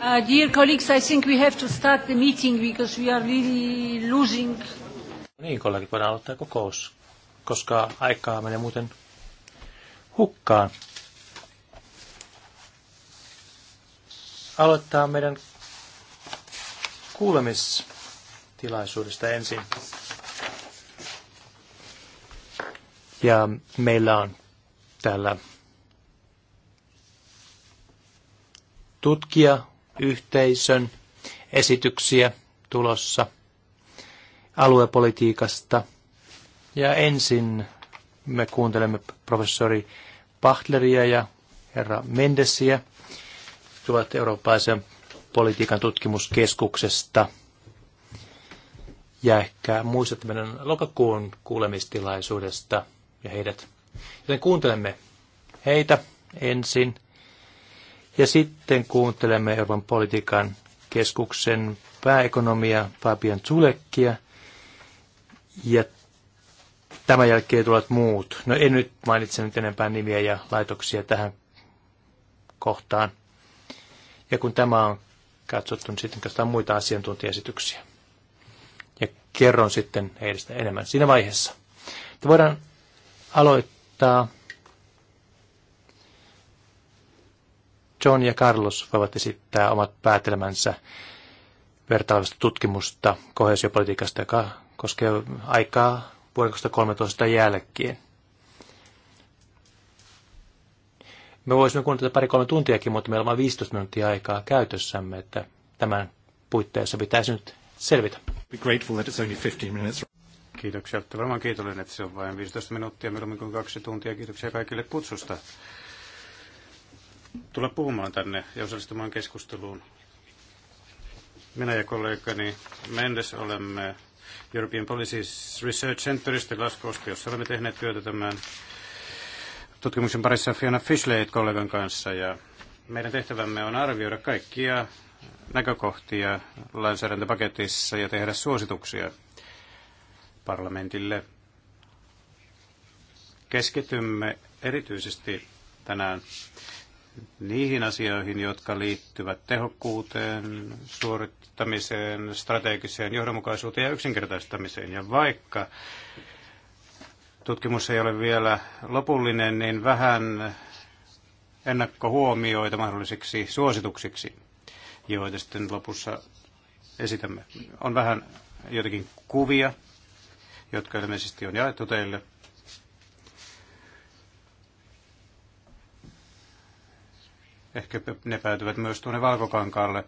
Uh, dear colleagues, I think we have to start the meeting because we are really losing. No niin, kollegit, voidaan aloittaa kokous, koska aikaa menee muuten hukkaan. Aloittaa meidän kuulemistilaisuudesta ensin. Ja meillä on täällä tutkija yhteisön esityksiä tulossa aluepolitiikasta. Ja ensin me kuuntelemme professori Pahtleria ja herra Mendesiä. Tulevat eurooppalaisen politiikan tutkimuskeskuksesta. Ja ehkä muistatte meidän lokakuun kuulemistilaisuudesta ja heidät. Joten kuuntelemme heitä ensin. Ja sitten kuuntelemme Euroopan politiikan keskuksen pääekonomia Fabian Zulekkia. Ja tämän jälkeen tulevat muut. No en nyt mainitse nyt enempää nimiä ja laitoksia tähän kohtaan. Ja kun tämä on katsottu, niin sitten katsotaan muita asiantuntijasityksiä. Ja kerron sitten heistä enemmän siinä vaiheessa. Te voidaan aloittaa John ja Carlos voivat esittää omat päätelmänsä vertailusta tutkimusta kohesiopolitiikasta, joka koskee aikaa vuoden 2013 jälkeen. Me voisimme kuunnella pari-kolme tuntiakin, mutta meillä on vain 15 minuuttia aikaa käytössämme, että tämän puitteissa pitäisi nyt selvitä. Kiitoksia. Olen varmaan kiitollinen, että se on vain 15 minuuttia, milloin kuin kaksi tuntia. Kiitoksia kaikille kutsusta tulla puhumaan tänne ja osallistumaan keskusteluun. Minä ja kollegani Mendes olemme European Policy Research Centerista Glasgowsta, jossa olemme tehneet työtä tämän tutkimuksen parissa Fiona Fishleit kollegan kanssa. Ja meidän tehtävämme on arvioida kaikkia näkökohtia lainsäädäntöpaketissa ja tehdä suosituksia parlamentille. Keskitymme erityisesti tänään niihin asioihin, jotka liittyvät tehokkuuteen, suorittamiseen, strategiseen johdonmukaisuuteen ja yksinkertaistamiseen. Ja vaikka tutkimus ei ole vielä lopullinen, niin vähän ennakkohuomioita mahdollisiksi suosituksiksi, joita sitten lopussa esitämme. On vähän jotakin kuvia, jotka ilmeisesti on jaettu teille – Ehkä ne päätyvät myös tuonne valkokankaalle.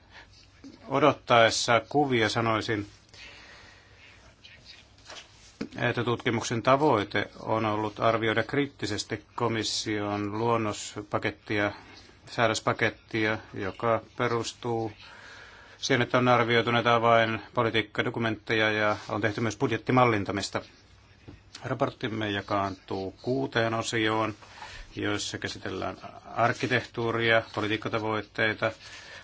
Odottaessa kuvia sanoisin, että tutkimuksen tavoite on ollut arvioida kriittisesti komission luonnospakettia, säädöspakettia, joka perustuu siihen, että on arvioitu näitä politiikkadokumentteja ja on tehty myös budjettimallintamista. Raporttimme jakaantuu kuuteen osioon joissa käsitellään arkkitehtuuria, politiikkatavoitteita,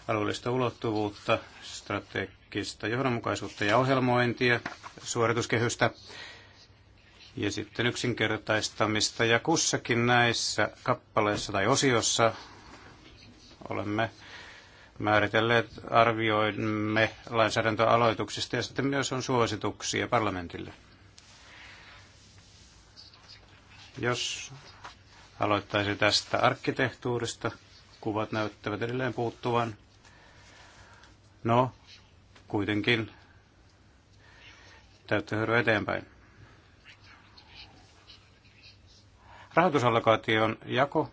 alueellista ulottuvuutta, strategista johdonmukaisuutta ja ohjelmointia, suorituskehystä ja sitten yksinkertaistamista. Ja kussakin näissä kappaleissa tai osiossa olemme määritelleet arvioimme lainsäädäntöaloituksista ja sitten myös on suosituksia parlamentille. Jos Aloittaisin tästä arkkitehtuurista. Kuvat näyttävät edelleen puuttuvan. No, kuitenkin täytyy hyödyä eteenpäin. Rahoitusallokaation jako,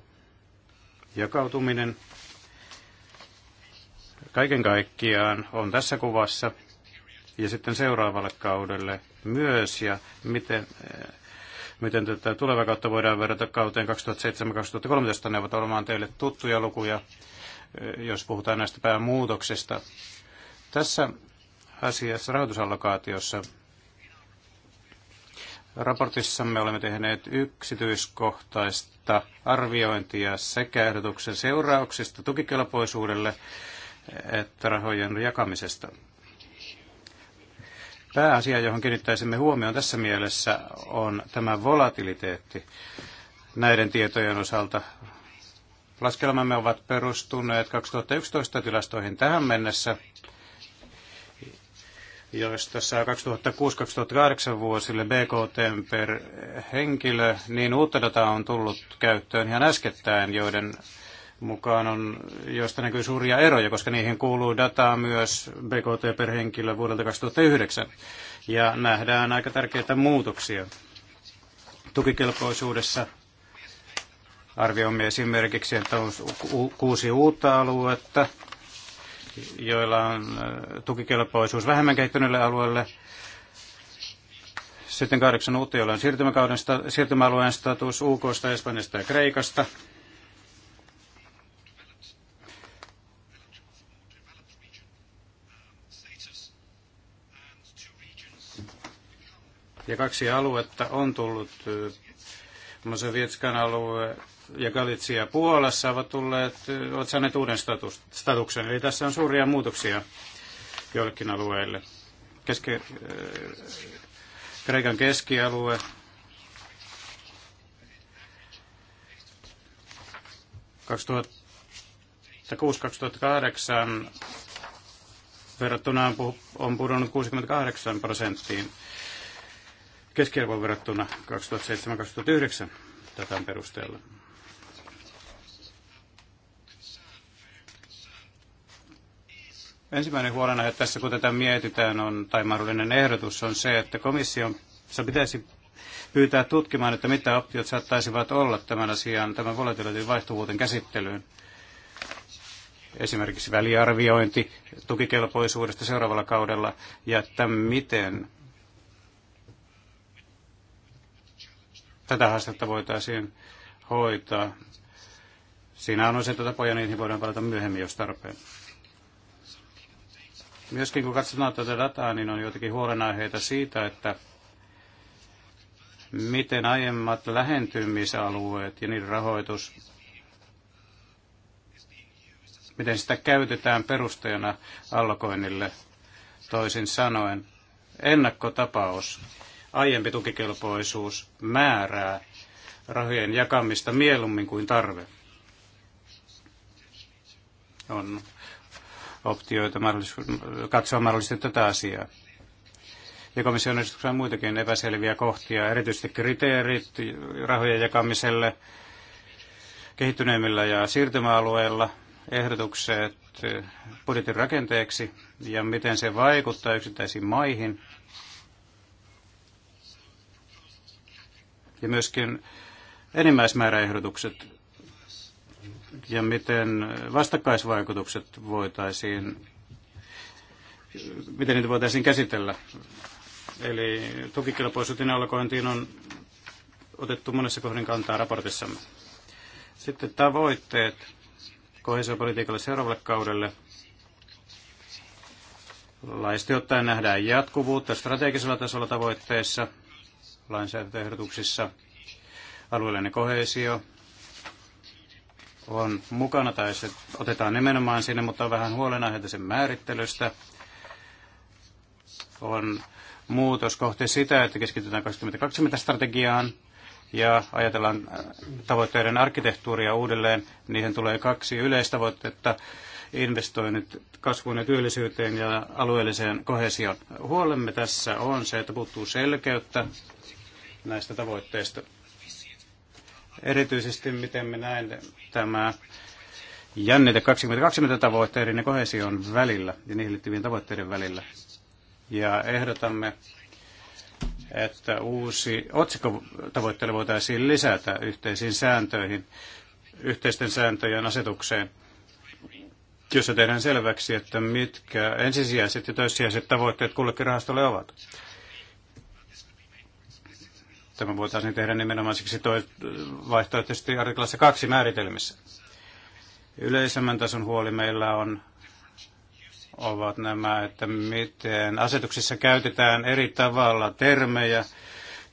jakautuminen kaiken kaikkiaan on tässä kuvassa ja sitten seuraavalle kaudelle myös ja miten miten tätä tulevaa kautta voidaan verrata kauteen 2007-2013. Ne ovat olemaan teille tuttuja lukuja, eh, jos puhutaan näistä päämuutoksista. Tässä asiassa rahoitusallokaatiossa Raportissamme olemme tehneet yksityiskohtaista arviointia sekä ehdotuksen seurauksista tukikelpoisuudelle että rahojen jakamisesta. Pääasia, johon kiinnittäisimme huomioon tässä mielessä, on tämä volatiliteetti näiden tietojen osalta. Laskelmamme ovat perustuneet 2011 tilastoihin tähän mennessä, joista saa 2006-2008 vuosille BKT per henkilö, niin uutta dataa on tullut käyttöön ihan äskettäin, joiden mukaan, on, joista näkyy suuria eroja, koska niihin kuuluu dataa myös BKT per henkilö vuodelta 2009. Ja nähdään aika tärkeitä muutoksia tukikelpoisuudessa. Arvioimme esimerkiksi, että on kuusi uutta aluetta, joilla on äh, tukikelpoisuus vähemmän kehittyneille alueille. Sitten kahdeksan uutta, joilla on siirtymäkauden siirtymäalueen status UKsta, Espanjasta ja Kreikasta. Ja kaksi aluetta on tullut, Mosovietskan alue ja Galitsia Puolassa ovat tulleet, ovat saaneet uuden status, statuksen. Eli tässä on suuria muutoksia joillekin alueille. Keski, Kreikan keskialue, verrattuna on pudonnut 68 prosenttiin keskiarvoon verrattuna 2007-2009 datan perusteella. Ensimmäinen huolena, että tässä kun tätä mietitään, on, tai mahdollinen ehdotus on se, että komission pitäisi pyytää tutkimaan, että mitä optiot saattaisivat olla tämän asian, tämän volatilitin vaihtuvuuden käsittelyyn. Esimerkiksi väliarviointi tukikelpoisuudesta seuraavalla kaudella ja että miten tätä haastetta voitaisiin hoitaa. Siinä on useita tapoja, niihin voidaan palata myöhemmin, jos tarpeen. Myöskin kun katsotaan tätä dataa, niin on joitakin huolenaiheita siitä, että miten aiemmat lähentymisalueet ja niiden rahoitus, miten sitä käytetään perusteena allokoinnille, toisin sanoen ennakkotapaus aiempi tukikelpoisuus määrää rahojen jakamista mieluummin kuin tarve. On optioita katsoa mahdollisesti tätä asiaa. Ja komission esityksessä on muitakin epäselviä kohtia, erityisesti kriteerit rahojen jakamiselle kehittyneimmillä ja siirtymäalueilla, ehdotukset budjetin rakenteeksi ja miten se vaikuttaa yksittäisiin maihin – ja myöskin enimmäismääräehdotukset ja miten vastakkaisvaikutukset voitaisiin, miten niitä voitaisiin käsitellä. Eli tukikelpoisuuteen allokointiin on otettu monessa kohdin kantaa raportissamme. Sitten tavoitteet kohesiopolitiikalle seuraavalle kaudelle. Laisti ottaen nähdään jatkuvuutta strategisella tasolla tavoitteissa – lainsäädäntöehdotuksissa. Alueellinen kohesio on mukana tai se otetaan nimenomaan sinne, mutta on vähän huolenaiheita sen määrittelystä. On muutos kohti sitä, että keskitytään 2020 strategiaan ja ajatellaan äh, tavoitteiden arkkitehtuuria uudelleen. Niihin tulee kaksi yleistavoitetta investoinnit kasvuun ja työllisyyteen ja alueelliseen kohesioon. Huolemme tässä on se, että puuttuu selkeyttä näistä tavoitteista. Erityisesti miten me näen tämä jännite 2020 tavoitteiden ja kohesion välillä ja niihin liittyvien tavoitteiden välillä. Ja ehdotamme, että uusi otsikkotavoitteelle voitaisiin lisätä yhteisiin sääntöihin, yhteisten sääntöjen asetukseen, jossa tehdään selväksi, että mitkä ensisijaiset ja toissijaiset tavoitteet kullekin rahastolle ovat. Tämä voitaisiin tehdä nimenomaan siksi toi vaihtoehtoisesti artiklassa kaksi määritelmissä. Yleisemmän tason huoli meillä on ovat nämä, että miten asetuksissa käytetään eri tavalla termejä,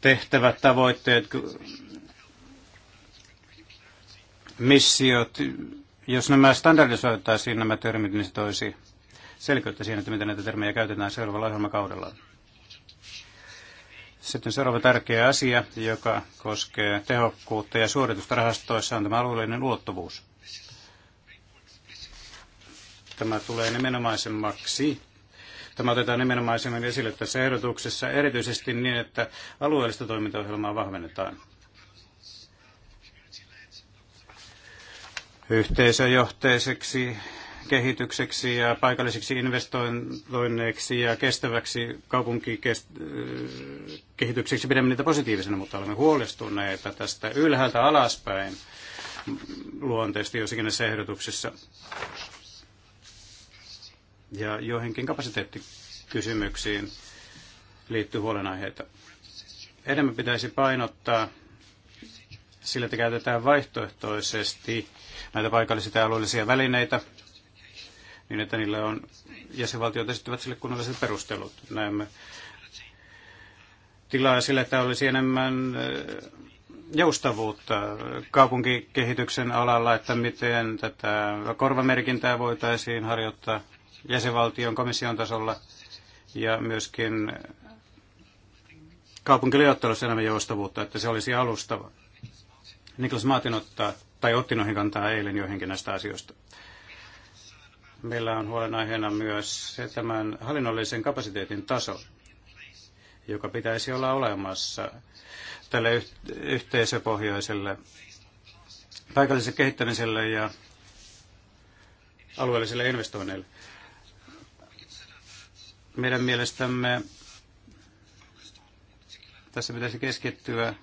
tehtävät, tavoitteet, missiot. Jos nämä standardisoitaisiin nämä termit, niin se toisi selkeyttä siihen, että miten näitä termejä käytetään seuraavalla ohjelmakaudella. Sitten seuraava tärkeä asia, joka koskee tehokkuutta ja suoritusta rahastoissa, on tämä alueellinen ulottuvuus. Tämä tulee nimenomaisemmaksi. Tämä otetaan nimenomaisemmin esille tässä ehdotuksessa, erityisesti niin, että alueellista toimintaohjelmaa vahvennetaan. Yhteisöjohteiseksi kehitykseksi ja paikallisiksi investoinneiksi ja kestäväksi kaupunkikehitykseksi pidämme niitä positiivisena, mutta olemme huolestuneita tästä ylhäältä alaspäin luonteesta jossakin näissä ehdotuksissa ja joihinkin kapasiteettikysymyksiin liittyy huolenaiheita. Enemmän pitäisi painottaa sillä, että käytetään vaihtoehtoisesti näitä paikallisia ja alueellisia välineitä, niin että niillä on jäsenvaltiot esittävät sille kunnolliset perustelut. Näemme tilaa sille, että olisi enemmän eh, joustavuutta kaupunkikehityksen alalla, että miten tätä korvamerkintää voitaisiin harjoittaa jäsenvaltion komission tasolla ja myöskin kaupunkiliottelussa enemmän joustavuutta, että se olisi alustava. Niklas Maatin ottaa, tai otti noihin kantaa eilen joihinkin näistä asioista meillä on huolenaiheena myös tämän hallinnollisen kapasiteetin taso, joka pitäisi olla olemassa tälle yhteisöpohjaiselle paikalliselle kehittämiselle ja alueelliselle investoinneille. Meidän mielestämme tässä pitäisi keskittyä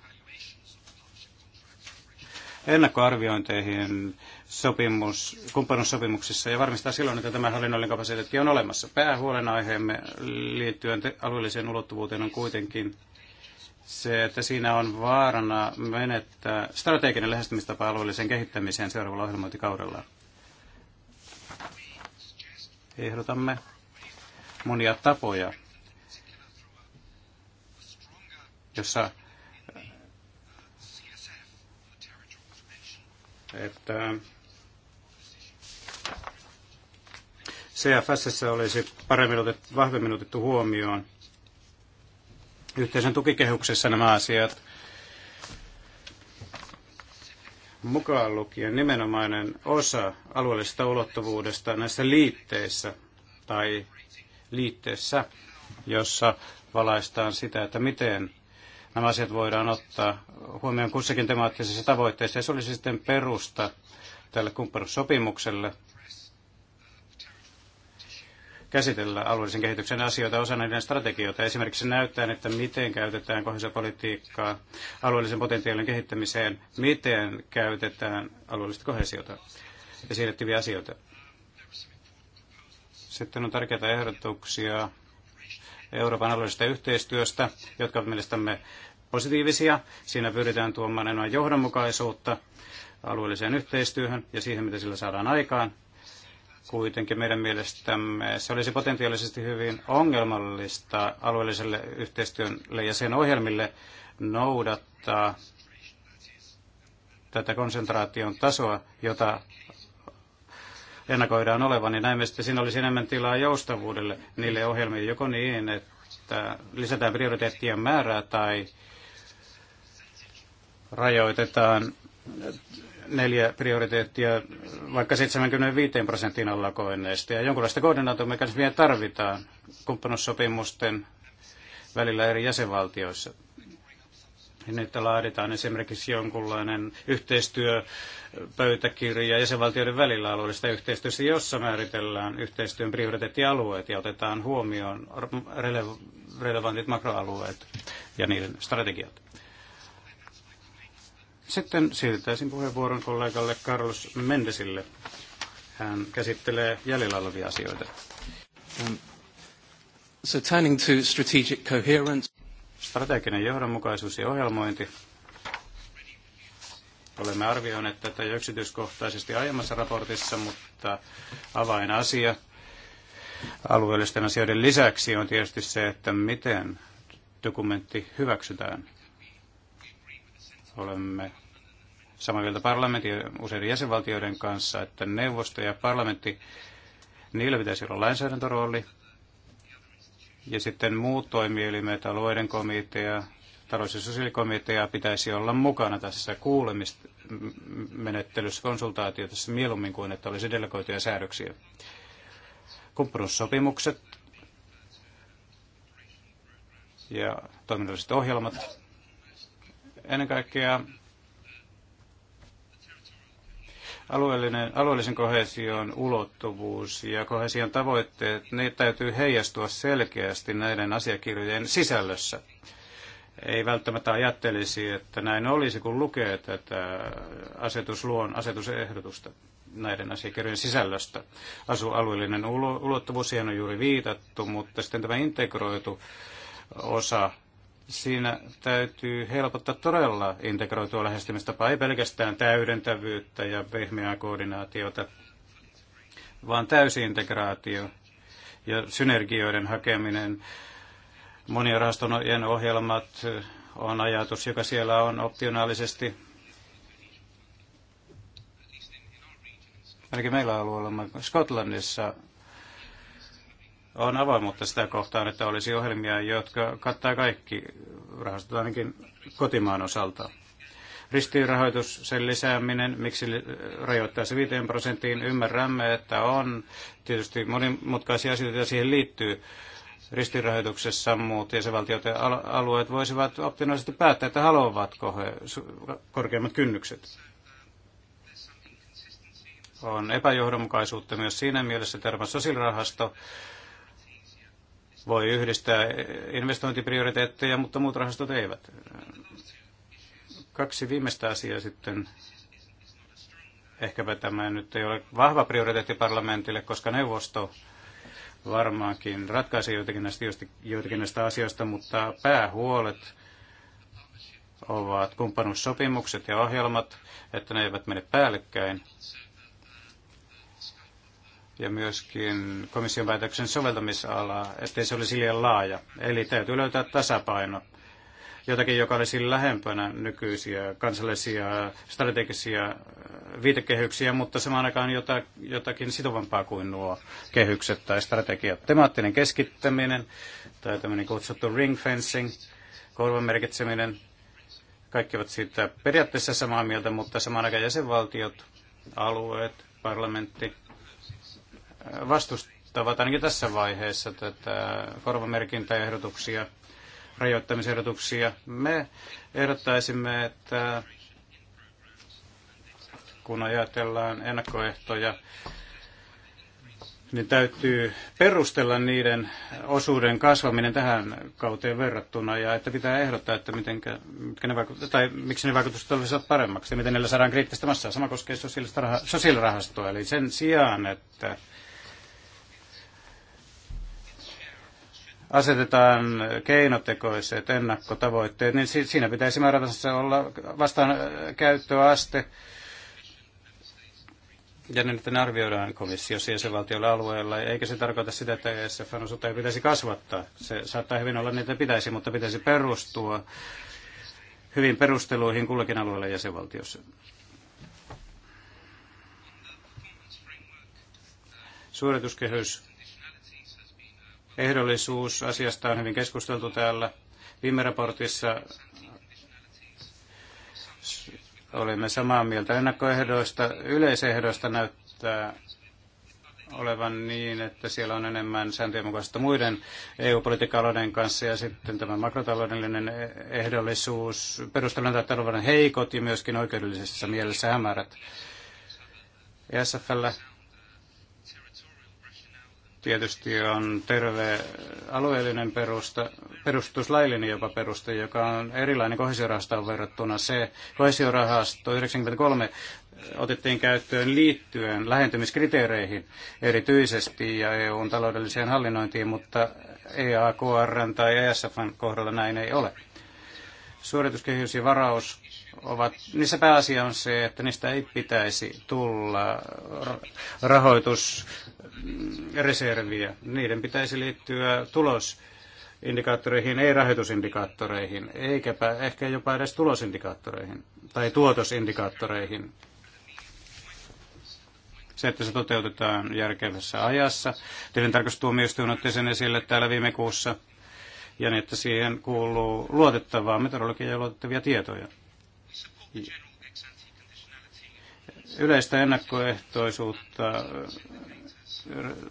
ennakkoarviointeihin sopimus, kumppanuussopimuksissa ja varmistaa silloin, että tämä hallinnollinen kapasiteetti on olemassa. Päähuolenaiheemme liittyen alueelliseen ulottuvuuteen on kuitenkin se, että siinä on vaarana menettää strateginen lähestymistapa alueelliseen kehittämiseen seuraavalla ohjelmointikaudella. Ehdotamme monia tapoja, jossa että CFS olisi paremmin otettu, vahvemmin otettu huomioon yhteisen tukikehyksessä nämä asiat mukaan lukien nimenomainen osa alueellisesta ulottuvuudesta näissä liitteissä tai liitteessä, jossa valaistaan sitä, että miten nämä asiat voidaan ottaa huomioon kussakin temaattisessa tavoitteessa. Ja se olisi sitten perusta tälle kumppanuussopimukselle, käsitellä alueellisen kehityksen asioita osana niiden strategioita. Esimerkiksi näyttää, että miten käytetään kohesiopolitiikkaa alueellisen potentiaalin kehittämiseen, miten käytetään alueellista kohesiota ja siirrettyviä asioita. Sitten on tärkeitä ehdotuksia Euroopan alueellisesta yhteistyöstä, jotka ovat mielestämme positiivisia. Siinä pyritään tuomaan enemmän johdonmukaisuutta alueelliseen yhteistyöhön ja siihen, mitä sillä saadaan aikaan. Kuitenkin meidän mielestämme se olisi potentiaalisesti hyvin ongelmallista alueelliselle yhteistyölle ja sen ohjelmille noudattaa tätä konsentraation tasoa, jota ennakoidaan olevan, niin näemme, että siinä olisi enemmän tilaa joustavuudelle niille ohjelmille, joko niin, että lisätään prioriteettien määrää tai rajoitetaan neljä prioriteettia vaikka 75 prosenttiin allakoinneista. Ja jonkinlaista koordinaatomekanismia tarvitaan kumppanussopimusten välillä eri jäsenvaltioissa. Niin, että laaditaan esimerkiksi jonkunlainen yhteistyöpöytäkirja jäsenvaltioiden välillä alueellista yhteistyössä, jossa määritellään yhteistyön prioriteettialueet ja otetaan huomioon rele- relevantit makroalueet ja niiden strategiat. Sitten siirtäisin puheenvuoron kollegalle Carlos Mendesille. Hän käsittelee jäljellä olevia asioita. Um, so turning to strategic coherence. Strateginen johdonmukaisuus ja ohjelmointi. Olemme arvioineet tätä jo yksityiskohtaisesti aiemmassa raportissa, mutta avainasia alueellisten asioiden lisäksi on tietysti se, että miten dokumentti hyväksytään Olemme samaa mieltä parlamentin useiden jäsenvaltioiden kanssa, että neuvosto ja parlamentti, niillä pitäisi olla lainsäädäntörooli. Ja sitten muut toimielimet, alueiden komitea, talous- ja sosiaalikomitea pitäisi olla mukana tässä kuulemismenettelyssä, tässä mieluummin kuin että olisi delegoituja säädöksiä. Kumppanuussopimukset ja toiminnalliset ohjelmat Ennen kaikkea alueellinen, alueellisen kohesion ulottuvuus ja kohesion tavoitteet, ne täytyy heijastua selkeästi näiden asiakirjojen sisällössä. Ei välttämättä ajattelisi, että näin olisi, kun lukee tätä asetusluon asetusehdotusta näiden asiakirjojen sisällöstä. Asu alueellinen ulottuvuus, siihen on juuri viitattu, mutta sitten tämä integroitu osa siinä täytyy helpottaa todella integroitua lähestymistapaa, ei pelkästään täydentävyyttä ja pehmeää koordinaatiota, vaan täysintegraatio ja synergioiden hakeminen. Monirahastojen ohjelmat on ajatus, joka siellä on optionaalisesti. Ainakin meillä alueella, Skotlannissa on avoimuutta sitä kohtaan, että olisi ohjelmia, jotka kattaa kaikki rahastot ainakin kotimaan osalta. Ristiinrahoitus, sen lisääminen, miksi rajoittaa se 5 prosenttiin, ymmärrämme, että on tietysti monimutkaisia asioita, joita siihen liittyy ristinrahoituksessa muut jäsenvaltiot ja alueet voisivat optimaalisesti päättää, että haluavatko he korkeimmat kynnykset. On epäjohdonmukaisuutta myös siinä mielessä, että Euroopan sosiaalirahasto voi yhdistää investointiprioriteetteja, mutta muut rahastot eivät. Kaksi viimeistä asiaa sitten. Ehkäpä tämä nyt ei ole vahva prioriteetti parlamentille, koska neuvosto varmaankin ratkaisi joitakin näistä, joitakin näistä asioista, mutta päähuolet ovat kumppanuussopimukset ja ohjelmat, että ne eivät mene päällekkäin ja myöskin komission päätöksen soveltamisalaa, ettei se olisi liian laaja. Eli täytyy löytää tasapaino, jotakin, joka olisi lähempänä nykyisiä kansallisia strategisia äh, viitekehyksiä, mutta samaan aikaan jotakin sitovampaa kuin nuo kehykset tai strategiat. Temaattinen keskittäminen tai tämmöinen kutsuttu ring fencing, korvan merkitseminen, kaikki ovat siitä periaatteessa samaa mieltä, mutta samaan aikaan jäsenvaltiot, alueet, parlamentti, vastustavat ainakin tässä vaiheessa tätä korvamerkintäehdotuksia, rajoittamisehdotuksia. Me ehdottaisimme, että kun ajatellaan ennakkoehtoja, niin täytyy perustella niiden osuuden kasvaminen tähän kauteen verrattuna ja että pitää ehdottaa, että mitenkä, mitkä ne vaikut- tai miksi ne vaikutukset olisivat paremmaksi ja miten niillä saadaan kriittistä massaa. Sama koskee sosiaalirahastoa, eli sen sijaan, että asetetaan keinotekoiset ennakkotavoitteet, niin siinä pitäisi määrätässä olla vastaan äh, käyttöaste, ja niin, että ne arvioidaan komissiossa jäsenvaltioilla alueella, eikä se tarkoita sitä, että ESFn osuutta ei pitäisi kasvattaa. Se saattaa hyvin olla, niitä pitäisi, mutta pitäisi perustua hyvin perusteluihin kullakin alueella jäsenvaltiossa. Suorituskehys Ehdollisuus asiasta on hyvin keskusteltu täällä. Viime raportissa olimme samaa mieltä ennakkoehdoista. Yleisehdoista näyttää olevan niin, että siellä on enemmän sääntöjen mukaista muiden EU-politiikka-aloiden kanssa ja sitten tämä makrotaloudellinen ehdollisuus, perustelun talouden heikot ja myöskin oikeudellisessa mielessä hämärät. ESFllä Tietysti on terve alueellinen perusta, perustuslaillinen jopa peruste, joka on erilainen kohesiorahastoon verrattuna. Se kohesiorahasto 93 otettiin käyttöön liittyen lähentymiskriteereihin erityisesti ja EUn taloudelliseen hallinnointiin, mutta EAKR tai ESFn kohdalla näin ei ole. Suorituskehys ja varaus ovat, niissä pääasia on se, että niistä ei pitäisi tulla rahoitusreserviä. Mm, Niiden pitäisi liittyä tulosindikaattoreihin, ei rahoitusindikaattoreihin, eikä ehkä jopa edes tulosindikaattoreihin tai tuotosindikaattoreihin. Se, että se toteutetaan järkevässä ajassa. Tilintarkastustuomioistuin otti sen esille täällä viime kuussa ja niin, että siihen kuuluu luotettavaa meteorologiaa ja luotettavia tietoja. Yleistä ennakkoehtoisuutta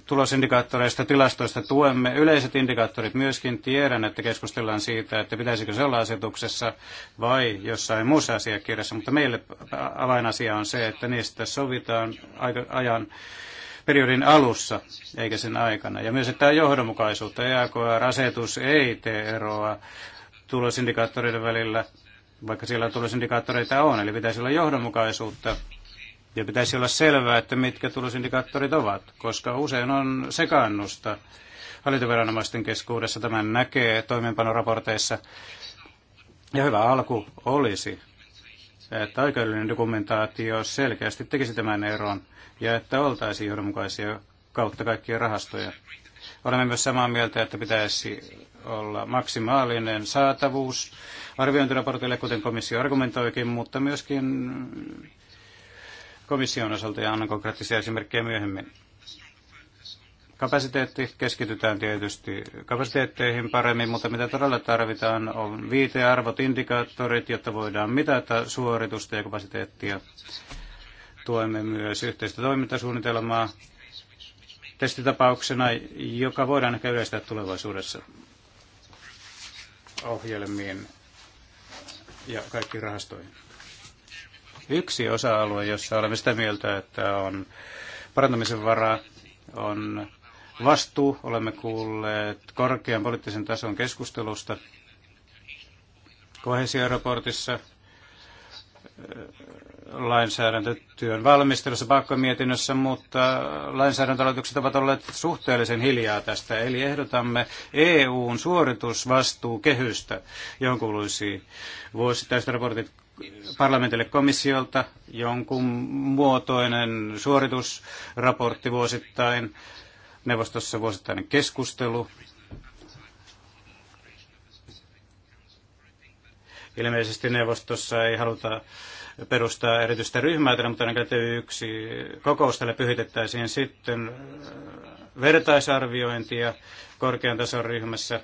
tulosindikaattoreista, tilastoista tuemme. Yleiset indikaattorit myöskin tiedän, että keskustellaan siitä, että pitäisikö se olla asetuksessa vai jossain muussa asiakirjassa, mutta meille avainasia on se, että niistä sovitaan ajan periodin alussa eikä sen aikana. Ja myös, että tämä johdonmukaisuutta. EAKR-asetus ei tee eroa tulosindikaattoreiden välillä vaikka siellä tulosindikaattoreita on. Eli pitäisi olla johdonmukaisuutta ja pitäisi olla selvää, että mitkä tulosindikaattorit ovat, koska usein on sekaannusta hallintoviranomaisten keskuudessa. Tämän näkee toimeenpanoraporteissa. Ja hyvä alku olisi, että oikeudellinen dokumentaatio selkeästi tekisi tämän eron ja että oltaisiin johdonmukaisia kautta kaikkia rahastoja. Olemme myös samaa mieltä, että pitäisi olla maksimaalinen saatavuus arviointiraportille, kuten komissio argumentoikin, mutta myöskin komission osalta ja annan konkreettisia esimerkkejä myöhemmin. Kapasiteetti keskitytään tietysti kapasiteetteihin paremmin, mutta mitä todella tarvitaan on viitearvot, indikaattorit, jotta voidaan mitata suoritusta ja kapasiteettia. Tuemme myös yhteistä toimintasuunnitelmaa testitapauksena, joka voidaan ehkä yleistää tulevaisuudessa ohjelmiin ja kaikkiin rahastoihin. Yksi osa-alue, jossa olemme sitä mieltä, että on parantamisen varaa, on vastuu. Olemme kuulleet korkean poliittisen tason keskustelusta kohesioraportissa lainsäädäntötyön valmistelussa pakkomietinnössä, mutta lainsäädäntöaloitukset ovat olleet suhteellisen hiljaa tästä. Eli ehdotamme EUn suoritusvastuukehystä, jonkunlaisia vuosittaiset raportit parlamentille komissiolta, jonkun muotoinen suoritusraportti vuosittain, neuvostossa vuosittainen keskustelu, Ilmeisesti neuvostossa ei haluta perustaa erityistä ryhmää, mutta ainakin yksi kokous tälle pyhitettäisiin sitten äh, vertaisarviointia korkean tason ryhmässä.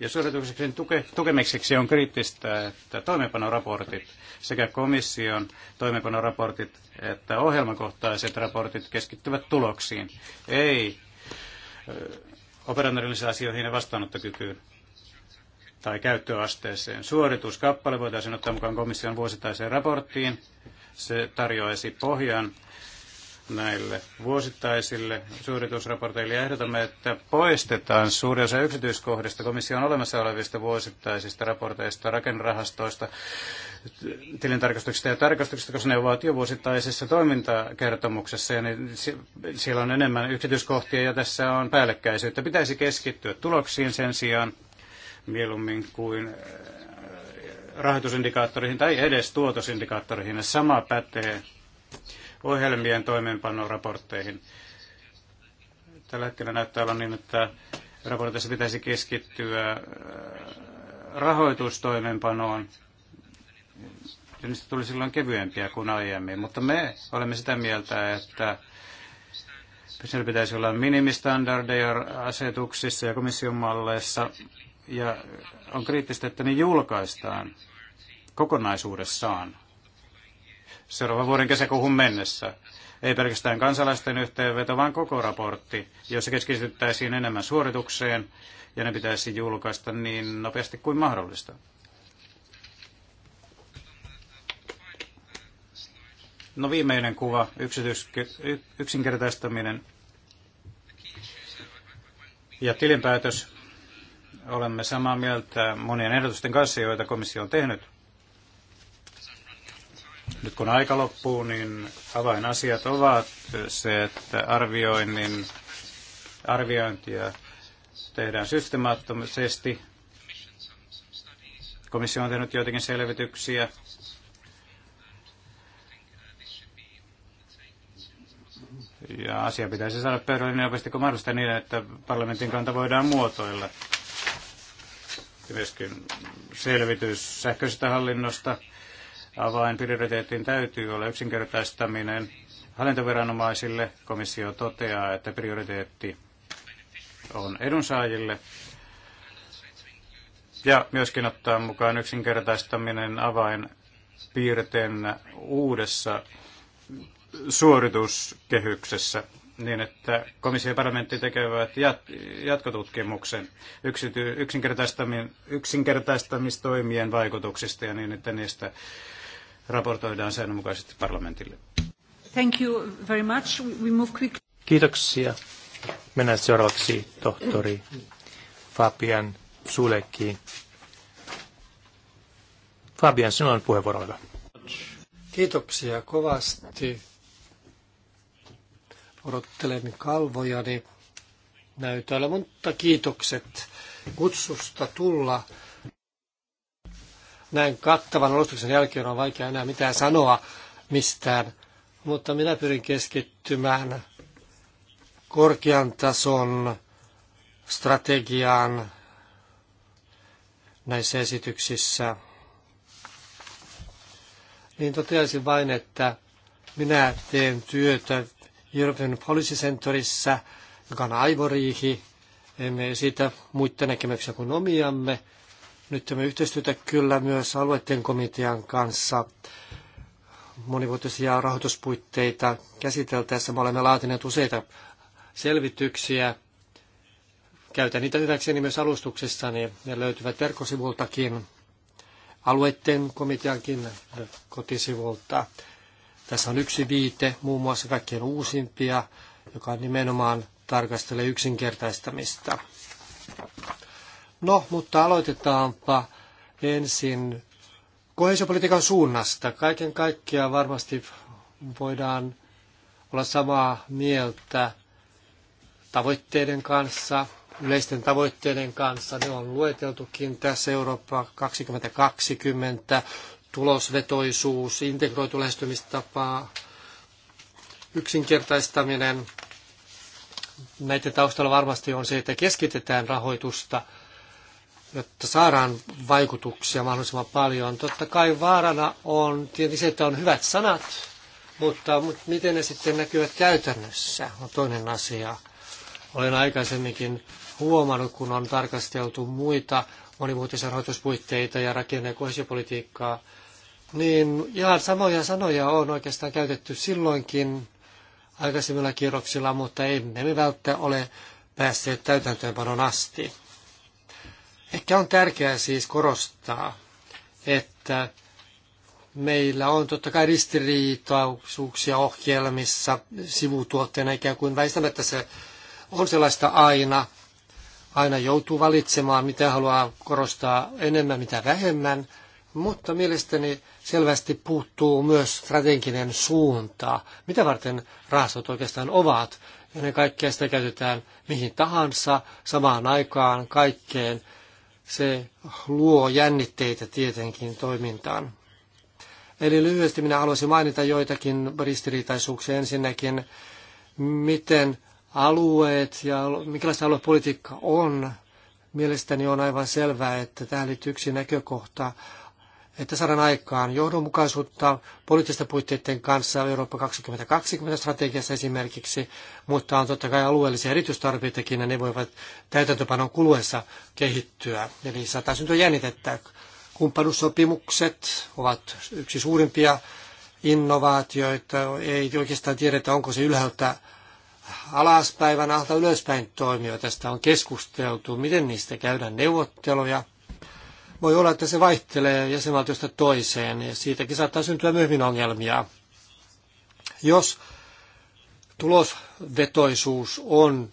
Ja suoritukseksi tukemiseksi on kriittistä, että toimeenpanoraportit sekä komission toimeenpanoraportit että ohjelmakohtaiset raportit keskittyvät tuloksiin, ei operatiivisiin asioihin ja vastaanottokykyyn tai käyttöasteeseen. Suorituskappale voitaisiin ottaa mukaan komission vuosittaiseen raporttiin. Se tarjoaisi pohjan näille vuosittaisille suoritusraporteille ja ehdotamme, että poistetaan suurin osa yksityiskohdista komission olemassa olevista vuosittaisista raporteista, rakennerahastoista, tilintarkastuksista ja tarkastuksista, koska ne ovat jo vuosittaisessa toimintakertomuksessa ja niin siellä on enemmän yksityiskohtia ja tässä on päällekkäisyyttä. Pitäisi keskittyä tuloksiin sen sijaan mieluummin kuin äh, rahoitusindikaattoreihin tai edes tuotosindikaattoreihin. Sama pätee ohjelmien toimeenpanoraportteihin. Tällä hetkellä näyttää olla niin, että raportissa pitäisi keskittyä äh, rahoitustoimeenpanoon niistä tuli silloin kevyempiä kuin aiemmin. Mutta me olemme sitä mieltä, että siellä pitäisi olla minimistandardeja asetuksissa ja komission malleissa. Ja on kriittistä, että ne julkaistaan kokonaisuudessaan seuraavan vuoden kesäkuuhun mennessä. Ei pelkästään kansalaisten yhteenveto, vaan koko raportti, jossa keskityttäisiin enemmän suoritukseen, ja ne pitäisi julkaista niin nopeasti kuin mahdollista. No viimeinen kuva, yksityis- yksinkertaistaminen ja tilinpäätös. Olemme samaa mieltä monien ehdotusten kanssa, joita komissio on tehnyt. Nyt kun aika loppuu, niin avainasiat ovat se, että arvioinnin, arviointia tehdään systemaattisesti. Komissio on tehnyt joitakin selvityksiä Ja asia pitäisi saada pöydälle niin nopeasti kuin mahdollista niin, että parlamentin kanta voidaan muotoilla. Ja myöskin selvitys sähköisestä hallinnosta. prioriteettiin täytyy olla yksinkertaistaminen. Hallintoviranomaisille komissio toteaa, että prioriteetti on edunsaajille. Ja myöskin ottaa mukaan yksinkertaistaminen avainpiirteen uudessa suorituskehyksessä niin, että komissio ja parlamentti tekevät jat, jatkotutkimuksen yksity, yksinkertaistamistoimien vaikutuksista ja niin, että niistä raportoidaan säännönmukaisesti parlamentille. Thank you very much. We move quickly. Kiitoksia. Mennään seuraavaksi tohtori Fabian Sulekkiin. Fabian, sinulla on puheenvuoro. Kiitoksia kovasti odottelen kalvojani näytöllä, mutta kiitokset kutsusta tulla. Näin kattavan alustuksen jälkeen on vaikea enää mitään sanoa mistään, mutta minä pyrin keskittymään korkean tason strategiaan näissä esityksissä. Niin toteaisin vain, että minä teen työtä European Policy Centerissa, joka on aivoriihi. Emme esitä muita näkemyksiä kuin omiamme. Nyt me yhteistyötä kyllä myös alueiden komitean kanssa monivuotisia rahoituspuitteita käsiteltäessä. Me olemme laatineet useita selvityksiä. Käytän niitä hyväkseni myös alustuksessani. Ne löytyvät verkkosivultakin, alueiden komiteankin kotisivulta. Tässä on yksi viite, muun muassa kaikkien uusimpia, joka nimenomaan tarkastelee yksinkertaistamista. No, mutta aloitetaanpa ensin kohesiopolitiikan suunnasta. Kaiken kaikkiaan varmasti voidaan olla samaa mieltä tavoitteiden kanssa, yleisten tavoitteiden kanssa. Ne on lueteltukin tässä Eurooppa 2020 tulosvetoisuus, integroitu lähestymistapa, yksinkertaistaminen. Näiden taustalla varmasti on se, että keskitetään rahoitusta, jotta saadaan vaikutuksia mahdollisimman paljon. Totta kai vaarana on tietysti se, että on hyvät sanat, mutta, mutta miten ne sitten näkyvät käytännössä on toinen asia. Olen aikaisemminkin huomannut, kun on tarkasteltu muita monimuotoisia rahoituspuitteita ja rakenne- ja kohesiopolitiikkaa, niin ihan samoja sanoja on oikeastaan käytetty silloinkin aikaisemmilla kierroksilla, mutta emme me välttämättä ole päässeet täytäntöönpanon asti. Ehkä on tärkeää siis korostaa, että meillä on totta kai ristiriitaisuuksia ohjelmissa sivutuotteena ikään kuin väistämättä se on sellaista aina. Aina joutuu valitsemaan, mitä haluaa korostaa enemmän, mitä vähemmän, mutta mielestäni selvästi puuttuu myös strateginen suunta. Mitä varten rahastot oikeastaan ovat? Ennen kaikkea sitä käytetään mihin tahansa, samaan aikaan, kaikkeen. Se luo jännitteitä tietenkin toimintaan. Eli lyhyesti minä haluaisin mainita joitakin ristiriitaisuuksia ensinnäkin, miten alueet ja minkälaista aluepolitiikka on. Mielestäni on aivan selvää, että tähän liittyy yksi näkökohta että saadaan aikaan johdonmukaisuutta poliittisten puitteiden kanssa Eurooppa 2020 strategiassa esimerkiksi, mutta on totta kai alueellisia erityistarpeitakin ja ne voivat täytäntöpanon kuluessa kehittyä. Eli saattaa syntyä jännitettä. Kumppanuussopimukset ovat yksi suurimpia innovaatioita. Ei oikeastaan tiedetä, onko se ylhäältä alaspäin vai alta ylöspäin toimia. Tästä on keskusteltu, miten niistä käydään neuvotteluja – voi olla, että se vaihtelee jäsenvaltiosta toiseen ja siitäkin saattaa syntyä myöhemmin ongelmia. Jos tulosvetoisuus on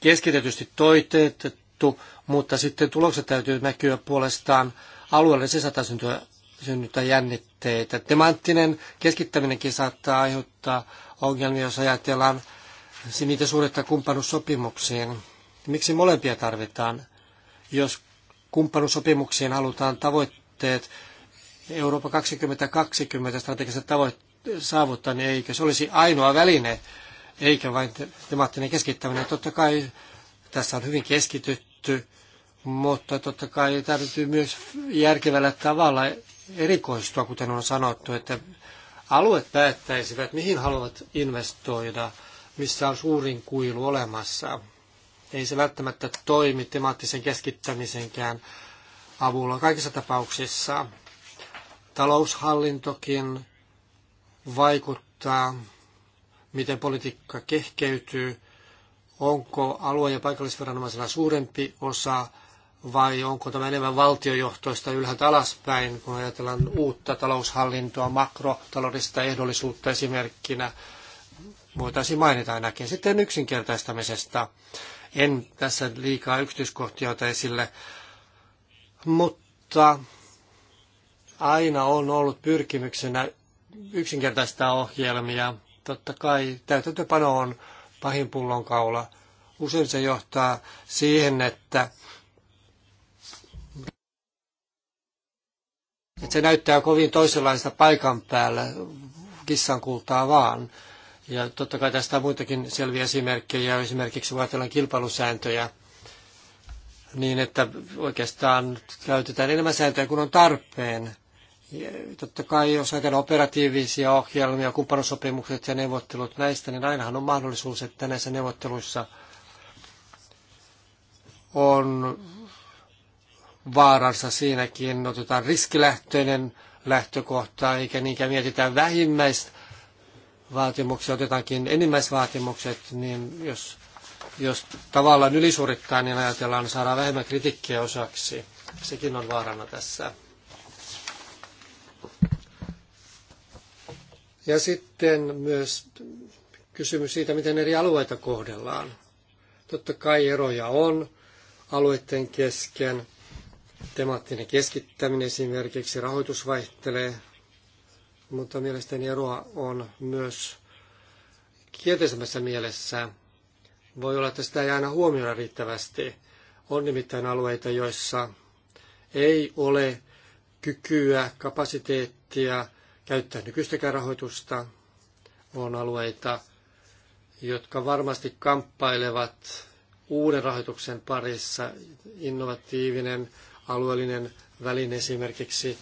keskitetysti toitettu, mutta sitten tulokset täytyy näkyä puolestaan alueelle, se saattaa syntyä, synnyttää jännitteitä. Temanttinen keskittäminenkin saattaa aiheuttaa ongelmia, jos ajatellaan niitä suuretta kumppanuussopimuksiin. Miksi molempia tarvitaan? Jos kumppanusopimuksiin halutaan tavoitteet Euroopan 2020 strategiset tavoitteet saavuttaa, niin eikö se olisi ainoa väline, eikä vain temaattinen keskittäminen. Totta kai tässä on hyvin keskitytty, mutta totta kai täytyy myös järkevällä tavalla erikoistua, kuten on sanottu, että alueet päättäisivät, mihin haluavat investoida, missä on suurin kuilu olemassa. Ei se välttämättä toimi temaattisen keskittämisenkään avulla kaikissa tapauksissa. Taloushallintokin vaikuttaa, miten politiikka kehkeytyy, onko alue- ja paikallisviranomaisella suurempi osa vai onko tämä enemmän valtiojohtoista ylhäältä alaspäin, kun ajatellaan uutta taloushallintoa, makrotaloudellista ehdollisuutta esimerkkinä, voitaisiin mainita ainakin. Sitten yksinkertaistamisesta. En tässä liikaa yksityiskohtia ota esille, mutta aina on ollut pyrkimyksenä yksinkertaistaa ohjelmia. Totta kai täytäntöpano on pahin pullonkaula. Usein se johtaa siihen, että että se näyttää kovin toisenlaista paikan päällä, kissan kultaa vaan. Ja totta kai tästä on muitakin selviä esimerkkejä, esimerkiksi ajatellaan kilpailusääntöjä, niin että oikeastaan käytetään enemmän sääntöjä kuin on tarpeen. Ja totta kai jos ajatellaan operatiivisia ohjelmia, kumppanuussopimukset ja neuvottelut näistä, niin ainahan on mahdollisuus, että näissä neuvotteluissa on vaaransa siinäkin, otetaan riskilähtöinen lähtökohta, eikä niinkään mietitään vähimmäistä vaatimuksia, otetaankin enimmäisvaatimukset, niin jos, jos tavallaan ylisuorittaa, niin ajatellaan, että saadaan vähemmän kritiikkiä osaksi. Sekin on vaarana tässä. Ja sitten myös kysymys siitä, miten eri alueita kohdellaan. Totta kai eroja on alueiden kesken. Temaattinen keskittäminen esimerkiksi rahoitus vaihtelee mutta mielestäni eroa on myös kielteisemmässä mielessä. Voi olla, että sitä ei aina huomioida riittävästi. On nimittäin alueita, joissa ei ole kykyä, kapasiteettia käyttää nykyistäkään rahoitusta. On alueita, jotka varmasti kamppailevat uuden rahoituksen parissa. Innovatiivinen alueellinen väline esimerkiksi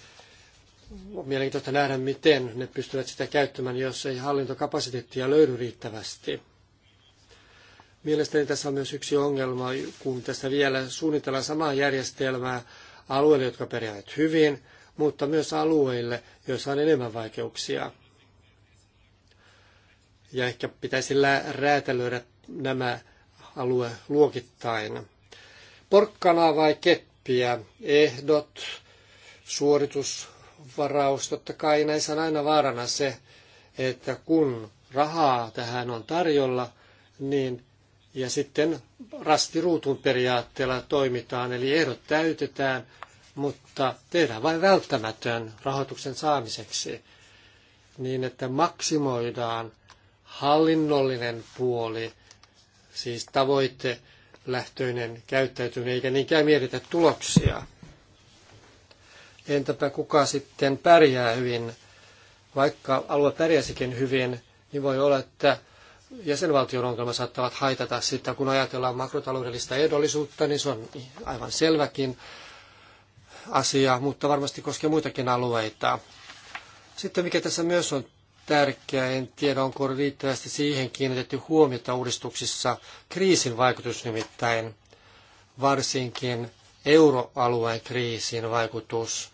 on mielenkiintoista nähdä, miten ne pystyvät sitä käyttämään, jos ei hallintokapasiteettia löydy riittävästi. Mielestäni tässä on myös yksi ongelma, kun tässä vielä suunnitellaan samaa järjestelmää alueille, jotka pärjäävät hyvin, mutta myös alueille, joissa on enemmän vaikeuksia. Ja ehkä pitäisi räätälöidä nämä alue luokittain. Porkkanaa vai keppiä? Ehdot, suoritus, varaus, totta kai näissä on aina vaarana se, että kun rahaa tähän on tarjolla, niin ja sitten rastiruutun periaatteella toimitaan, eli ehdot täytetään, mutta tehdään vain välttämätön rahoituksen saamiseksi, niin että maksimoidaan hallinnollinen puoli, siis tavoite lähtöinen käyttäytyminen, eikä niinkään mietitä tuloksia entäpä kuka sitten pärjää hyvin. Vaikka alue pärjäsikin hyvin, niin voi olla, että jäsenvaltion ongelma saattavat haitata sitä. Kun ajatellaan makrotaloudellista ehdollisuutta, niin se on aivan selväkin asia, mutta varmasti koskee muitakin alueita. Sitten mikä tässä myös on tärkeää, en tiedä onko riittävästi siihen kiinnitetty huomiota uudistuksissa, kriisin vaikutus nimittäin, varsinkin euroalueen kriisin vaikutus.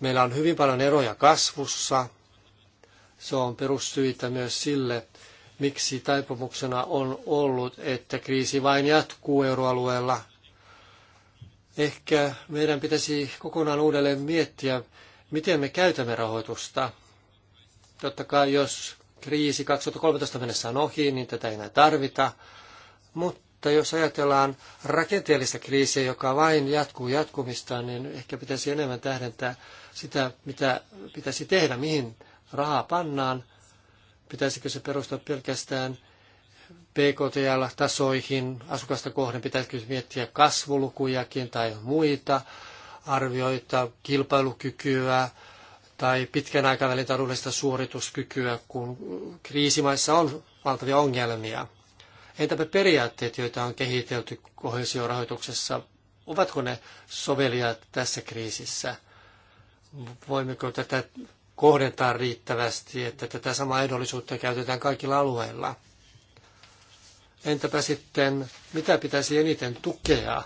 Meillä on hyvin paljon eroja kasvussa. Se on perussyitä myös sille, miksi taipumuksena on ollut, että kriisi vain jatkuu euroalueella. Ehkä meidän pitäisi kokonaan uudelleen miettiä, miten me käytämme rahoitusta. Totta kai jos kriisi 2013 mennessä on ohi, niin tätä ei enää tarvita. Mutta mutta jos ajatellaan rakenteellista kriisiä, joka vain jatkuu jatkumistaan, niin ehkä pitäisi enemmän tähdentää sitä, mitä pitäisi tehdä, mihin rahaa pannaan. Pitäisikö se perustua pelkästään PKTL-tasoihin, asukasta kohden pitäisikö miettiä kasvulukujakin tai muita arvioita, kilpailukykyä tai pitkän aikavälin taloudellista suorituskykyä, kun kriisimaissa on valtavia ongelmia. Entäpä periaatteet, joita on kehitelty kohesiorahoituksessa, ovatko ne soveliaat tässä kriisissä? Voimmeko tätä kohdentaa riittävästi, että tätä samaa ehdollisuutta käytetään kaikilla alueilla? Entäpä sitten, mitä pitäisi eniten tukea?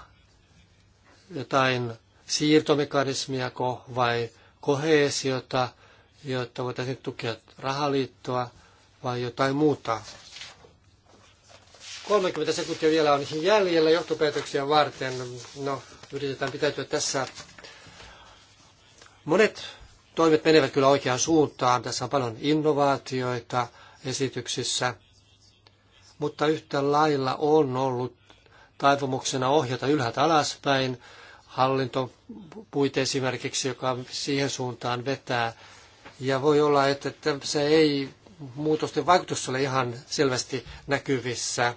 Jotain siirtomekanismiako vai kohesiota, jotta voitaisiin tukea rahaliittoa vai jotain muuta 30 sekuntia vielä on jäljellä johtopäätöksiä varten. No, yritetään pitäytyä tässä. Monet toimet menevät kyllä oikeaan suuntaan. Tässä on paljon innovaatioita esityksissä, mutta yhtä lailla on ollut taipumuksena ohjata ylhäältä alaspäin hallintopuite esimerkiksi, joka siihen suuntaan vetää. Ja voi olla, että se ei muutosten vaikutus ole ihan selvästi näkyvissä.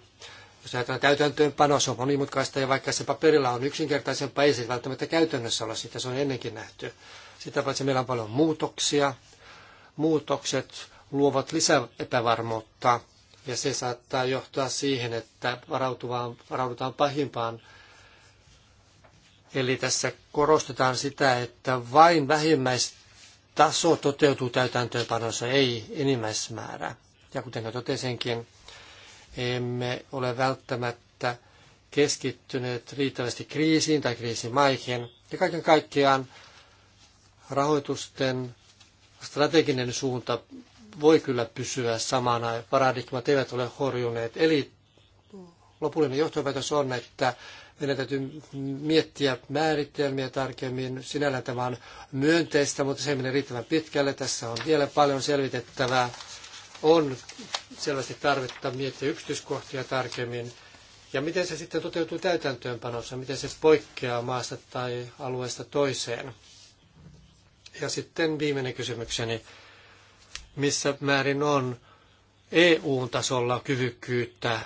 Jos ajatellaan täytäntöönpanoa, se on monimutkaista ja vaikka se paperilla on yksinkertaisempaa, ei se välttämättä käytännössä ole sitä, se on ennenkin nähty. Sitä paitsi meillä on paljon muutoksia. Muutokset luovat lisää epävarmuutta ja se saattaa johtaa siihen, että varaudutaan pahimpaan. Eli tässä korostetaan sitä, että vain vähimmäistaso toteutuu täytäntöönpanossa, ei enimmäismäärä. Ja kuten jo totesinkin, emme ole välttämättä keskittyneet riittävästi kriisiin tai kriisimaihin. Ja kaiken kaikkiaan rahoitusten strateginen suunta voi kyllä pysyä samana. Paradigmat eivät ole horjuneet. Eli lopullinen johtopäätös on, että meidän täytyy miettiä määritelmiä tarkemmin. Sinällään tämä on myönteistä, mutta se mene riittävän pitkälle. Tässä on vielä paljon selvitettävää. On selvästi tarvetta miettiä yksityiskohtia tarkemmin. Ja miten se sitten toteutuu täytäntöönpanossa, miten se poikkeaa maasta tai alueesta toiseen. Ja sitten viimeinen kysymykseni, missä määrin on EU-tasolla kyvykkyyttä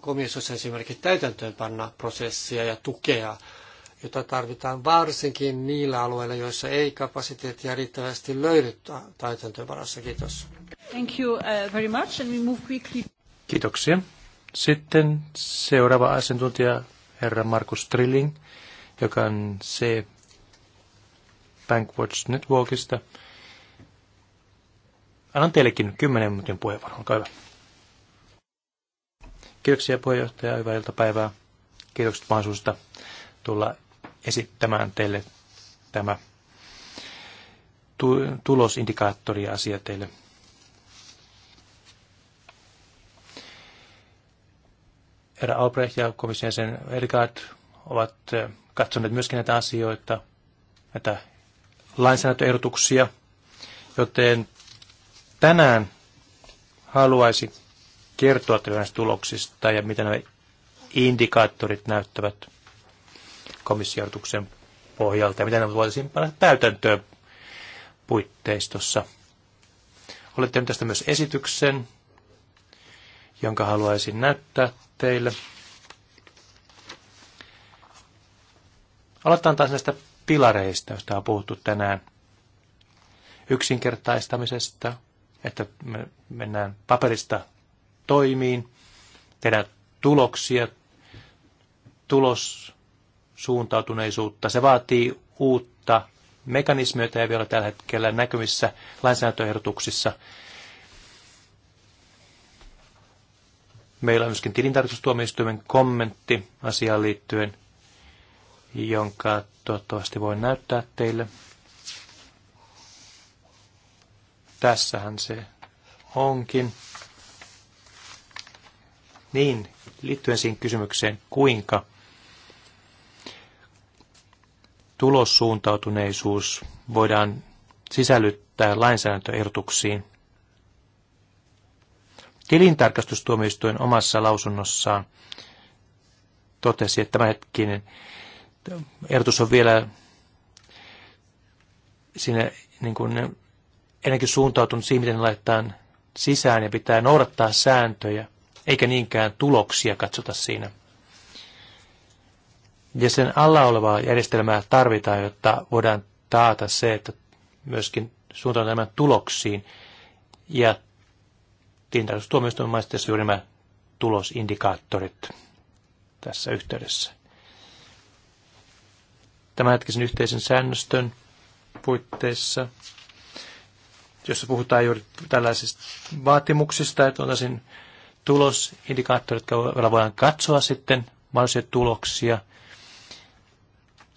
komissiossa esimerkiksi täytäntöönpanna prosessia ja tukea jota tarvitaan varsinkin niillä alueilla, joissa ei kapasiteettia riittävästi löydy taiteen varassa. Kiitos. Thank you uh, very much and we move quickly. Kiitoksia. Sitten seuraava asiantuntija, herra Markus Trilling, joka on se Bankwatch Networkista. Annan teillekin 10 minuutin puheenvuoron, olkaa hyvä. Kiitoksia puheenjohtaja, hyvää iltapäivää. Kiitokset mahdollisuudesta tulla esittämään teille tämä asia teille. Herra Albrecht ja komission sen Ergaard ovat eh, katsoneet myöskin näitä asioita, näitä lainsäädäntöehdotuksia, joten tänään haluaisin kertoa teille näistä tuloksista ja mitä nämä indikaattorit näyttävät – komissiortuksen pohjalta ja mitä ne voitaisiin panna täytäntöön puitteistossa. Olette tehnyt tästä myös esityksen, jonka haluaisin näyttää teille. Aloitetaan taas näistä pilareista, joista on puhuttu tänään. Yksinkertaistamisesta, että me mennään paperista toimiin, tehdään tuloksia, tulos suuntautuneisuutta. Se vaatii uutta mekanismia, jota ei vielä tällä hetkellä näkyvissä lainsäädäntöehdotuksissa. Meillä on myöskin tilintarkastustuomioistuimen kommentti asiaan liittyen, jonka toivottavasti voin näyttää teille. Tässähän se onkin. Niin, liittyen siihen kysymykseen, kuinka tulossuuntautuneisuus voidaan sisällyttää lainsäädäntöehdotuksiin. Tilintarkastustuomioistuin omassa lausunnossaan totesi, että tämänhetkinen ehdotus on vielä sinne niin kuin ennenkin suuntautunut siihen, miten laitetaan sisään ja pitää noudattaa sääntöjä, eikä niinkään tuloksia katsota siinä. Ja sen alla olevaa järjestelmää tarvitaan, jotta voidaan taata se, että myöskin suuntaan tämän tuloksiin. Ja tilintarkastustuomioistuimen maistessa juuri nämä tulosindikaattorit tässä yhteydessä. hetkisen yhteisen säännöstön puitteissa, jossa puhutaan juuri tällaisista vaatimuksista, että oltaisiin tulosindikaattorit, joilla voidaan katsoa sitten mahdollisia tuloksia –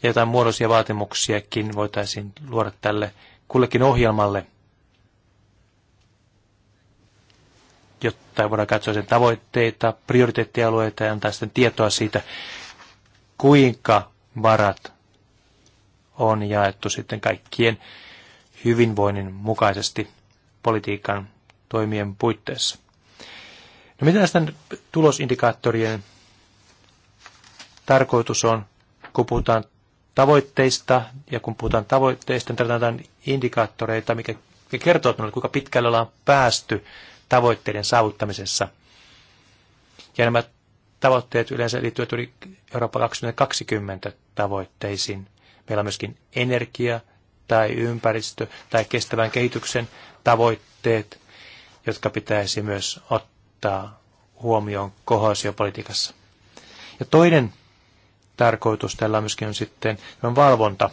ja jotain muodollisia vaatimuksiakin voitaisiin luoda tälle kullekin ohjelmalle, jotta voidaan katsoa sen tavoitteita, prioriteettialueita ja antaa sitten tietoa siitä, kuinka varat on jaettu sitten kaikkien hyvinvoinnin mukaisesti politiikan toimien puitteissa. No mitä näisten tulosindikaattorien tarkoitus on, kun puhutaan tavoitteista, ja kun puhutaan tavoitteista, niin tarvitaan indikaattoreita, mikä kertoo, että kuinka pitkälle ollaan päästy tavoitteiden saavuttamisessa. Ja nämä tavoitteet yleensä liittyvät yli Eurooppa 2020 tavoitteisiin. Meillä on myöskin energia tai ympäristö tai kestävän kehityksen tavoitteet, jotka pitäisi myös ottaa huomioon kohoisiopolitiikassa. Ja toinen tarkoitus tällä myöskin on sitten on valvonta.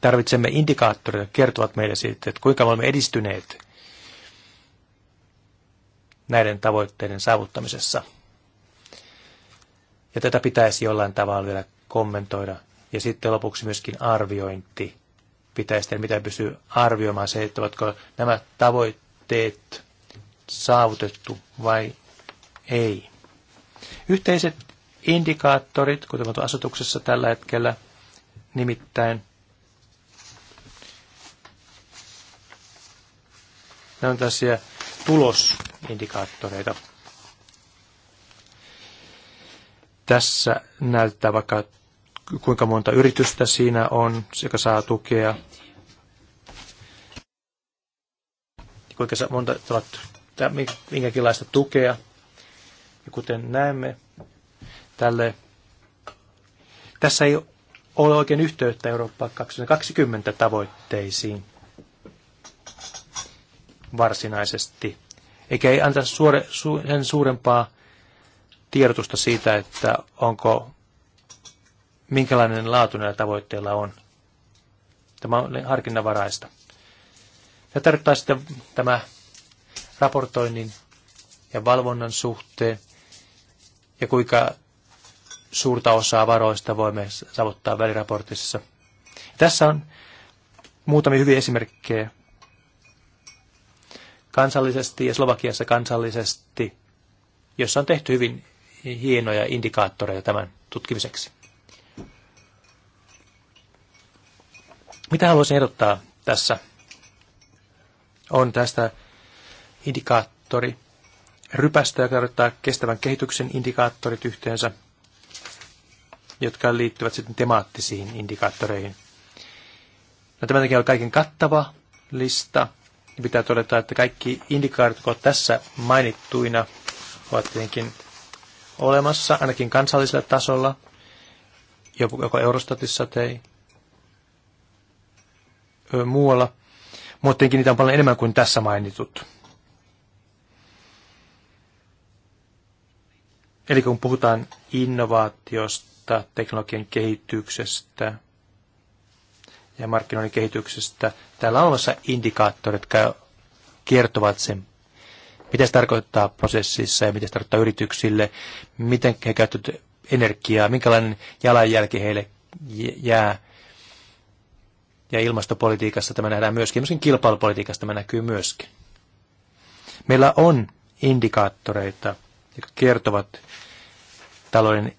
Tarvitsemme indikaattoreita, kertovat meille siitä, että kuinka me olemme edistyneet näiden tavoitteiden saavuttamisessa. Ja tätä pitäisi jollain tavalla vielä kommentoida. Ja sitten lopuksi myöskin arviointi pitäisi tehdä, mitä pysyy arvioimaan se, että ovatko nämä tavoitteet saavutettu vai ei. Yhteiset indikaattorit, kuten on asetuksessa tällä hetkellä, nimittäin ne on tällaisia tulosindikaattoreita. Tässä näyttää vaikka kuinka monta yritystä siinä on, joka saa tukea, kuinka monta minkäkinlaista tukea. Ja kuten näemme, tälle. Tässä ei ole oikein yhteyttä Eurooppa 2020 tavoitteisiin varsinaisesti. Eikä ei anta suore, su, sen suurempaa tiedotusta siitä, että onko, minkälainen laatu näillä tavoitteilla on. Tämä on harkinnanvaraista. Ja tarkoittaa sitten tämä raportoinnin ja valvonnan suhteen ja kuinka suurta osaa varoista voimme saavuttaa väliraportissa. Tässä on muutamia hyviä esimerkkejä. Kansallisesti ja Slovakiassa kansallisesti, jossa on tehty hyvin hienoja indikaattoreita tämän tutkimiseksi. Mitä haluaisin ehdottaa tässä? On tästä indikaattori rypästä, joka tarkoittaa kestävän kehityksen indikaattorit yhteensä – jotka liittyvät sitten temaattisiin indikaattoreihin. No, tämän takia on kaiken kattava lista. pitää todeta, että kaikki indikaattorit, ovat tässä mainittuina, ovat tietenkin olemassa, ainakin kansallisella tasolla, joko Eurostatissa tai muualla. Mutta tietenkin niitä on paljon enemmän kuin tässä mainitut. Eli kun puhutaan innovaatiosta, huolimatta teknologian kehityksestä ja markkinoinnin kehityksestä. Täällä on olemassa indikaattorit, jotka kertovat sen, mitä se tarkoittaa prosessissa ja mitä se tarkoittaa yrityksille, miten he käyttävät energiaa, minkälainen jalanjälki heille jää. Ja ilmastopolitiikassa tämä nähdään myöskin, myöskin kilpailupolitiikassa tämä näkyy myöskin. Meillä on indikaattoreita, jotka kertovat talouden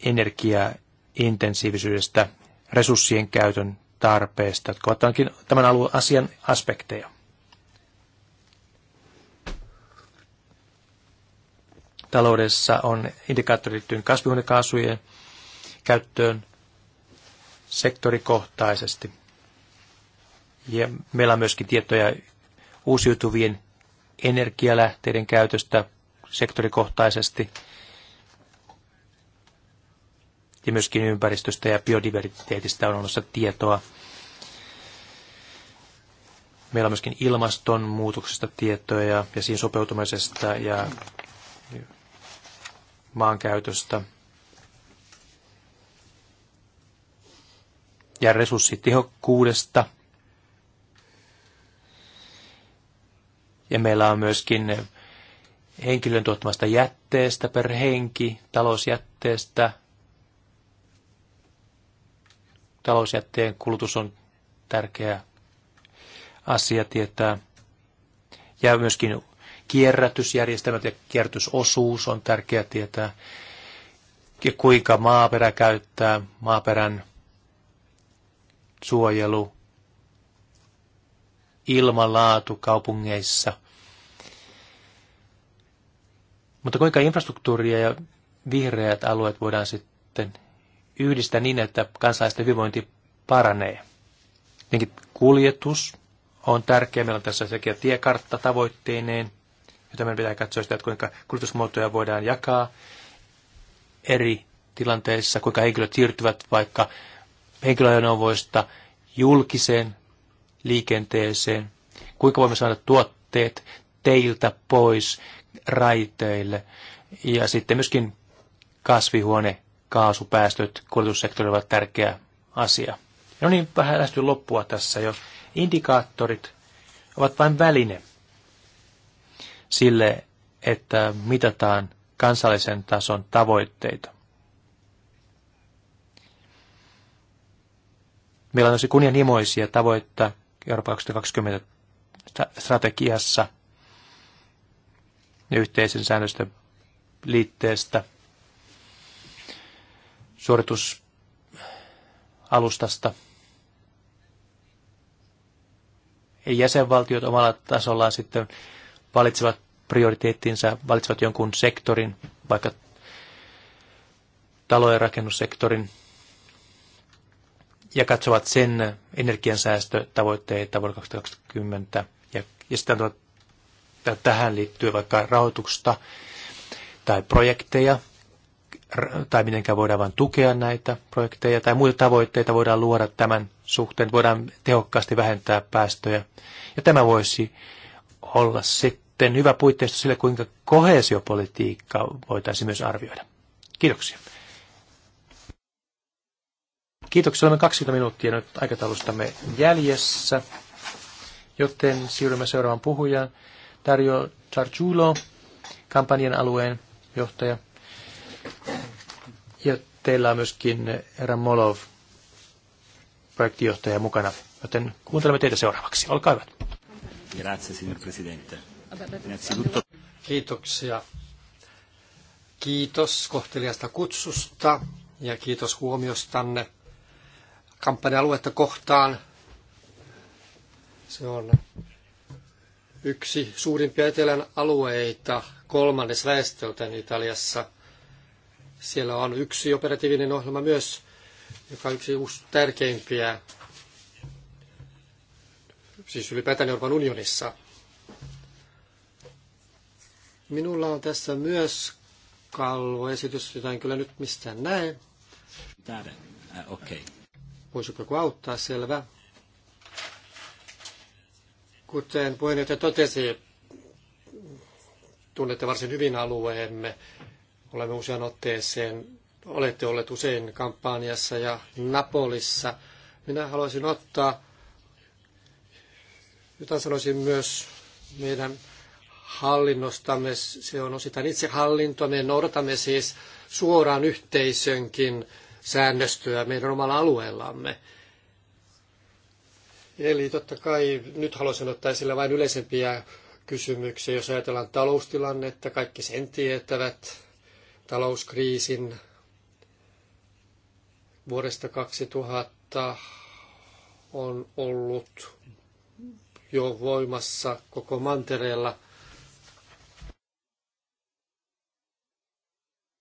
energiaintensiivisyydestä, resurssien käytön tarpeesta, jotka ovat tämän alueen asian aspekteja. Taloudessa on indikaattori liittyen kasvihuonekaasujen käyttöön sektorikohtaisesti. Ja meillä on myöskin tietoja uusiutuvien energialähteiden käytöstä sektorikohtaisesti ja myöskin ympäristöstä ja biodiversiteetistä on olemassa tietoa. Meillä on myöskin ilmastonmuutoksesta tietoja ja, ja siihen sopeutumisesta ja maankäytöstä. Ja resurssitehokkuudesta. Ja meillä on myöskin henkilön tuottamasta jätteestä per henki, talousjätteestä talousjätteen kulutus on tärkeä asia tietää. Ja myöskin kierrätysjärjestelmät ja kierrätysosuus on tärkeä tietää. Ja kuinka maaperä käyttää, maaperän suojelu, ilmanlaatu kaupungeissa. Mutta kuinka infrastruktuuria ja vihreät alueet voidaan sitten yhdistää niin, että kansalaisten hyvinvointi paranee. Tietenkin kuljetus on tärkeä. Meillä on tässä sekä tiekartta tavoitteineen, jota meidän pitää katsoa sitä, että kuinka kuljetusmuotoja voidaan jakaa eri tilanteissa, kuinka henkilöt siirtyvät vaikka henkilöajoneuvoista julkiseen liikenteeseen, kuinka voimme saada tuotteet teiltä pois raiteille ja sitten myöskin kasvihuone kaasupäästöt kuljetussektorilla ovat tärkeä asia. No niin, vähän lähestyy loppua tässä jo. Indikaattorit ovat vain väline sille, että mitataan kansallisen tason tavoitteita. Meillä on tosi kunnianhimoisia tavoitteita Euroopan 2020 strategiassa ja yhteisen säännösten liitteestä – suoritusalustasta. Jäsenvaltiot omalla tasollaan sitten valitsevat prioriteettinsa, valitsevat jonkun sektorin, vaikka talo- ja rakennussektorin, ja katsovat sen energiansäästötavoitteita vuonna 2020, ja, ja sitten tähän liittyy vaikka rahoitusta tai projekteja, tai mitenkä voidaan vain tukea näitä projekteja tai muita tavoitteita voidaan luoda tämän suhteen, voidaan tehokkaasti vähentää päästöjä. Ja tämä voisi olla sitten hyvä puitteisto sille, kuinka kohesiopolitiikka voitaisiin myös arvioida. Kiitoksia. Kiitoksia, olemme 20 minuuttia nyt aikataulustamme jäljessä, joten siirrymme seuraavaan puhujaan. Dario Charciulo, kampanjan alueen johtaja. Ja teillä on myöskin Era Molov, projektijohtaja, mukana. Joten kuuntelemme teitä seuraavaksi. Olkaa hyvät. Grazie, signor Presidente. Kiitoksia. Kiitos kohteliasta kutsusta ja kiitos huomiostanne kampanja-aluetta kohtaan. Se on yksi suurimpia etelän alueita, kolmannes väestöltään Italiassa – siellä on yksi operatiivinen ohjelma myös, joka on yksi tärkeimpiä, siis ylipäätään Euroopan unionissa. Minulla on tässä myös kalvoesitys, jota en kyllä nyt mistään näe. Täällä, äh, okei. Okay. Voisiko joku auttaa, selvä. Kuten puheenjohtaja totesi, tunnette varsin hyvin alueemme Olemme usean otteeseen, olette olleet usein kampanjassa ja Napolissa. Minä haluaisin ottaa, jotain sanoisin myös meidän hallinnostamme, se on osittain itsehallintoa, me noudatamme siis suoraan yhteisönkin säännöstöä meidän omalla alueellamme. Eli totta kai nyt haluaisin ottaa esille vain yleisempiä kysymyksiä, jos ajatellaan taloustilannetta, kaikki sen tietävät talouskriisin vuodesta 2000 on ollut jo voimassa koko mantereella.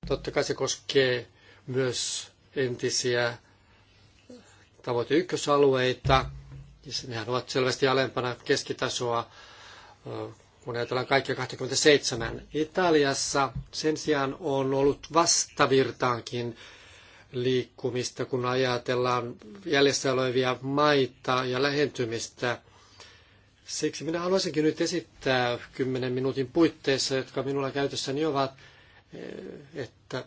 Totta kai se koskee myös entisiä tavoite ykkösalueita. Nehän ovat selvästi alempana keskitasoa kun ajatellaan kaikkia 27. Italiassa sen sijaan on ollut vastavirtaankin liikkumista, kun ajatellaan jäljessä olevia maita ja lähentymistä. Siksi minä haluaisinkin nyt esittää 10 minuutin puitteissa, jotka minulla käytössäni ovat, eh, että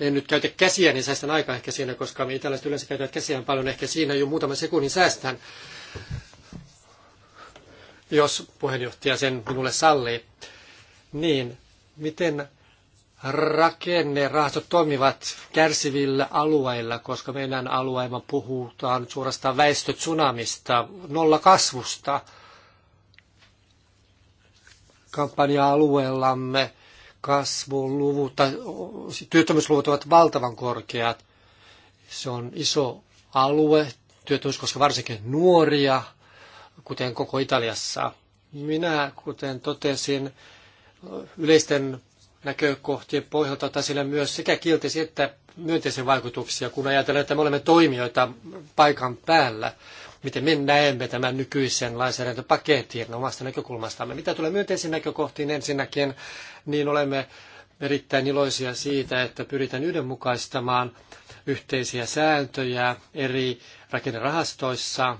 en nyt käytä käsiä, niin säästän aikaa ehkä siinä, koska me italaiset yleensä käytävät käsiään paljon, ehkä siinä jo muutaman sekunnin säästän jos puheenjohtaja sen minulle sallii, niin miten rakennerahastot toimivat kärsivillä alueilla, koska meidän alueella puhutaan suorastaan väestötsunamista, nollakasvusta kampanja-alueellamme kasvuluvut, tai työttömyysluvut ovat valtavan korkeat. Se on iso alue, työttömyys koska varsinkin nuoria – kuten koko Italiassa. Minä, kuten totesin, yleisten näkökohtien pohjalta otan sille myös sekä kielteisiä että myönteisiä vaikutuksia, kun ajatellaan, että me olemme toimijoita paikan päällä, miten me näemme tämän nykyisen lainsäädäntöpaketin omasta näkökulmastamme. Mitä tulee myönteisiin näkökohtiin ensinnäkin, niin olemme erittäin iloisia siitä, että pyritään yhdenmukaistamaan yhteisiä sääntöjä eri rakennerahastoissa,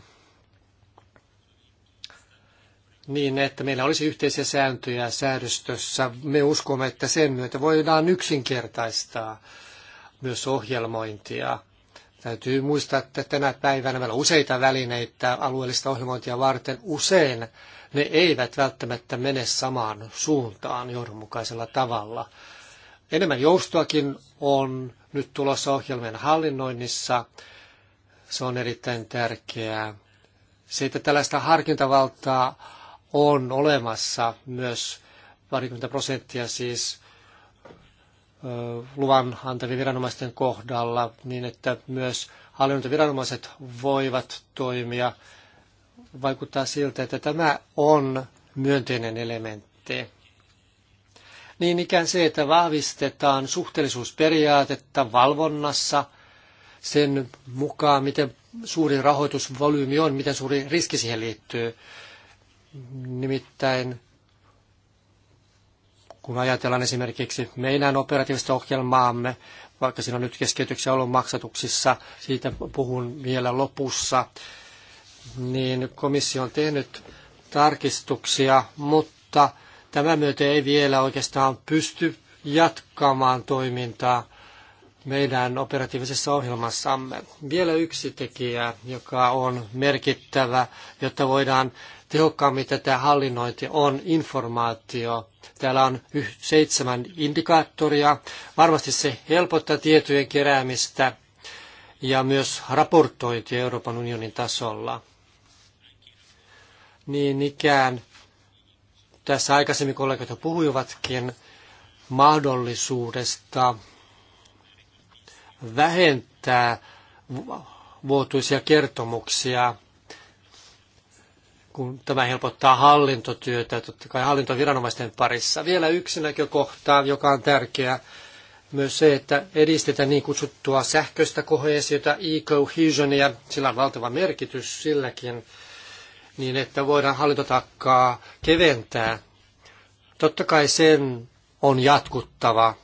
niin, että meillä olisi yhteisiä sääntöjä säädöstössä. Me uskomme, että sen myötä voidaan yksinkertaistaa myös ohjelmointia. Täytyy muistaa, että tänä päivänä meillä on useita välineitä alueellista ohjelmointia varten. Usein ne eivät välttämättä mene samaan suuntaan johdonmukaisella tavalla. Enemmän joustoakin on nyt tulossa ohjelmien hallinnoinnissa. Se on erittäin tärkeää. Se, että tällaista harkintavaltaa on olemassa myös parikymmentä prosenttia siis luvan antavien viranomaisten kohdalla, niin että myös hallintoviranomaiset voivat toimia. Vaikuttaa siltä, että tämä on myönteinen elementti. Niin ikään se, että vahvistetaan suhteellisuusperiaatetta valvonnassa sen mukaan, miten suuri rahoitusvolyymi on, miten suuri riski siihen liittyy. Nimittäin kun ajatellaan esimerkiksi meidän operatiivista ohjelmaamme, vaikka siinä on nyt keskeytyksiä ollut maksatuksissa, siitä puhun vielä lopussa, niin komissio on tehnyt tarkistuksia, mutta tämä myötä ei vielä oikeastaan pysty jatkamaan toimintaa meidän operatiivisessa ohjelmassamme. Vielä yksi tekijä, joka on merkittävä, jotta voidaan tehokkaammin tätä hallinnointi on informaatio. Täällä on seitsemän indikaattoria. Varmasti se helpottaa tietojen keräämistä ja myös raportointi Euroopan unionin tasolla. Niin ikään tässä aikaisemmin kollegat jo puhuivatkin mahdollisuudesta vähentää vuotuisia kertomuksia – kun tämä helpottaa hallintotyötä, totta kai hallintoviranomaisten parissa. Vielä yksi näkökohta, joka on tärkeä, myös se, että edistetään niin kutsuttua sähköistä kohesiota, e-cohesionia, sillä on valtava merkitys silläkin, niin että voidaan hallintotakkaa keventää. Totta kai sen on jatkuttava.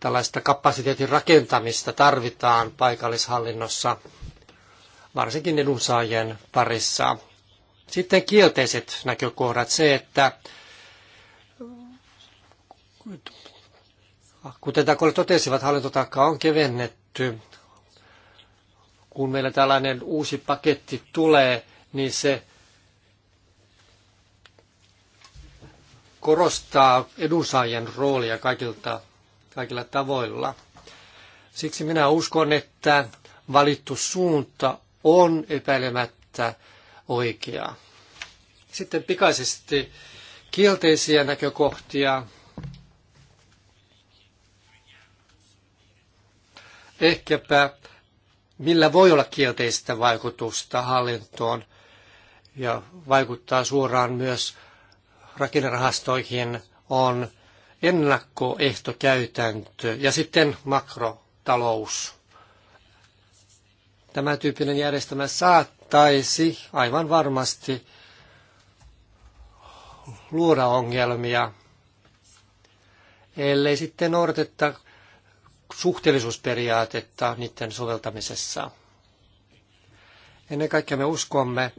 Tällaista kapasiteetin rakentamista tarvitaan paikallishallinnossa – varsinkin edunsaajien parissa. Sitten kielteiset näkökohdat, se, että kuten takollit totesivat, hallintotaakka on kevennetty. Kun meillä tällainen uusi paketti tulee, niin se korostaa edunsaajien roolia kaikilta, kaikilla tavoilla. Siksi minä uskon, että valittu suunta on epäilemättä oikea. Sitten pikaisesti kielteisiä näkökohtia. Ehkäpä millä voi olla kielteistä vaikutusta hallintoon ja vaikuttaa suoraan myös rakennerahastoihin on ennakkoehtokäytäntö ja sitten makrotalous. Tämä tyyppinen järjestelmä saattaisi aivan varmasti luoda ongelmia, ellei sitten noudateta suhteellisuusperiaatetta niiden soveltamisessa. Ennen kaikkea me uskomme,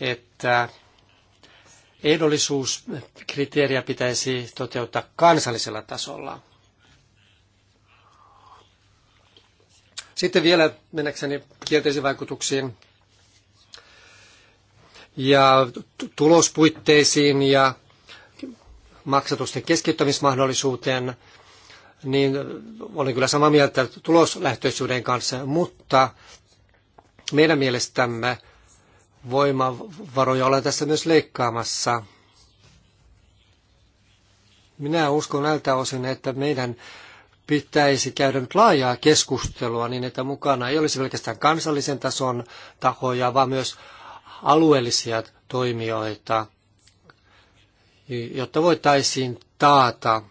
että ehdollisuuskriteeriä pitäisi toteuttaa kansallisella tasolla. Sitten vielä mennäkseni kielteisiin vaikutuksiin ja tulospuitteisiin ja maksatusten keskittämismahdollisuuteen, niin olen kyllä samaa mieltä tuloslähtöisyyden kanssa, mutta meidän mielestämme voimavaroja ollaan tässä myös leikkaamassa. Minä uskon näiltä osin, että meidän pitäisi käydä nyt laajaa keskustelua niin, että mukana ei olisi pelkästään kansallisen tason tahoja, vaan myös alueellisia toimijoita, jotta voitaisiin taata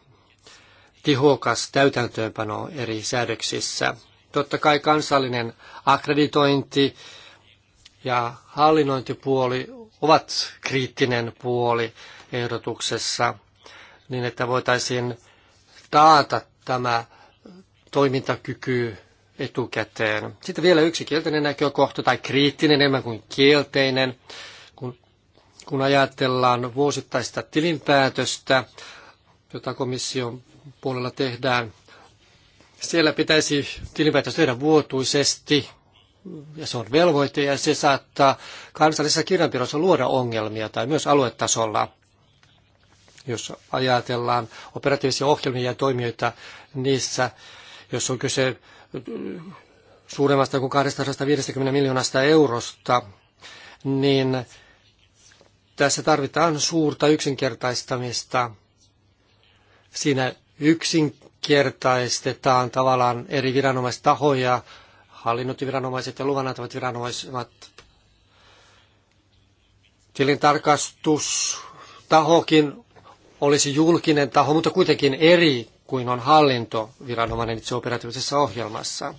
tihokas täytäntöönpano eri säädöksissä. Totta kai kansallinen akkreditointi ja hallinnointipuoli ovat kriittinen puoli ehdotuksessa, niin että voitaisiin taata tämä toimintakyky etukäteen. Sitten vielä yksi kielteinen näkökohta tai kriittinen enemmän kuin kielteinen, kun, kun ajatellaan vuosittaista tilinpäätöstä, jota komission puolella tehdään. Siellä pitäisi tilinpäätös tehdä vuotuisesti, ja se on velvoite, ja se saattaa kansallisessa kirjanpidossa luoda ongelmia tai myös aluetasolla. Jos ajatellaan operatiivisia ohjelmia ja toimijoita niissä, jos on kyse suuremmasta kuin 250 miljoonasta eurosta, niin tässä tarvitaan suurta yksinkertaistamista. Siinä yksinkertaistetaan tavallaan eri viranomaistahoja, hallinnointiviranomaiset ja luvanantavat viranomaiset, tilintarkastustahokin olisi julkinen taho, mutta kuitenkin eri kuin on hallintoviranomainen itse operatiivisessa ohjelmassa.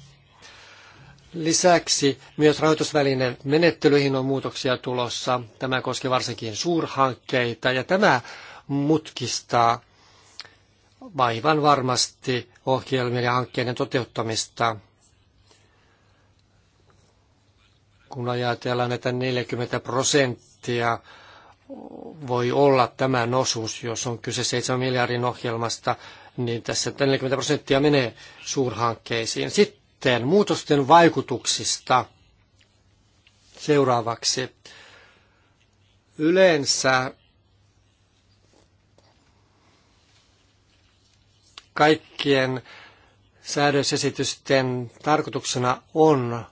Lisäksi myös rahoitusvälineen menettelyihin on muutoksia tulossa. Tämä koskee varsinkin suurhankkeita ja tämä mutkistaa vaivan varmasti ohjelmien ja hankkeiden toteuttamista. Kun ajatellaan, että 40 prosenttia voi olla tämä osuus, jos on kyse 7 miljardin ohjelmasta, niin tässä 40 prosenttia menee suurhankkeisiin. Sitten muutosten vaikutuksista seuraavaksi. Yleensä kaikkien säädösesitysten tarkoituksena on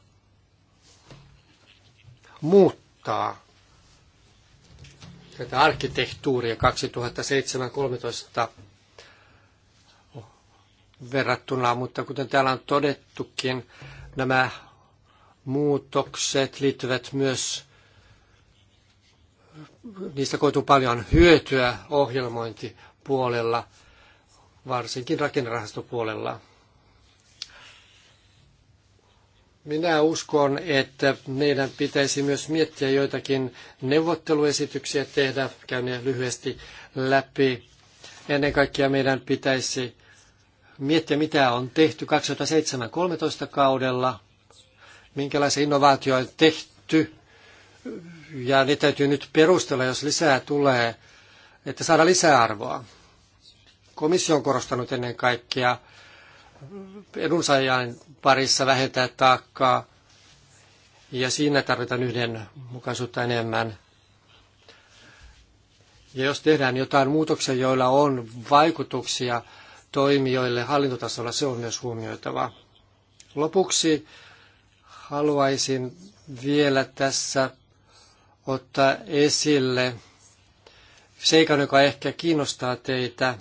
muuttaa tätä arkkitehtuuria 2007-2013 verrattuna, mutta kuten täällä on todettukin, nämä muutokset liittyvät myös, niistä koituu paljon hyötyä ohjelmointipuolella, varsinkin rakennerahastopuolella. Minä uskon, että meidän pitäisi myös miettiä joitakin neuvotteluesityksiä, tehdä, käyn ne lyhyesti läpi. Ennen kaikkea meidän pitäisi miettiä, mitä on tehty 2007-2013 kaudella, minkälaisia innovaatioita on tehty, ja ne täytyy nyt perustella, jos lisää tulee, että saada lisäarvoa. Komissio on korostanut ennen kaikkea edunsaajan parissa vähentää taakkaa. Ja siinä tarvitaan yhdenmukaisuutta enemmän. Ja jos tehdään jotain muutoksia, joilla on vaikutuksia toimijoille hallintotasolla, se on myös huomioitava. Lopuksi haluaisin vielä tässä ottaa esille seikan, joka ehkä kiinnostaa teitä –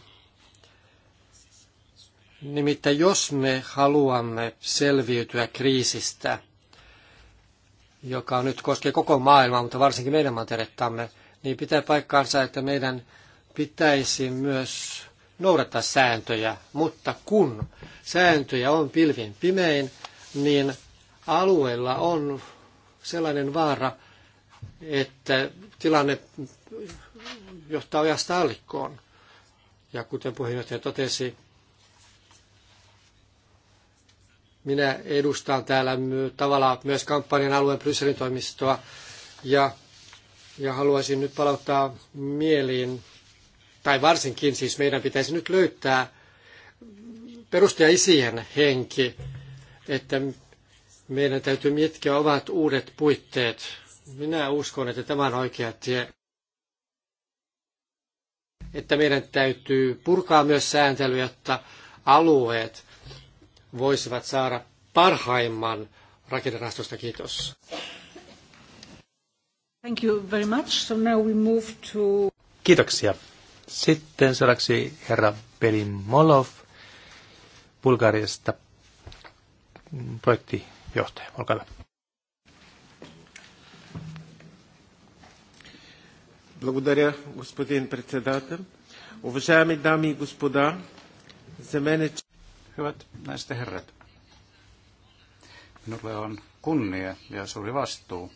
Nimittäin jos me haluamme selviytyä kriisistä, joka nyt koskee koko maailmaa, mutta varsinkin meidän manterettamme, niin pitää paikkaansa, että meidän pitäisi myös noudattaa sääntöjä, mutta kun sääntöjä on pilvin pimein, niin alueella on sellainen vaara, että tilanne johtaa ojasta allikkoon. Ja kuten puheenjohtaja totesi, Minä edustan täällä tavallaan myös kampanjan alueen Brysselin toimistoa ja, ja haluaisin nyt palauttaa mieliin, tai varsinkin siis meidän pitäisi nyt löytää isien henki, että meidän täytyy mitkä ovat uudet puitteet. Minä uskon, että tämä on oikea tie. Että meidän täytyy purkaa myös sääntelyä, jotta alueet voisivat saada parhaimman rakennerahastosta. Kiitos. Thank you very much. So now we move to... Kiitoksia. Sitten seuraavaksi herra Pelin Molov Bulgariasta projektijohtaja. Olkaa hyvä. Благодаря, господин председател. Уважаеми дами и господа, за мен е Hyvät naiset ja herrat, minulle on kunnia ja suuri vastuu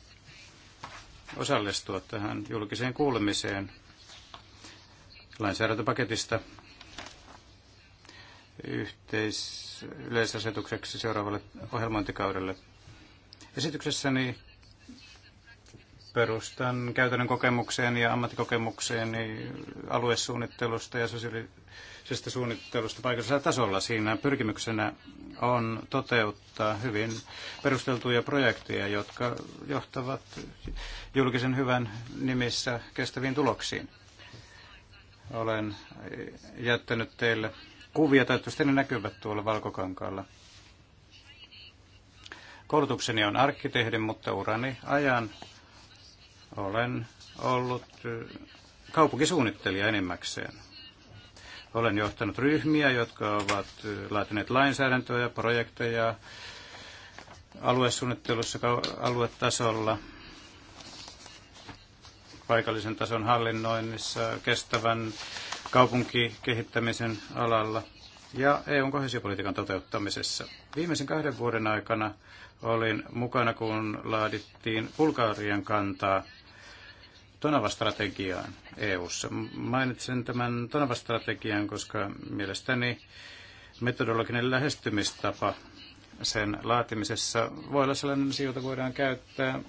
osallistua tähän julkiseen kuulemiseen lainsäädäntöpaketista yhteis- yleisasetukseksi seuraavalle ohjelmointikaudelle. Esityksessäni perustan käytännön kokemukseen ja ammattikokemukseen aluesuunnittelusta ja sosiaali- strategisesta suunnittelusta paikallisella tasolla. Siinä pyrkimyksenä on toteuttaa hyvin perusteltuja projekteja, jotka johtavat julkisen hyvän nimissä kestäviin tuloksiin. Olen jättänyt teille kuvia, toivottavasti ne näkyvät tuolla valkokankaalla. Koulutukseni on arkkitehdi, mutta urani ajan olen ollut kaupunkisuunnittelija enimmäkseen. Olen johtanut ryhmiä, jotka ovat laatineet lainsäädäntöä ja projekteja aluesuunnittelussa aluetasolla, paikallisen tason hallinnoinnissa, kestävän kaupunkikehittämisen alalla ja EUn kohesiopolitiikan toteuttamisessa. Viimeisen kahden vuoden aikana olin mukana, kun laadittiin Bulgarian kantaa Tonava-strategiaan EU-ssa. Mainitsen tämän Tonava-strategian, koska mielestäni metodologinen lähestymistapa sen laatimisessa voi olla sellainen asia, jota voidaan käyttää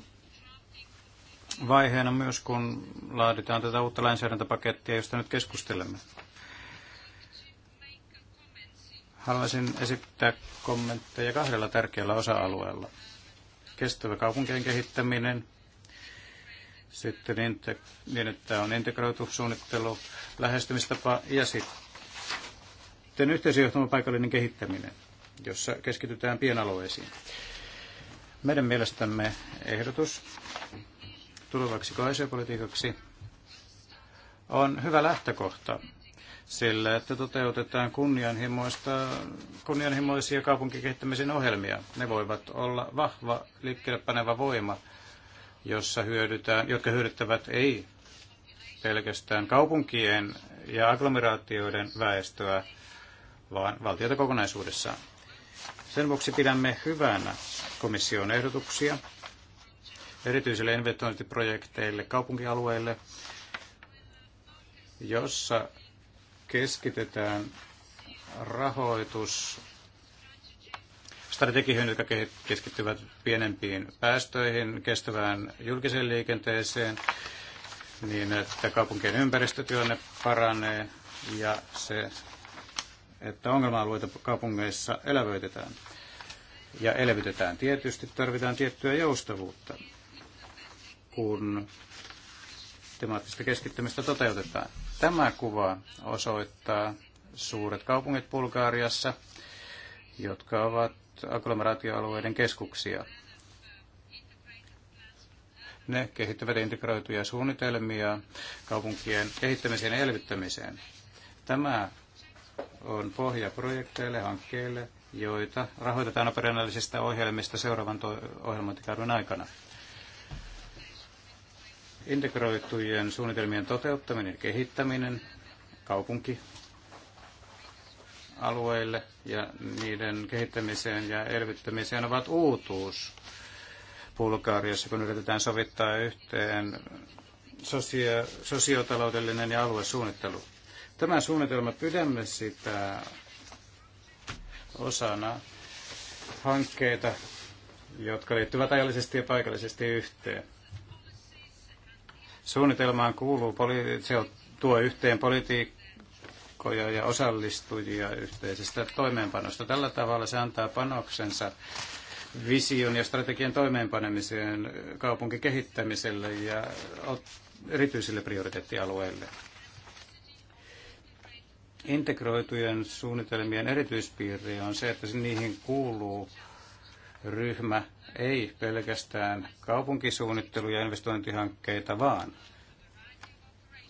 vaiheena myös, kun laaditaan tätä uutta lainsäädäntöpakettia, josta nyt keskustelemme. Haluaisin esittää kommentteja kahdella tärkeällä osa-alueella. Kestävä kaupunkien kehittäminen sitten inte, niin, että on integroitu suunnittelu, lähestymistapa ja sitten yhteisöjohtama paikallinen kehittäminen, jossa keskitytään pienalueisiin. Meidän mielestämme ehdotus tulevaksi koesiopolitiikaksi on hyvä lähtökohta sillä, että toteutetaan kunnianhimoista, kunnianhimoisia kaupunkikehittämisen ohjelmia. Ne voivat olla vahva liikkeelle paneva voima – jossa hyödytään, jotka hyödyttävät ei pelkästään kaupunkien ja agglomeraatioiden väestöä, vaan valtiota kokonaisuudessaan. Sen vuoksi pidämme hyvänä komission ehdotuksia erityisille investointiprojekteille kaupunkialueille, jossa keskitetään rahoitus strategiin, jotka keskittyvät pienempiin päästöihin, kestävään julkiseen liikenteeseen, niin että kaupunkien ympäristötyönne paranee ja se, että ongelma-alueita kaupungeissa elävöitetään ja elvytetään. Tietysti tarvitaan tiettyä joustavuutta, kun temaattista keskittymistä toteutetaan. Tämä kuva osoittaa suuret kaupungit Bulgaariassa, jotka ovat agglomeraatioalueiden keskuksia. Ne kehittävät integroituja suunnitelmia kaupunkien kehittämiseen ja elvyttämiseen. Tämä on pohja projekteille, hankkeille, joita rahoitetaan operatiivisista ohjelmista seuraavan ohjelmointikauden aikana. Integroitujen suunnitelmien toteuttaminen ja kehittäminen kaupunki- alueille ja niiden kehittämiseen ja elvyttämiseen ovat uutuus Bulgaariassa, kun yritetään sovittaa yhteen sosio- sosiotaloudellinen ja aluesuunnittelu. Tämä suunnitelma pidämme sitä osana hankkeita, jotka liittyvät ajallisesti ja paikallisesti yhteen. Suunnitelmaan kuuluu, poli- se tuo yhteen politiikkaa poliitikkoja ja osallistujia yhteisestä toimeenpanosta. Tällä tavalla se antaa panoksensa vision ja strategian toimeenpanemiseen kaupunkikehittämiselle ja erityisille prioriteettialueille. Integroitujen suunnitelmien erityispiirre on se, että niihin kuuluu ryhmä ei pelkästään kaupunkisuunnittelu- ja investointihankkeita, vaan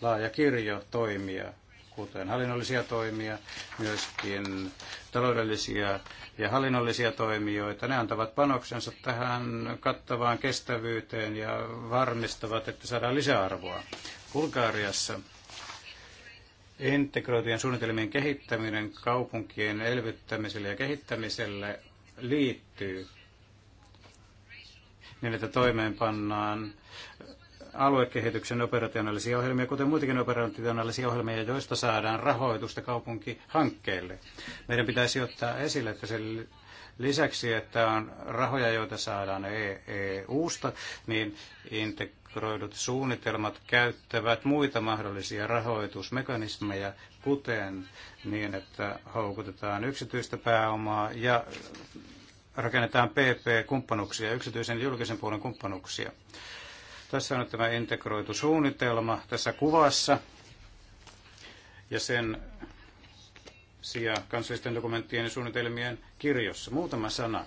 laaja kirjo toimia, kuten hallinnollisia toimia, myöskin taloudellisia ja hallinnollisia toimijoita. Ne antavat panoksensa tähän kattavaan kestävyyteen ja varmistavat, että saadaan lisäarvoa. Bulgaariassa integroitujen suunnitelmien kehittäminen kaupunkien elvyttämiselle ja kehittämiselle liittyy niin, että toimeenpannaan aluekehityksen operationaalisia ohjelmia, kuten muitakin operationaalisia ohjelmia, joista saadaan rahoitusta kaupunkihankkeille. Meidän pitäisi ottaa esille, että sen lisäksi, että on rahoja, joita saadaan e- EU-sta, niin integroidut suunnitelmat käyttävät muita mahdollisia rahoitusmekanismeja, kuten niin, että houkutetaan yksityistä pääomaa ja rakennetaan pp kumppanuksia yksityisen ja julkisen puolen kumppanuksia. Tässä on tämä integroitu suunnitelma tässä kuvassa ja sen sija kansallisten dokumenttien ja suunnitelmien kirjossa. Muutama sana.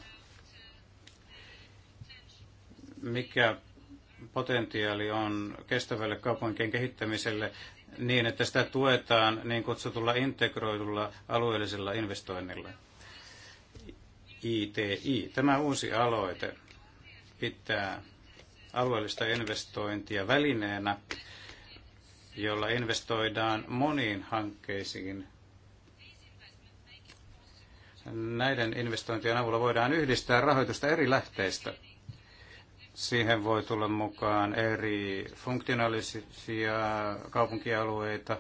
Mikä potentiaali on kestävälle kaupunkien kehittämiselle niin, että sitä tuetaan niin kutsutulla integroidulla alueellisella investoinnilla? ITI. Tämä uusi aloite pitää alueellista investointia välineenä, jolla investoidaan moniin hankkeisiin. Näiden investointien avulla voidaan yhdistää rahoitusta eri lähteistä. Siihen voi tulla mukaan eri funktionaalisia kaupunkialueita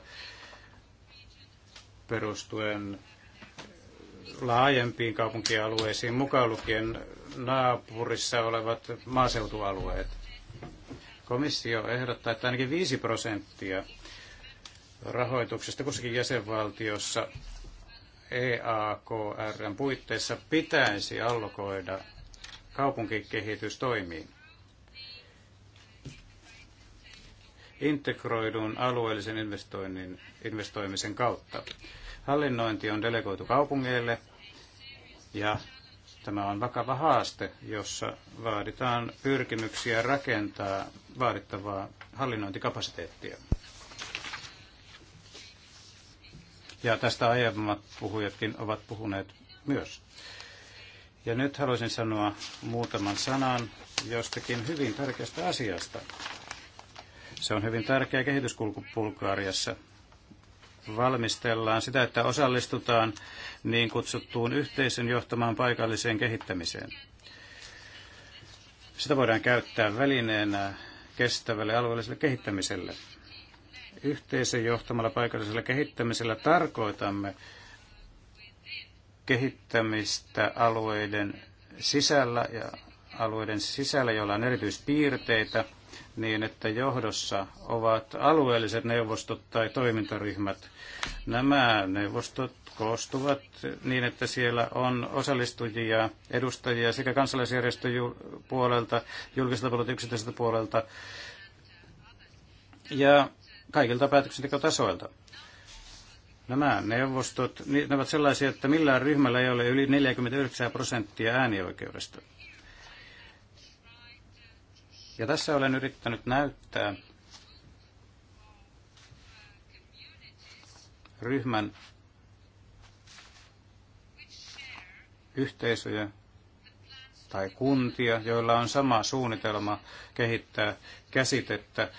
perustuen laajempiin kaupunkialueisiin, mukaan lukien naapurissa olevat maaseutualueet. Komissio ehdottaa, että ainakin 5 prosenttia rahoituksesta kussakin jäsenvaltiossa EAKRn puitteissa pitäisi allokoida kaupunkikehitystoimiin. integroidun alueellisen investoinnin, investoimisen kautta. Hallinnointi on delegoitu kaupungeille ja Tämä on vakava haaste, jossa vaaditaan pyrkimyksiä rakentaa vaadittavaa hallinnointikapasiteettia. Ja tästä aiemmat puhujatkin ovat puhuneet myös. Ja nyt haluaisin sanoa muutaman sanan jostakin hyvin tärkeästä asiasta. Se on hyvin tärkeä kehityskulku Bulgaariassa, valmistellaan sitä, että osallistutaan niin kutsuttuun yhteisön johtamaan paikalliseen kehittämiseen. Sitä voidaan käyttää välineenä kestävälle alueelliselle kehittämiselle. Yhteisön johtamalla paikallisella kehittämisellä tarkoitamme kehittämistä alueiden sisällä ja alueiden sisällä, joilla on erityispiirteitä – niin, että johdossa ovat alueelliset neuvostot tai toimintaryhmät. Nämä neuvostot koostuvat niin, että siellä on osallistujia, edustajia sekä puolelta, julkiselta puolelta, yksityiseltä puolelta ja kaikilta päätöksentekotasoilta. Nämä neuvostot niin, ne ovat sellaisia, että millään ryhmällä ei ole yli 49 prosenttia äänioikeudesta. Ja tässä olen yrittänyt näyttää ryhmän yhteisöjä tai kuntia, joilla on sama suunnitelma kehittää käsitettä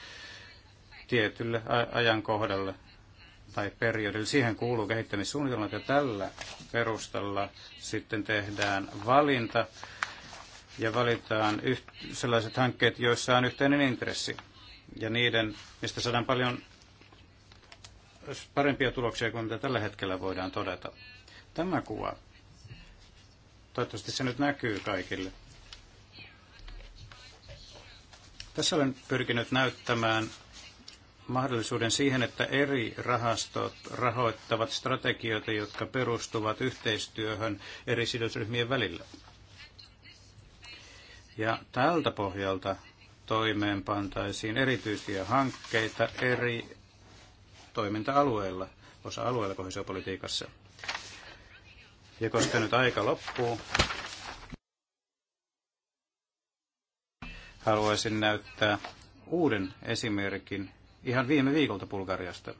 tietylle ajankohdalle tai periodille. Siihen kuuluu kehittämissuunnitelmat ja tällä perustalla sitten tehdään valinta ja valitaan yht- sellaiset hankkeet, joissa on yhteinen intressi ja niiden, mistä saadaan paljon parempia tuloksia kuin mitä tällä hetkellä voidaan todeta. Tämä kuva, toivottavasti se nyt näkyy kaikille. Tässä olen pyrkinyt näyttämään mahdollisuuden siihen, että eri rahastot rahoittavat strategioita, jotka perustuvat yhteistyöhön eri sidosryhmien välillä. Ja tältä pohjalta toimeenpantaisiin erityisiä hankkeita eri toiminta-alueilla, osa-alueilla kohesiopolitiikassa. Ja koska nyt aika loppuu, haluaisin näyttää uuden esimerkin ihan viime viikolta Bulgariasta.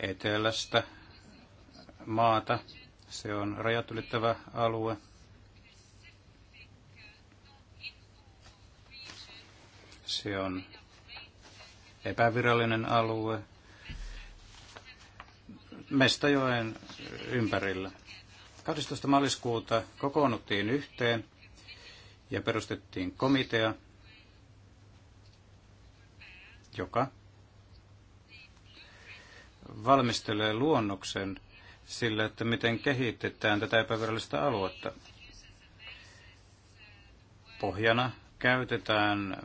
Etelästä maata. Se on rajat ylittävä alue, Se on epävirallinen alue Mestajoen ympärillä. 12. maaliskuuta kokoonnuttiin yhteen ja perustettiin komitea, joka valmistelee luonnoksen sillä, että miten kehitetään tätä epävirallista aluetta. Pohjana käytetään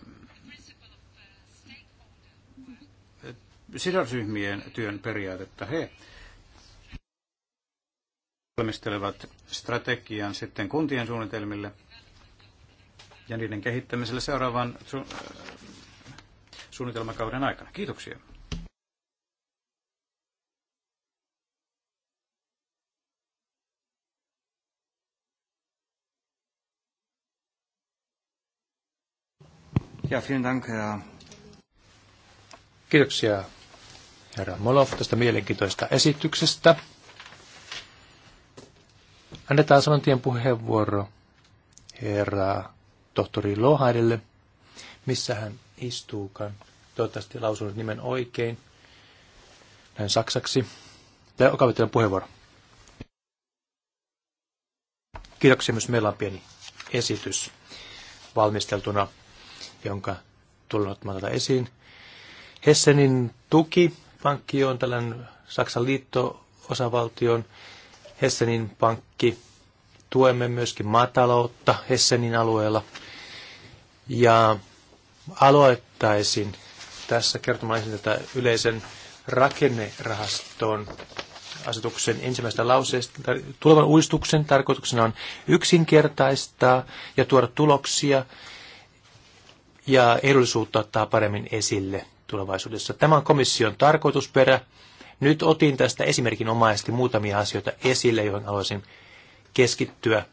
sidosryhmien työn periaatetta. He valmistelevat strategian sitten kuntien suunnitelmille ja niiden kehittämiselle seuraavan su- suunnitelmakauden aikana. Kiitoksia. Ja, vielen Dank, Herr Kiitoksia herra Molov tästä mielenkiintoista esityksestä. Annetaan saman tien puheenvuoro herra tohtori Lohaidelle, missä hän istuukaan. Toivottavasti lausunut nimen oikein. Näin saksaksi. Tämä on kavittelen puheenvuoro. Kiitoksia myös. Meillä on pieni esitys valmisteltuna, jonka tulen ottamaan tätä esiin. Hessenin tuki pankki on tällainen Saksan liitto-osavaltion Hessenin pankki. Tuemme myöskin maataloutta Hessenin alueella. Ja aloittaisin tässä kertomaisin tätä yleisen rakennerahaston asetuksen ensimmäistä lauseesta. Tulevan uudistuksen tarkoituksena on yksinkertaistaa ja tuoda tuloksia ja edullisuutta ottaa paremmin esille tulevaisuudessa. Tämä on komission tarkoitusperä. Nyt otin tästä esimerkinomaisesti muutamia asioita esille, joihin haluaisin keskittyä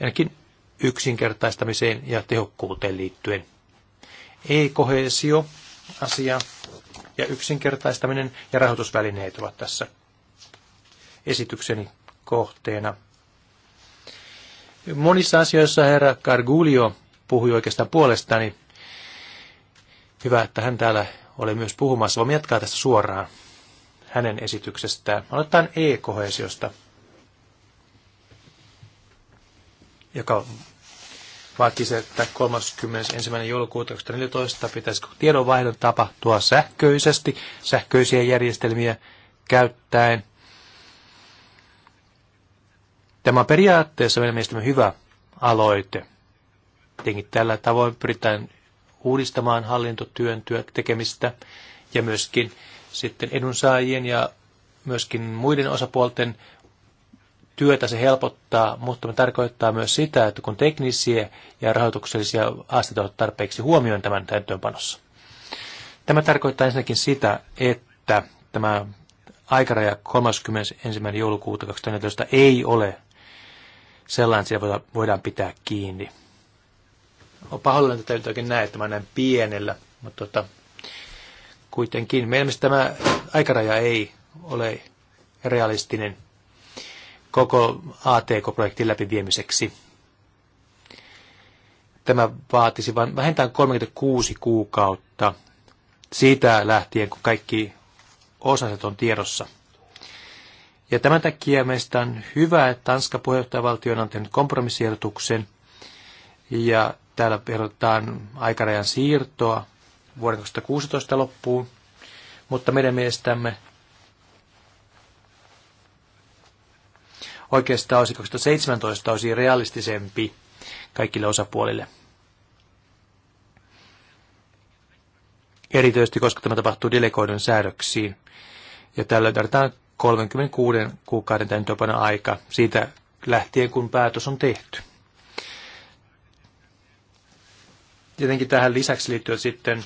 ainakin yksinkertaistamiseen ja tehokkuuteen liittyen. Ei-kohesio asia ja yksinkertaistaminen ja rahoitusvälineet ovat tässä esitykseni kohteena. Monissa asioissa herra Cargulio puhui oikeastaan puolestani. Hyvä, että hän täällä oli myös puhumassa. Voimme jatkaa tästä suoraan hänen esityksestään. Aloitetaan e-kohesiosta, joka vaatii se, että 31. joulukuuta 2014 pitäisi tiedonvaihdon tapahtua sähköisesti, sähköisiä järjestelmiä käyttäen. Tämä on periaatteessa meidän mielestämme hyvä aloite. Tietenkin tällä tavoin pyritään uudistamaan hallintotyön työ, tekemistä ja myöskin sitten edunsaajien ja myöskin muiden osapuolten työtä se helpottaa, mutta me tarkoittaa myös sitä, että kun teknisiä ja rahoituksellisia asteita ovat tarpeeksi huomioon tämän täyttöönpanossa. Tämä tarkoittaa ensinnäkin sitä, että tämä aikaraja 31. joulukuuta 2014 ei ole sellainen, että voidaan pitää kiinni on pahoillani, että jotakin näe, että mä näen pienellä, mutta tota, kuitenkin. Meidän tämä aikaraja ei ole realistinen koko ATK-projektin läpiviemiseksi. Tämä vaatisi vain vähintään 36 kuukautta siitä lähtien, kun kaikki osaset on tiedossa. Ja tämän takia meistä on hyvä, että Tanska puheenjohtajavaltio on tehnyt kompromissiehdotuksen, ja Täällä ehdotetaan aikarajan siirtoa vuoden 2016 loppuun, mutta meidän mielestämme oikeastaan olisi 2017 olisi realistisempi kaikille osapuolille. Erityisesti, koska tämä tapahtuu delegoidun säädöksiin. Ja tällöin tarvitaan 36 kuukauden täytäntöönpano aika siitä lähtien, kun päätös on tehty. Tietenkin tähän lisäksi liittyy sitten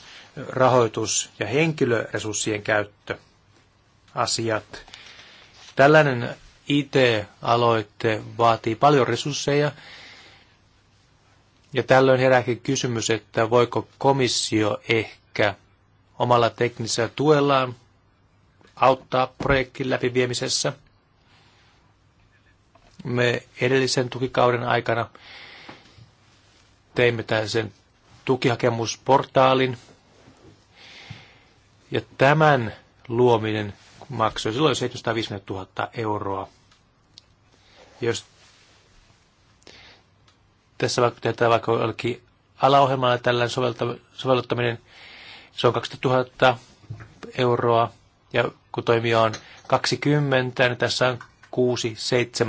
rahoitus- ja henkilöresurssien käyttö asiat. Tällainen IT-aloitte vaatii paljon resursseja, ja tällöin herääkin kysymys, että voiko komissio ehkä omalla teknisellä tuellaan auttaa projektin läpiviemisessä. Me edellisen tukikauden aikana teimme tällaisen tukihakemusportaalin. Ja tämän luominen maksoi silloin 750 000 euroa. Jos tässä vaikka tehdään vaikka jollakin alaohjelmalla tällainen sovelluttaminen, se on 2000 euroa. Ja kun toimija on 20, niin tässä on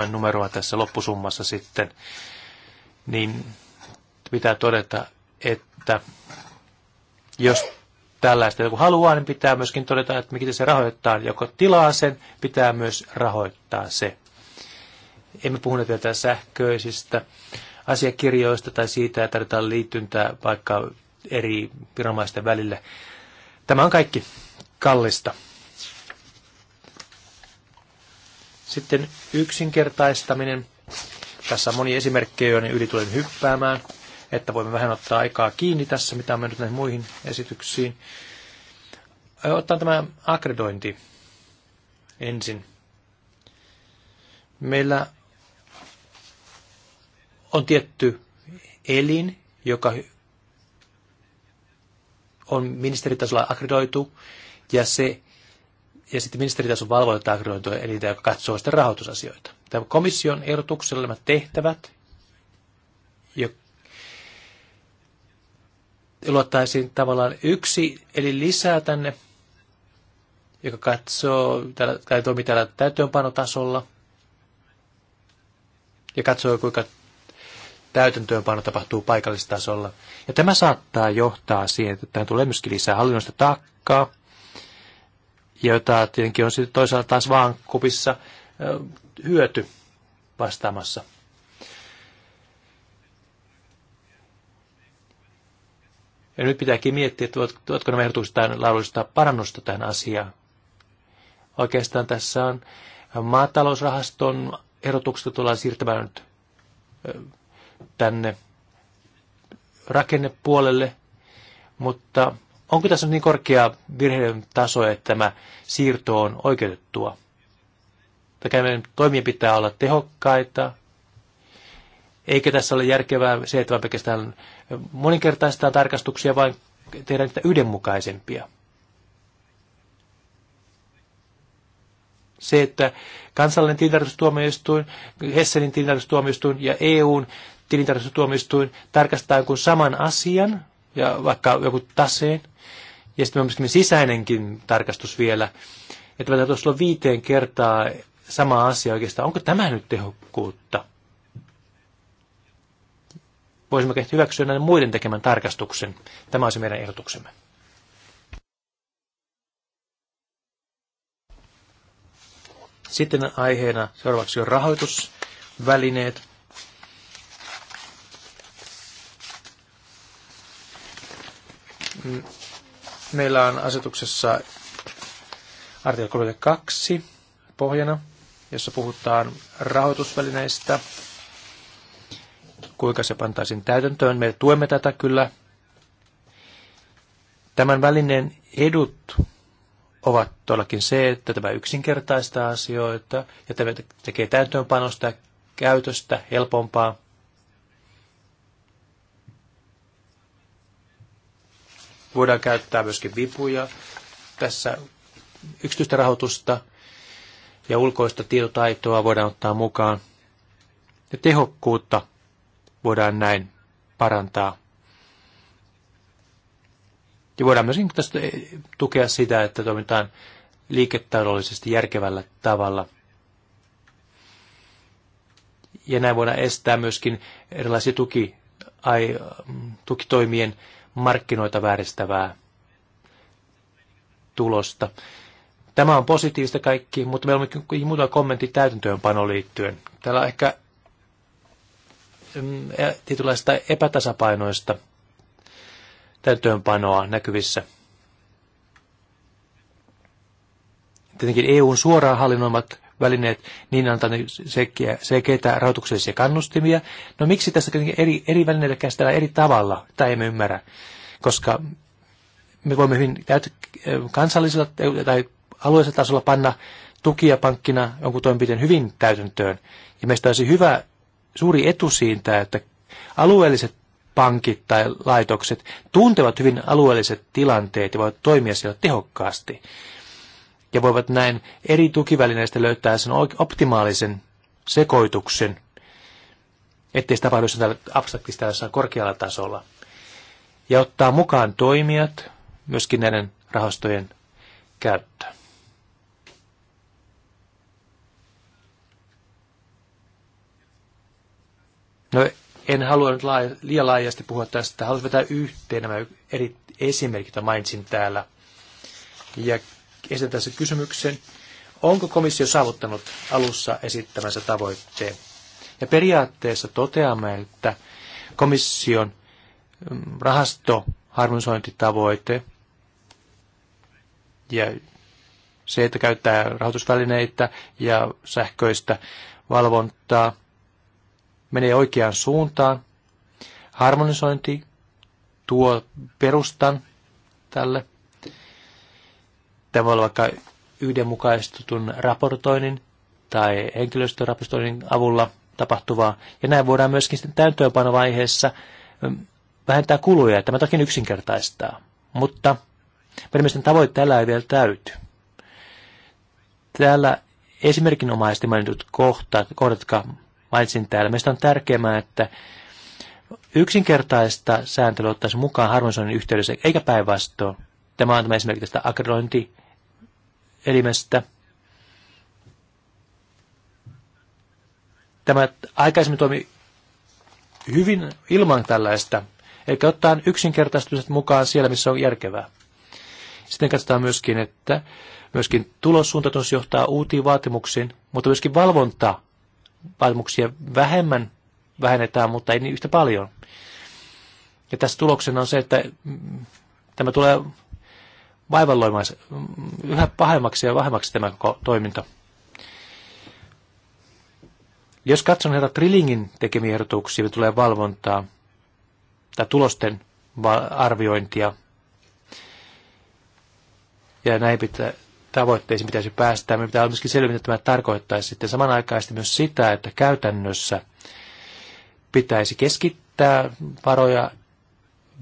6-7 numeroa tässä loppusummassa sitten. Niin pitää todeta, että jos tällaista joku haluaa, niin pitää myöskin todeta, että mikä se rahoittaa. Joko tilaa sen, pitää myös rahoittaa se. Emme puhuneet vielä sähköisistä asiakirjoista tai siitä, että tarvitaan liittyntää vaikka eri viranomaisten välille. Tämä on kaikki kallista. Sitten yksinkertaistaminen. Tässä on moni esimerkkejä, joiden niin yli tulen hyppäämään että voimme vähän ottaa aikaa kiinni tässä, mitä on mennyt näihin muihin esityksiin. Otetaan tämä akredointi ensin. Meillä on tietty elin, joka on ministeritasolla akredoitu, ja se ja sitten ministeritason valvontaakrointoelintä, joka katsoo sitten rahoitusasioita. Tämä komission ehdotuksella nämä tehtävät luottaisiin tavallaan yksi, eli lisää tänne, joka katsoo, tai toimii täällä täytäntöönpanotasolla, ja katsoo, kuinka täytäntöönpano tapahtuu paikallistasolla. Ja tämä saattaa johtaa siihen, että tähän tulee myöskin lisää hallinnosta taakkaa, jota tietenkin on sitten toisaalta taas vaan kupissa hyöty vastaamassa. Ja nyt pitääkin miettiä, tuotko nämä ehdotukset laadullista parannusta tähän asiaan. Oikeastaan tässä on maatalousrahaston ehdotukset tullaan siirtämään nyt tänne rakennepuolelle, mutta onko tässä niin korkea virheiden taso, että tämä siirto on oikeutettua? Toimien pitää olla tehokkaita, eikä tässä ole järkevää se, että vaan pelkästään tarkastuksia, vaan tehdään niitä yhdenmukaisempia. Se, että kansallinen tilintarkastustuomioistuin, Hessenin tilintarkastustuomioistuin ja EUn tilintarkastustuomioistuin tarkastaa kun saman asian, ja vaikka joku taseen, ja sitten myöskin sisäinenkin tarkastus vielä, että me olla viiteen kertaa sama asia oikeastaan. Onko tämä nyt tehokkuutta? voisimme ehkä hyväksyä näiden muiden tekemän tarkastuksen. Tämä on se meidän ehdotuksemme. Sitten aiheena seuraavaksi on rahoitusvälineet. Meillä on asetuksessa artikla 32 pohjana, jossa puhutaan rahoitusvälineistä – kuinka se pantaisiin täytäntöön. Me tuemme tätä kyllä. Tämän välineen edut ovat todellakin se, että tämä yksinkertaistaa asioita ja tämä tekee täytäntöönpanosta ja käytöstä helpompaa. Voidaan käyttää myöskin vipuja tässä yksityistä rahoitusta ja ulkoista tietotaitoa voidaan ottaa mukaan. Ja tehokkuutta voidaan näin parantaa. Ja voidaan myös niin eh, tukea sitä, että toimitaan liiketaloudellisesti järkevällä tavalla. Ja näin voidaan estää myöskin erilaisia tuki, ai, mm, tukitoimien markkinoita vääristävää tulosta. Tämä on positiivista kaikki, mutta meillä on muutama kommentti täytäntöönpanoon liittyen. Täällä on ehkä tietynlaista epätasapainoista täytöönpanoa näkyvissä. Tietenkin EUn suoraan hallinnoimat välineet niin antaa selkeitä rahoituksellisia kannustimia. No miksi tässä eri, eri välineitä käsitellään eri tavalla? Tämä emme ymmärrä, koska me voimme hyvin kansallisella tai alueellisella tasolla panna tukia pankkina jonkun toimenpiteen hyvin täytäntöön. Ja meistä olisi hyvä suuri etu siitä, että alueelliset pankit tai laitokset tuntevat hyvin alueelliset tilanteet ja voivat toimia siellä tehokkaasti. Ja voivat näin eri tukivälineistä löytää sen optimaalisen sekoituksen, ettei se tapahdu jossain abstraktista jossain korkealla tasolla. Ja ottaa mukaan toimijat myöskin näiden rahastojen käyttöön. No, en halua nyt laaja, liian laajasti puhua tästä. Haluaisin vetää yhteen nämä eri esimerkit, joita mainitsin täällä. Ja esitän tässä kysymyksen, onko komissio saavuttanut alussa esittämänsä tavoitteen? Ja periaatteessa toteamme, että komission mm, rahastoharmonisointitavoite ja se, että käyttää rahoitusvälineitä ja sähköistä valvontaa – menee oikeaan suuntaan. Harmonisointi tuo perustan tälle. Tämä voi olla vaikka yhdenmukaistutun raportoinnin tai henkilöstöraportoinnin avulla tapahtuvaa. Ja näin voidaan myöskin sitten täytäntöönpanovaiheessa mm, vähentää kuluja. Tämä toki yksinkertaistaa, mutta perimmäisten tavoite tällä ei vielä täyty. Täällä esimerkinomaisesti mainitut kohtat, kohdat jotka mainitsin täällä. Meistä on tärkeää, että yksinkertaista sääntelyä ottaisiin mukaan harmonisoinnin yhteydessä, eikä päinvastoin. Tämä on tämä esimerkki tästä akkreditointielimestä. Tämä aikaisemmin toimi hyvin ilman tällaista, eli ottaa yksinkertaistumiset mukaan siellä, missä on järkevää. Sitten katsotaan myöskin, että myöskin tulossuuntautumus johtaa uutiin vaatimuksiin, mutta myöskin valvonta vaatimuksia vähemmän vähennetään, mutta ei niin yhtä paljon. Ja tässä tuloksena on se, että mm, tämä tulee vaivalloimaiseksi, mm, yhä pahemmaksi ja vahemmaksi tämä koko toiminta. Jos katson näitä Trillingin tekemiä ehdotuksia, niin tulee valvontaa tai tulosten arviointia. Ja näin pitää, tavoitteisiin pitäisi päästä. Me pitää olla myöskin selvitä, että tämä tarkoittaisi sitten samanaikaisesti myös sitä, että käytännössä pitäisi keskittää varoja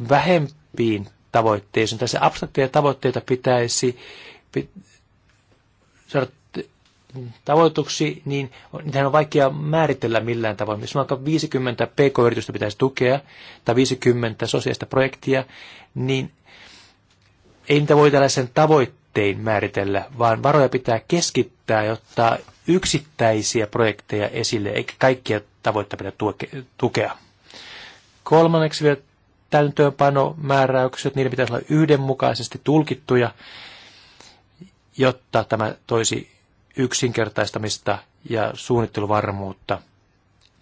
vähempiin tavoitteisiin. Tässä abstraktia tavoitteita pitäisi saada tavoituksi, niin niitähän on vaikea määritellä millään tavoin. Jos vaikka 50 pk-yritystä pitäisi tukea tai 50 sosiaalista projektia, niin ei niitä voi tällaisen tavoitteen tavoittein määritellä, vaan varoja pitää keskittää ja ottaa yksittäisiä projekteja esille, eikä kaikkia tavoitteita pidä tukea. Kolmanneksi vielä täytäntöönpanomääräykset, niiden pitäisi olla yhdenmukaisesti tulkittuja, jotta tämä toisi yksinkertaistamista ja suunnitteluvarmuutta.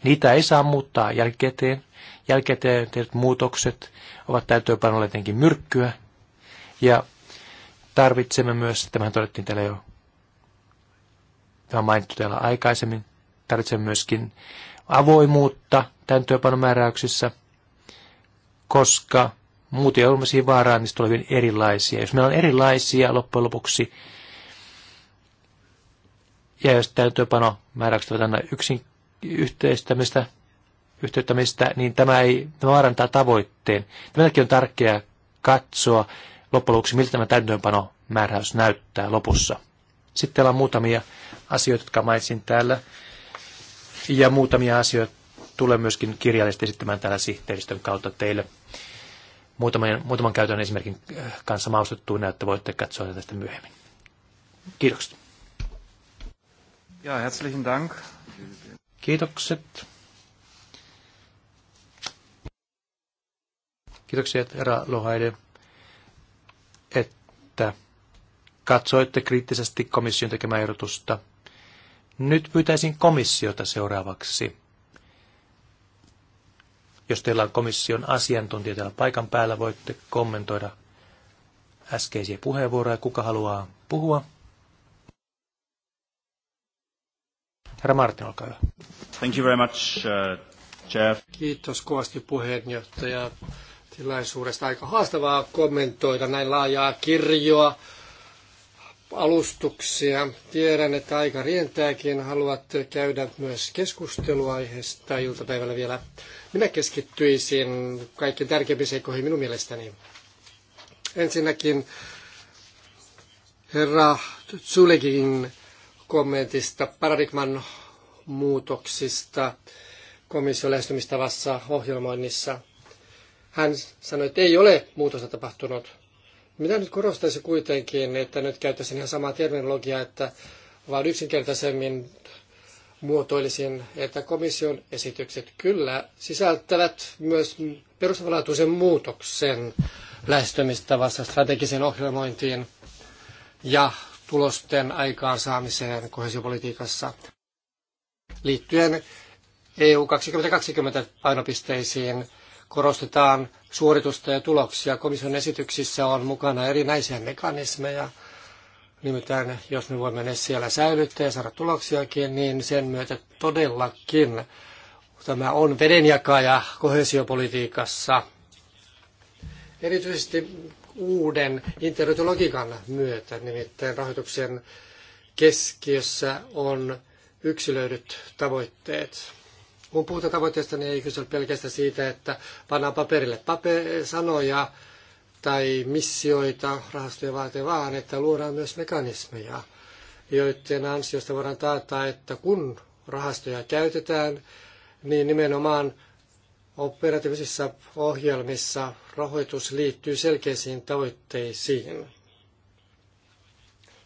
Niitä ei saa muuttaa jälkikäteen. Jälkikäteen tehdyt muutokset ovat täytäntöönpanolle jotenkin myrkkyä, ja tarvitsemme myös, tämähän todettiin täällä jo, tämä on mainittu täällä aikaisemmin, tarvitsemme myöskin avoimuutta tämän työpanomääräyksissä, koska muuten joudumme siihen vaaraan, niin tulee hyvin erilaisia. Jos meillä on erilaisia loppujen lopuksi, ja jos tämä työpanomääräykset ovat aina yksin yhteistämistä, yhteyttämistä, niin tämä, ei, vaarantaa tavoitteen. Tämäkin on tärkeää katsoa, loppujen lopuksi, miltä tämä täytäntöönpano määräys näyttää lopussa. Sitten täällä on muutamia asioita, jotka mainitsin täällä. Ja muutamia asioita tulee myöskin kirjallisesti esittämään täällä sihteeristön kautta teille. Muutaman, muutaman käytön esimerkin äh, kanssa maustettuun että voitte katsoa tästä myöhemmin. Kiitokset. Ja, herzlichen Dank. Kiitokset. Kiitoksia, Era Lohaide että katsoitte kriittisesti komission tekemää ehdotusta. Nyt pyytäisin komissiota seuraavaksi. Jos teillä on komission asiantuntija täällä paikan päällä, voitte kommentoida äskeisiä puheenvuoroja, kuka haluaa puhua. Herra Martin, olkaa hyvä. Thank you very much, uh, Jeff. Kiitos kovasti puheenjohtaja tilaisuudesta. Aika haastavaa kommentoida näin laajaa kirjoa alustuksia. Tiedän, että aika rientääkin. Haluat käydä myös keskusteluaiheesta iltapäivällä vielä. Minä keskittyisin kaikkein tärkeimpiin seikkoihin minun mielestäni. Ensinnäkin herra Zulegin kommentista paradigman muutoksista komission lähestymistavassa ohjelmoinnissa – hän sanoi, että ei ole muutosta tapahtunut. Mitä nyt korostaisi kuitenkin, että nyt käyttäisin ihan samaa terminologiaa, että vaan yksinkertaisemmin muotoilisin, että komission esitykset kyllä sisältävät myös perustavanlaatuisen muutoksen lähestymistavassa strategiseen ohjelmointiin ja tulosten aikaansaamiseen kohesiopolitiikassa liittyen EU 2020 painopisteisiin korostetaan suoritusta ja tuloksia. Komission esityksissä on mukana erinäisiä mekanismeja. Nimittäin jos me voimme ne siellä säilyttää ja saada tuloksiakin, niin sen myötä todellakin tämä on vedenjakaja kohesiopolitiikassa. Erityisesti uuden interrytologiikan myötä, nimittäin rahoituksen keskiössä on yksilöidyt tavoitteet. Kun puhutaan tavoitteesta, niin ei kyse ole pelkästään siitä, että pannaan paperille paper- sanoja tai missioita rahastoja varten, vaan että luodaan myös mekanismeja, joiden ansiosta voidaan taata, että kun rahastoja käytetään, niin nimenomaan operatiivisissa ohjelmissa rahoitus liittyy selkeisiin tavoitteisiin.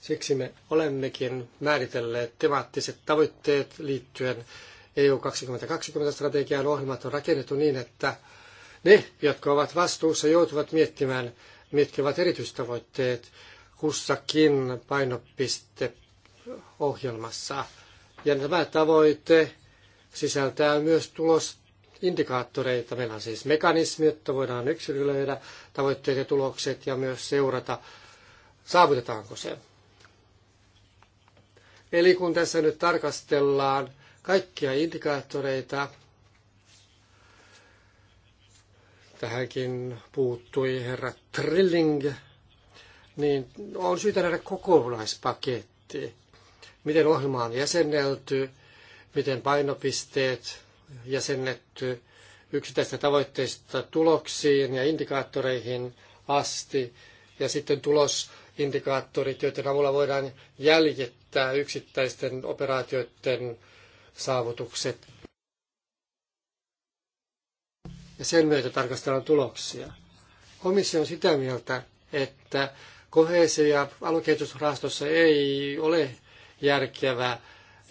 Siksi me olemmekin määritelleet temaattiset tavoitteet liittyen EU 2020-strategian ohjelmat on rakennettu niin, että ne, jotka ovat vastuussa, joutuvat miettimään, mitkä ovat erityistavoitteet kussakin painopisteohjelmassa. Ja tämä tavoite sisältää myös tulosindikaattoreita. Meillä on siis mekanismi, jotta voidaan yksilöidä tavoitteet ja tulokset ja myös seurata, saavutetaanko se. Eli kun tässä nyt tarkastellaan kaikkia indikaattoreita. Tähänkin puuttui herra Trilling, niin on syytä nähdä kokonaispaketti. Miten ohjelma on jäsennelty, miten painopisteet jäsennetty yksittäistä tavoitteista tuloksiin ja indikaattoreihin asti, ja sitten tulosindikaattorit, joiden avulla voidaan jäljittää yksittäisten operaatioiden saavutukset. Ja sen myötä tarkastellaan tuloksia. Komissio on sitä mieltä, että koheese- ja aluekehitysrahastossa ei ole järkevää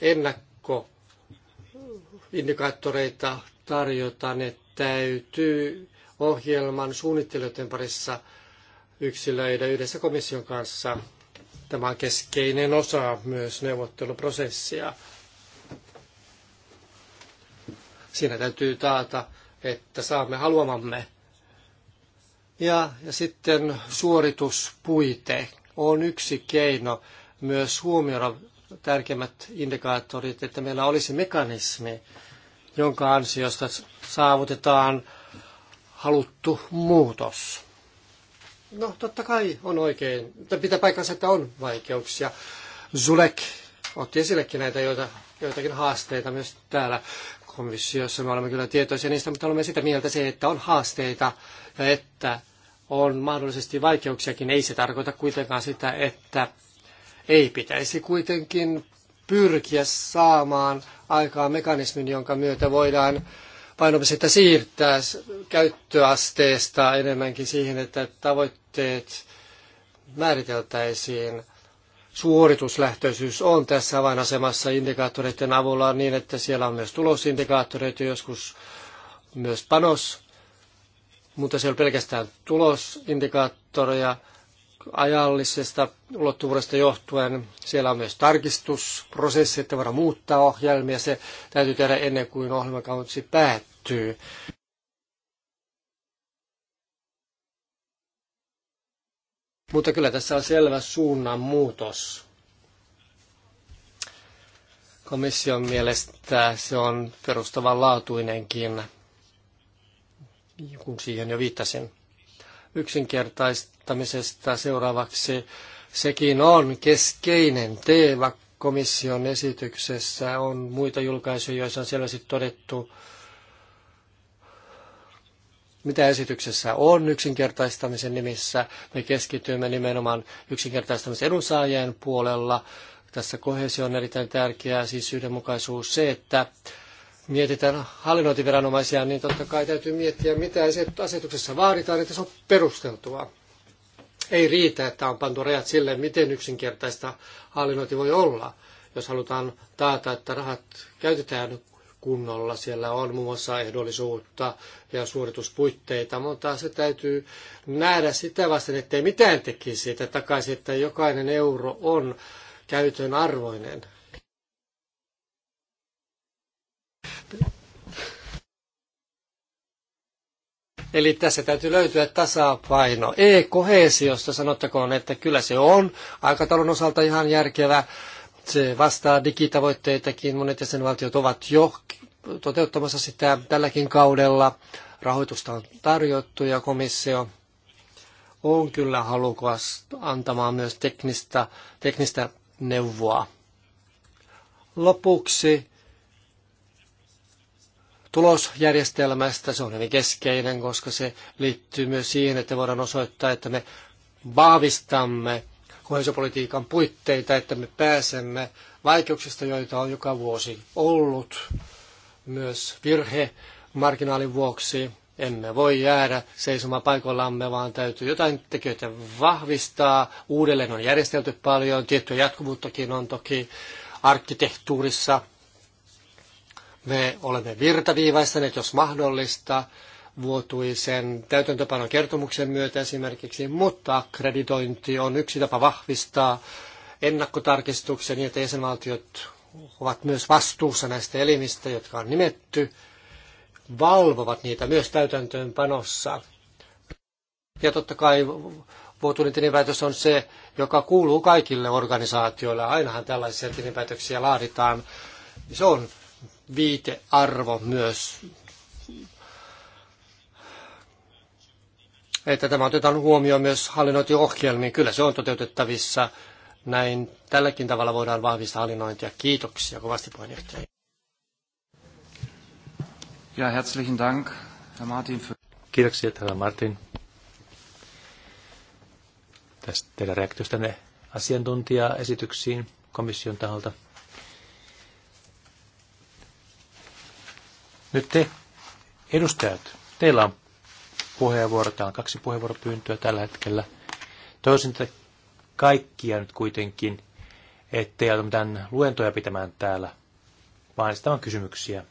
ennakkoindikaattoreita tarjota. Ne täytyy ohjelman suunnittelijoiden parissa yksilöidä yhdessä komission kanssa. Tämä on keskeinen osa myös neuvotteluprosessia. Siinä täytyy taata, että saamme haluamamme. Ja, ja sitten suorituspuite on yksi keino myös huomioida tärkeimmät indikaattorit, että meillä olisi mekanismi, jonka ansiosta saavutetaan haluttu muutos. No totta kai on oikein, mutta pitää paikkansa, että on vaikeuksia. Zulek otti esillekin näitä joita, joitakin haasteita myös täällä komissiossa me olemme kyllä tietoisia niistä, mutta olemme sitä mieltä se, että on haasteita ja että on mahdollisesti vaikeuksiakin. Ei se tarkoita kuitenkaan sitä, että ei pitäisi kuitenkin pyrkiä saamaan aikaa mekanismin, jonka myötä voidaan painopistettä siirtää käyttöasteesta enemmänkin siihen, että tavoitteet määriteltäisiin – suorituslähtöisyys on tässä avainasemassa indikaattoreiden avulla niin, että siellä on myös tulosindikaattoreita, joskus myös panos, mutta se on pelkästään tulosindikaattoreja ajallisesta ulottuvuudesta johtuen. Siellä on myös tarkistusprosessi, että voidaan muuttaa ohjelmia. Se täytyy tehdä ennen kuin ohjelmakausi päättyy. Mutta kyllä tässä on selvä suunnanmuutos. Komission mielestä se on perustavanlaatuinenkin, kun siihen jo viittasin. Yksinkertaistamisesta seuraavaksi sekin on keskeinen teema komission esityksessä. On muita julkaisuja, joissa on selvästi todettu, mitä esityksessä on yksinkertaistamisen nimissä. Me keskitymme nimenomaan yksinkertaistamisen edunsaajien puolella. Tässä kohesio on erittäin tärkeää, siis yhdenmukaisuus se, että mietitään hallinnointiviranomaisia, niin totta kai täytyy miettiä, mitä asetuksessa vaaditaan, että se on perusteltua. Ei riitä, että on pantu rajat sille, miten yksinkertaista hallinnointi voi olla, jos halutaan taata, että rahat käytetään kunnolla. Siellä on muun muassa ehdollisuutta ja suorituspuitteita, mutta se täytyy nähdä sitä vasten, ettei mitään tekisi, että takaisin, että jokainen euro on käytön arvoinen. Eli tässä täytyy löytyä tasapaino. E-kohesiosta sanottakoon, että kyllä se on aikataulun osalta ihan järkevä vastaa digitavoitteitakin. Monet jäsenvaltiot ovat jo toteuttamassa sitä tälläkin kaudella. Rahoitusta on tarjottu ja komissio on kyllä halukas antamaan myös teknistä, teknistä neuvoa. Lopuksi tulosjärjestelmästä. Se on hyvin keskeinen, koska se liittyy myös siihen, että voidaan osoittaa, että me vahvistamme – kohesiopolitiikan puitteita, että me pääsemme vaikeuksista, joita on joka vuosi ollut, myös virhe marginaalin vuoksi. Emme voi jäädä seisomaan paikoillamme, vaan täytyy jotain tekijöitä vahvistaa. Uudelleen on järjestelty paljon, tiettyä jatkuvuuttakin on toki arkkitehtuurissa. Me olemme virtaviivaistaneet, jos mahdollista, vuotuisen täytäntöpanon kertomuksen myötä esimerkiksi, mutta akkreditointi on yksi tapa vahvistaa ennakkotarkistuksen, niin että jäsenvaltiot ovat myös vastuussa näistä elimistä, jotka on nimetty, valvovat niitä myös täytäntöönpanossa. Ja totta kai vuotuinen tilinpäätös on se, joka kuuluu kaikille organisaatioille. Ainahan tällaisia tilinpäätöksiä laaditaan. Se on viitearvo myös että tämä otetaan huomioon myös hallinnointiohjelmiin. Niin kyllä se on toteutettavissa. Näin tälläkin tavalla voidaan vahvistaa hallinnointia. Kiitoksia kovasti puheenjohtaja. Ja herzlichen Dank, Herr Martin. Für... Kiitoksia, herra Martin. Tästä teidän reaktiostanne asiantuntijaesityksiin komission taholta. Nyt te edustajat, teillä on puheenvuoro. Täällä on kaksi puheenvuoropyyntöä tällä hetkellä. Toisin tätä kaikkia nyt kuitenkin, ettei ole mitään luentoja pitämään täällä, vaan esittämään kysymyksiä.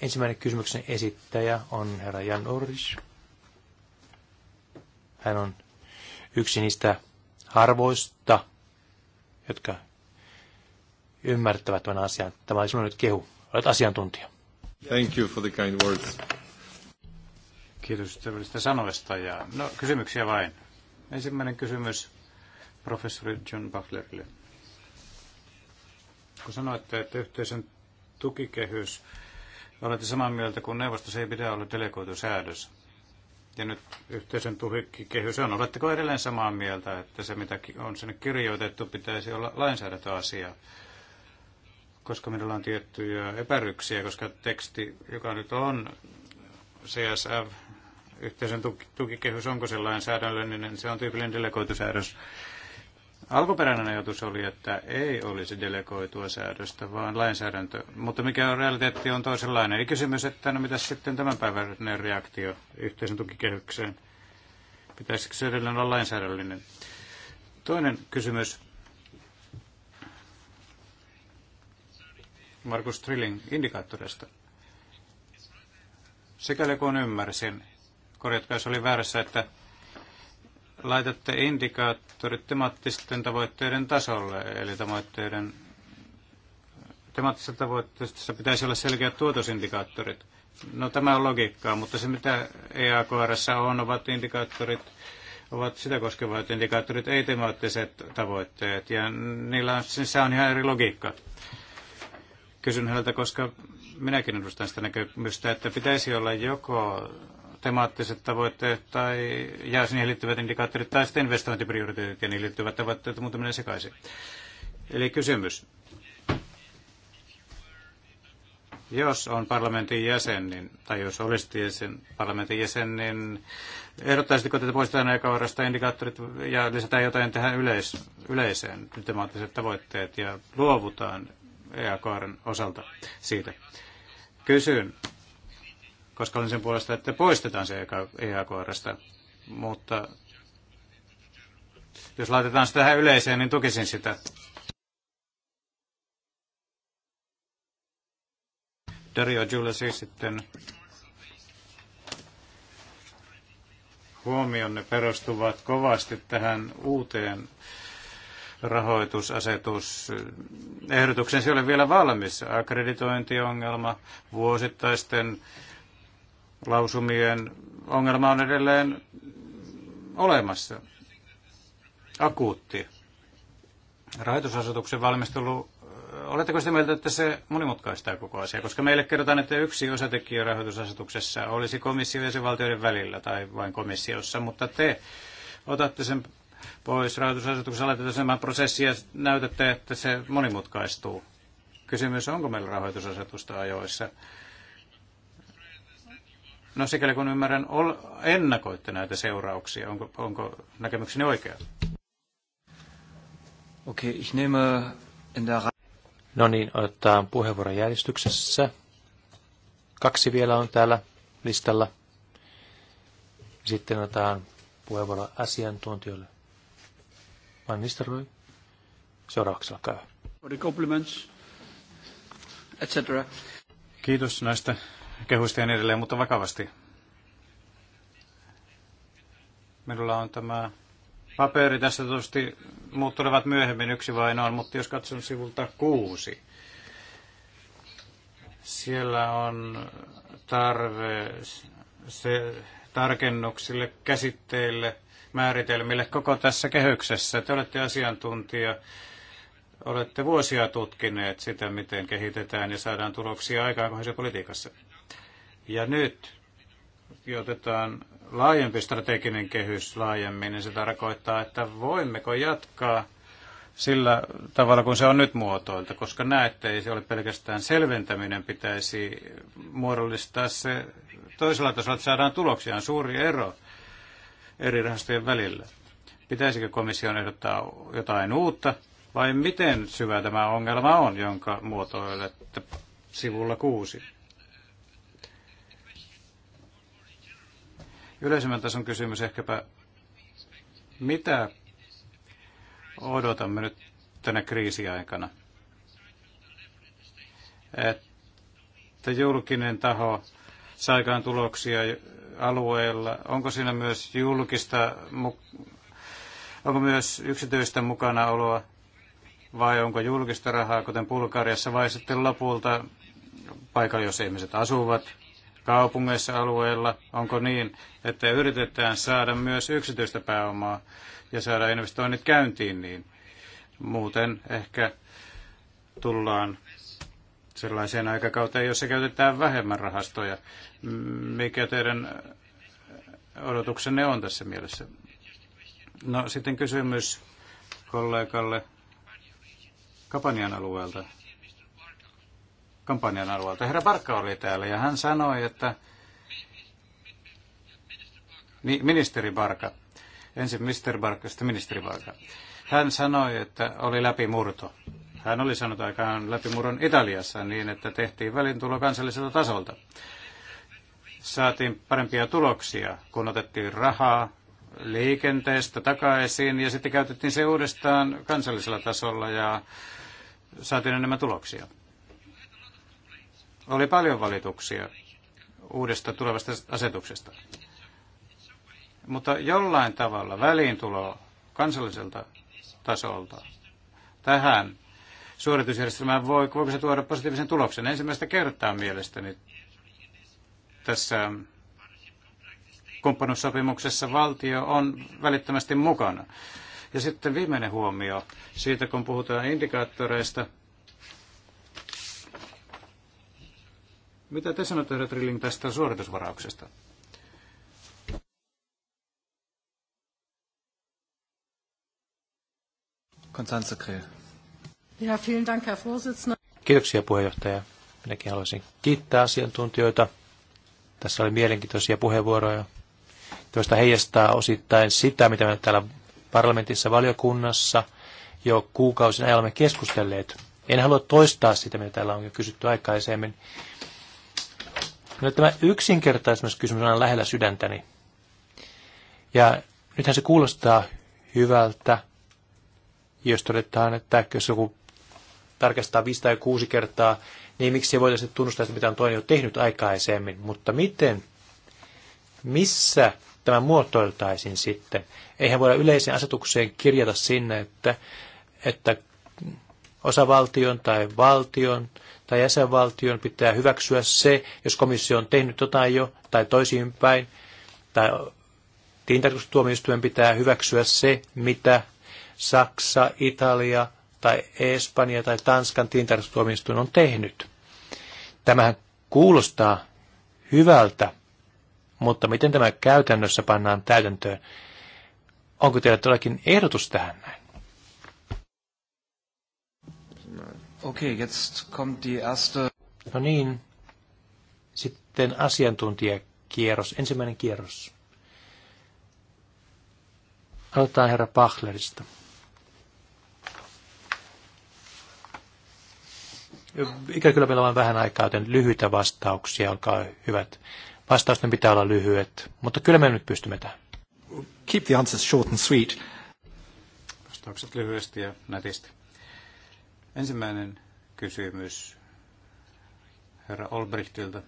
Ensimmäinen kysymyksen esittäjä on herra Jan Orris. Hän on yksi niistä harvoista, jotka ymmärtävät tämän asian. Tämä oli sinun nyt kehu. Olet asiantuntija. Thank you for the kind words. Kiitos ystävällisistä sanoista. Ja, no, kysymyksiä vain. Ensimmäinen kysymys professori John Butlerille. Kun sanoitte, että yhteisön tukikehys, olette samaa mieltä kuin neuvosto, se ei pidä olla delegoitu säädös. Ja nyt yhteisön tukikehys on. Oletteko edelleen samaa mieltä, että se mitä on sinne kirjoitettu pitäisi olla lainsäädäntöasia? koska minulla on tiettyjä epäryksiä, koska teksti, joka nyt on CSF, yhteisön tukikehys, onko se lainsäädännöllinen, niin se on tyypillinen delegoitusäädös. Alkuperäinen ajatus oli, että ei olisi delegoitua säädöstä, vaan lainsäädäntö. Mutta mikä on realiteetti, on toisenlainen. Eli kysymys, että no mitä sitten tämän päivän reaktio yhteisön tukikehykseen? Pitäisikö se edelleen olla lainsäädännöllinen? Toinen kysymys Markus Trilling indikaattoreista. Sikäli kun ymmärsin, korjatkaa jos oli väärässä, että laitatte indikaattorit temaattisten tavoitteiden tasolle, eli tavoitteiden temaattisessa tavoitteessa pitäisi olla selkeät tuotosindikaattorit. No tämä on logiikkaa, mutta se mitä EAKRS on, ovat indikaattorit, ovat sitä koskevat indikaattorit, ei temaattiset tavoitteet, ja niillä on, siis se on ihan eri logiikka. Kysyn häneltä, koska minäkin edustan sitä näkemystä, että pitäisi olla joko temaattiset tavoitteet tai ja siihen liittyvät indikaattorit tai sitten investointiprioriteetit ja niihin liittyvät tavoitteet, mutta menee sekaisin. Eli kysymys. Jos on parlamentin jäsen, niin, tai jos olisit jäsen, parlamentin jäsen, niin ehdottaisitko tätä poistetaan aikavarasta indikaattorit ja lisätään jotain tähän yleis, yleiseen, temaattiset tavoitteet ja luovutaan EAKRn osalta siitä. Kysyn, koska olen sen puolesta, että poistetaan se EAKRsta, e mutta jos laitetaan sitä tähän yleiseen, niin tukisin sitä. Dario Julesi siis sitten huomionne perustuvat kovasti tähän uuteen rahoitusasetus. Ehdotuksen se ole vielä valmis. Akkreditointiongelma, vuosittaisten lausumien ongelma on edelleen olemassa. Akuutti. Rahoitusasetuksen valmistelu oletteko sitä mieltä, että se monimutkaistaa koko asiaa? Koska meille kerrotaan, että yksi osatekijä rahoitusasetuksessa olisi komissio ja sen valtioiden välillä tai vain komissiossa, mutta te otatte sen pois rahoitusasetuksessa aletetaan tämä prosessi ja näytätte, että se monimutkaistuu. Kysymys, onko meillä rahoitusasetusta ajoissa? No sikäli kun ymmärrän, ennakoitte näitä seurauksia. Onko, onko näkemykseni oikea? Okei, okay, ich nehme in der... No niin, otetaan puheenvuoron järjestyksessä. Kaksi vielä on täällä listalla. Sitten otetaan puheenvuoro asiantuntijoille. Van Nistelrooy. Seuraavaksi olkaa compliments, etc. Kiitos näistä kehuista ja niin edelleen, mutta vakavasti. Minulla on tämä paperi tässä tietysti muut tulevat myöhemmin yksi vain on, mutta jos katson sivulta kuusi, siellä on tarve se, tarkennuksille, käsitteille – määritelmille koko tässä kehyksessä. Te olette asiantuntija, olette vuosia tutkineet sitä, miten kehitetään ja saadaan tuloksia aikaan politiikassa. Ja nyt otetaan laajempi strateginen kehys laajemmin, niin se tarkoittaa, että voimmeko jatkaa sillä tavalla, kun se on nyt muotoilta, koska näette, ei se ole pelkästään selventäminen, pitäisi muodollistaa se toisella tasolla, että saadaan tuloksia. On suuri ero eri rahastojen välillä. Pitäisikö komission ehdottaa jotain uutta vai miten syvä tämä ongelma on, jonka muotoilette sivulla kuusi? Yleisemmän tason kysymys ehkäpä, mitä odotamme nyt tänä kriisiaikana? Että julkinen taho saikaan tuloksia, alueella? Onko siinä myös julkista, onko myös yksityistä mukana oloa vai onko julkista rahaa, kuten Bulgariassa, vai sitten lopulta paikalla, jos ihmiset asuvat kaupungeissa alueella, onko niin, että yritetään saada myös yksityistä pääomaa ja saada investoinnit käyntiin, niin muuten ehkä tullaan sellaiseen aikakauteen, jossa käytetään vähemmän rahastoja mikä teidän odotuksenne on tässä mielessä? No sitten kysymys kollegalle Kampanjan alueelta. Kampanjan alueelta. Herra Barkka oli täällä ja hän sanoi, että niin, ministeri Barka, ensin Mr. Barka, sitten ministeri Barka. Hän sanoi, että oli läpimurto. Hän oli sanonut aikaan läpimurron Italiassa niin, että tehtiin välintulo kansalliselta tasolta saatiin parempia tuloksia, kun otettiin rahaa liikenteestä takaisin ja sitten käytettiin se uudestaan kansallisella tasolla ja saatiin enemmän tuloksia. Oli paljon valituksia uudesta tulevasta asetuksesta. Mutta jollain tavalla väliintulo kansalliselta tasolta tähän suoritusjärjestelmään voi, voiko se tuoda positiivisen tuloksen. Ensimmäistä kertaa mielestäni tässä kumppanuussopimuksessa valtio on välittömästi mukana. Ja sitten viimeinen huomio siitä, kun puhutaan indikaattoreista. Mitä te sanotte, herra Trilling, tästä suoritusvarauksesta? Konstanze Ja, vielen Dank, Herr Kiitoksia puheenjohtaja. Minäkin haluaisin kiittää asiantuntijoita tässä oli mielenkiintoisia puheenvuoroja, joista heijastaa osittain sitä, mitä me täällä parlamentissa valiokunnassa jo kuukausin ajan olemme keskustelleet. En halua toistaa sitä, mitä täällä on jo kysytty aikaisemmin. No, tämä kysymys on lähellä sydäntäni. Ja nythän se kuulostaa hyvältä, jos todetaan, että jos joku tarkastaa 5 tai kuusi kertaa niin miksi ei voitaisiin tunnustaa sitä, mitä on toinen jo tehnyt aikaisemmin, mutta miten, missä tämä muotoiltaisiin sitten? Eihän voida yleiseen asetukseen kirjata sinne, että, että osavaltion tai valtion tai jäsenvaltion pitää hyväksyä se, jos komissio on tehnyt jotain jo tai toisinpäin, tai tilintarkastustuomioistuimen pitää hyväksyä se, mitä Saksa, Italia – tai Espanja tai Tanskan tilintarkastustuomioistuin on tehnyt. Tämähän kuulostaa hyvältä, mutta miten tämä käytännössä pannaan täytäntöön? Onko teillä todellakin ehdotus tähän näin? Okei, okay, jetzt kommt die erste... No niin. Sitten asiantuntijakierros, ensimmäinen kierros. Aloitetaan herra Pachlerista. ikävä kyllä meillä on vähän aikaa, joten lyhyitä vastauksia, olkaa hyvät. Vastausten pitää olla lyhyet, mutta kyllä me nyt pystymme tähän. Keep the answers short and sweet. Vastaukset lyhyesti ja nätisti. Ensimmäinen kysymys herra Olbrichtilta.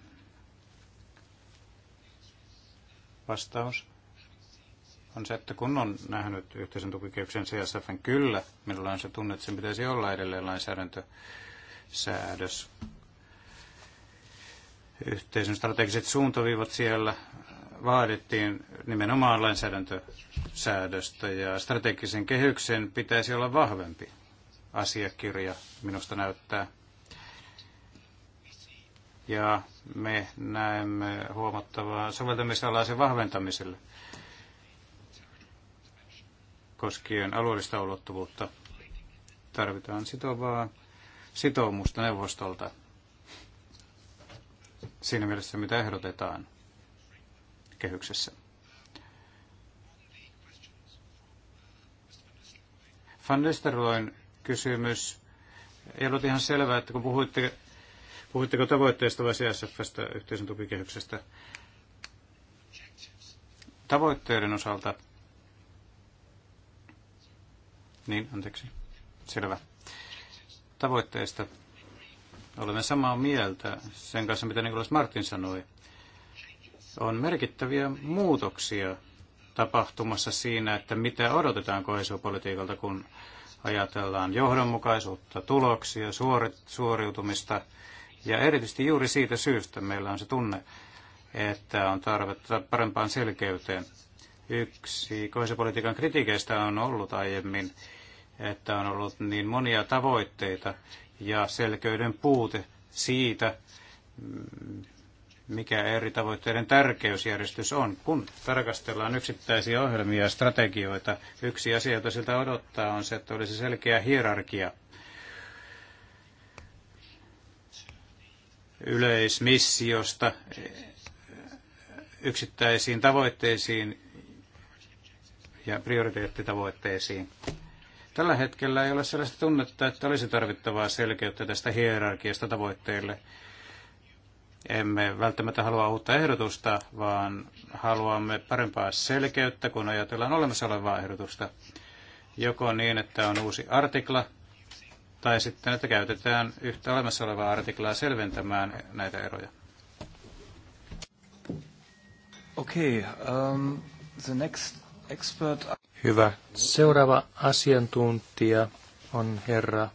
Vastaus on se, että kun on nähnyt yhteisen tukikeyksen CSFn kyllä, minulla on se tunne, että sen pitäisi olla edelleen lainsäädäntö säädös. Yhteisön strategiset suuntaviivat siellä vaadittiin nimenomaan lainsäädäntösäädöstä ja strategisen kehyksen pitäisi olla vahvempi asiakirja, minusta näyttää. Ja me näemme huomattavaa soveltamisalaisen vahventamiselle koskien alueellista ulottuvuutta. Tarvitaan sitovaa sitoumusta neuvostolta siinä mielessä, mitä ehdotetaan kehyksessä. Van Nistelrooyn kysymys. Ei ollut ihan selvää, että kun puhuitte, puhuitteko tavoitteista vai CSFstä, yhteisön tukikehyksestä. Tavoitteiden osalta, niin anteeksi, selvä tavoitteista. Olemme samaa mieltä sen kanssa, mitä Nikolas Martin sanoi. On merkittäviä muutoksia tapahtumassa siinä, että mitä odotetaan kohesiopolitiikalta, kun ajatellaan johdonmukaisuutta, tuloksia, suori, suoriutumista. Ja erityisesti juuri siitä syystä meillä on se tunne, että on tarvetta parempaan selkeyteen. Yksi kohesiopolitiikan kritiikeistä on ollut aiemmin että on ollut niin monia tavoitteita ja selkeyden puute siitä, mm, mikä eri tavoitteiden tärkeysjärjestys on. Kun tarkastellaan yksittäisiä ohjelmia ja strategioita, yksi asia, jota siltä odottaa, on se, että olisi selkeä hierarkia. yleismissiosta yksittäisiin tavoitteisiin ja prioriteettitavoitteisiin. Tällä hetkellä ei ole sellaista tunnetta, että olisi tarvittavaa selkeyttä tästä hierarkiasta tavoitteille. Emme välttämättä halua uutta ehdotusta, vaan haluamme parempaa selkeyttä, kun ajatellaan olemassa olevaa ehdotusta. Joko niin, että on uusi artikla, tai sitten, että käytetään yhtä olemassa olevaa artiklaa selventämään näitä eroja. Okei, okay, um, the next expert... Hyvä. Seuraava asiantuntija on herra,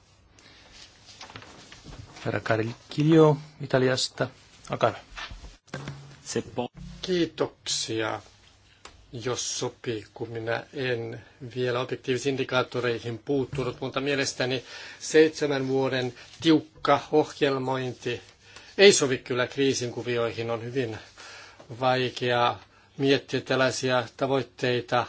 herra Karel Kiljo Italiasta. Olkaa Seppo. Kiitoksia. Jos sopii, kun minä en vielä objektiivisiin indikaattoreihin puuttunut, mutta mielestäni seitsemän vuoden tiukka ohjelmointi ei sovi kyllä kriisinkuvioihin. On hyvin vaikea miettiä tällaisia tavoitteita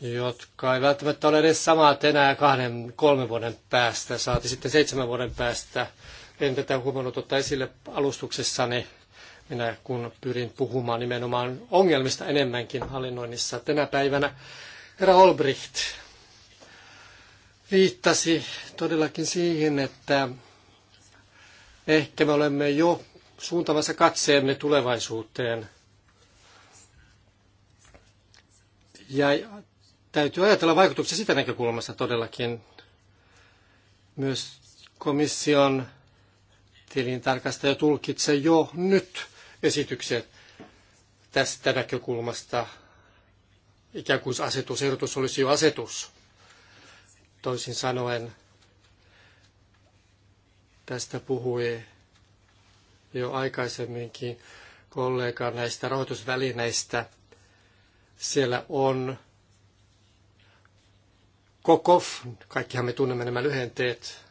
jotka ei välttämättä ole edes samat enää kahden, kolmen vuoden päästä, saati sitten seitsemän vuoden päästä. En tätä huomannut ottaa esille alustuksessani, minä kun pyrin puhumaan nimenomaan ongelmista enemmänkin hallinnoinnissa. Tänä päivänä herra Olbricht viittasi todellakin siihen, että ehkä me olemme jo suuntamassa katseemme tulevaisuuteen – ja täytyy ajatella vaikutuksia sitä näkökulmasta todellakin. Myös komission tilintarkastaja tulkitsee jo nyt esitykset tästä näkökulmasta. Ikään kuin asetusehdotus olisi jo asetus. Toisin sanoen tästä puhui jo aikaisemminkin kollega näistä rahoitusvälineistä. Siellä on KOKOF, kaikkihan me tunnemme nämä lyhenteet.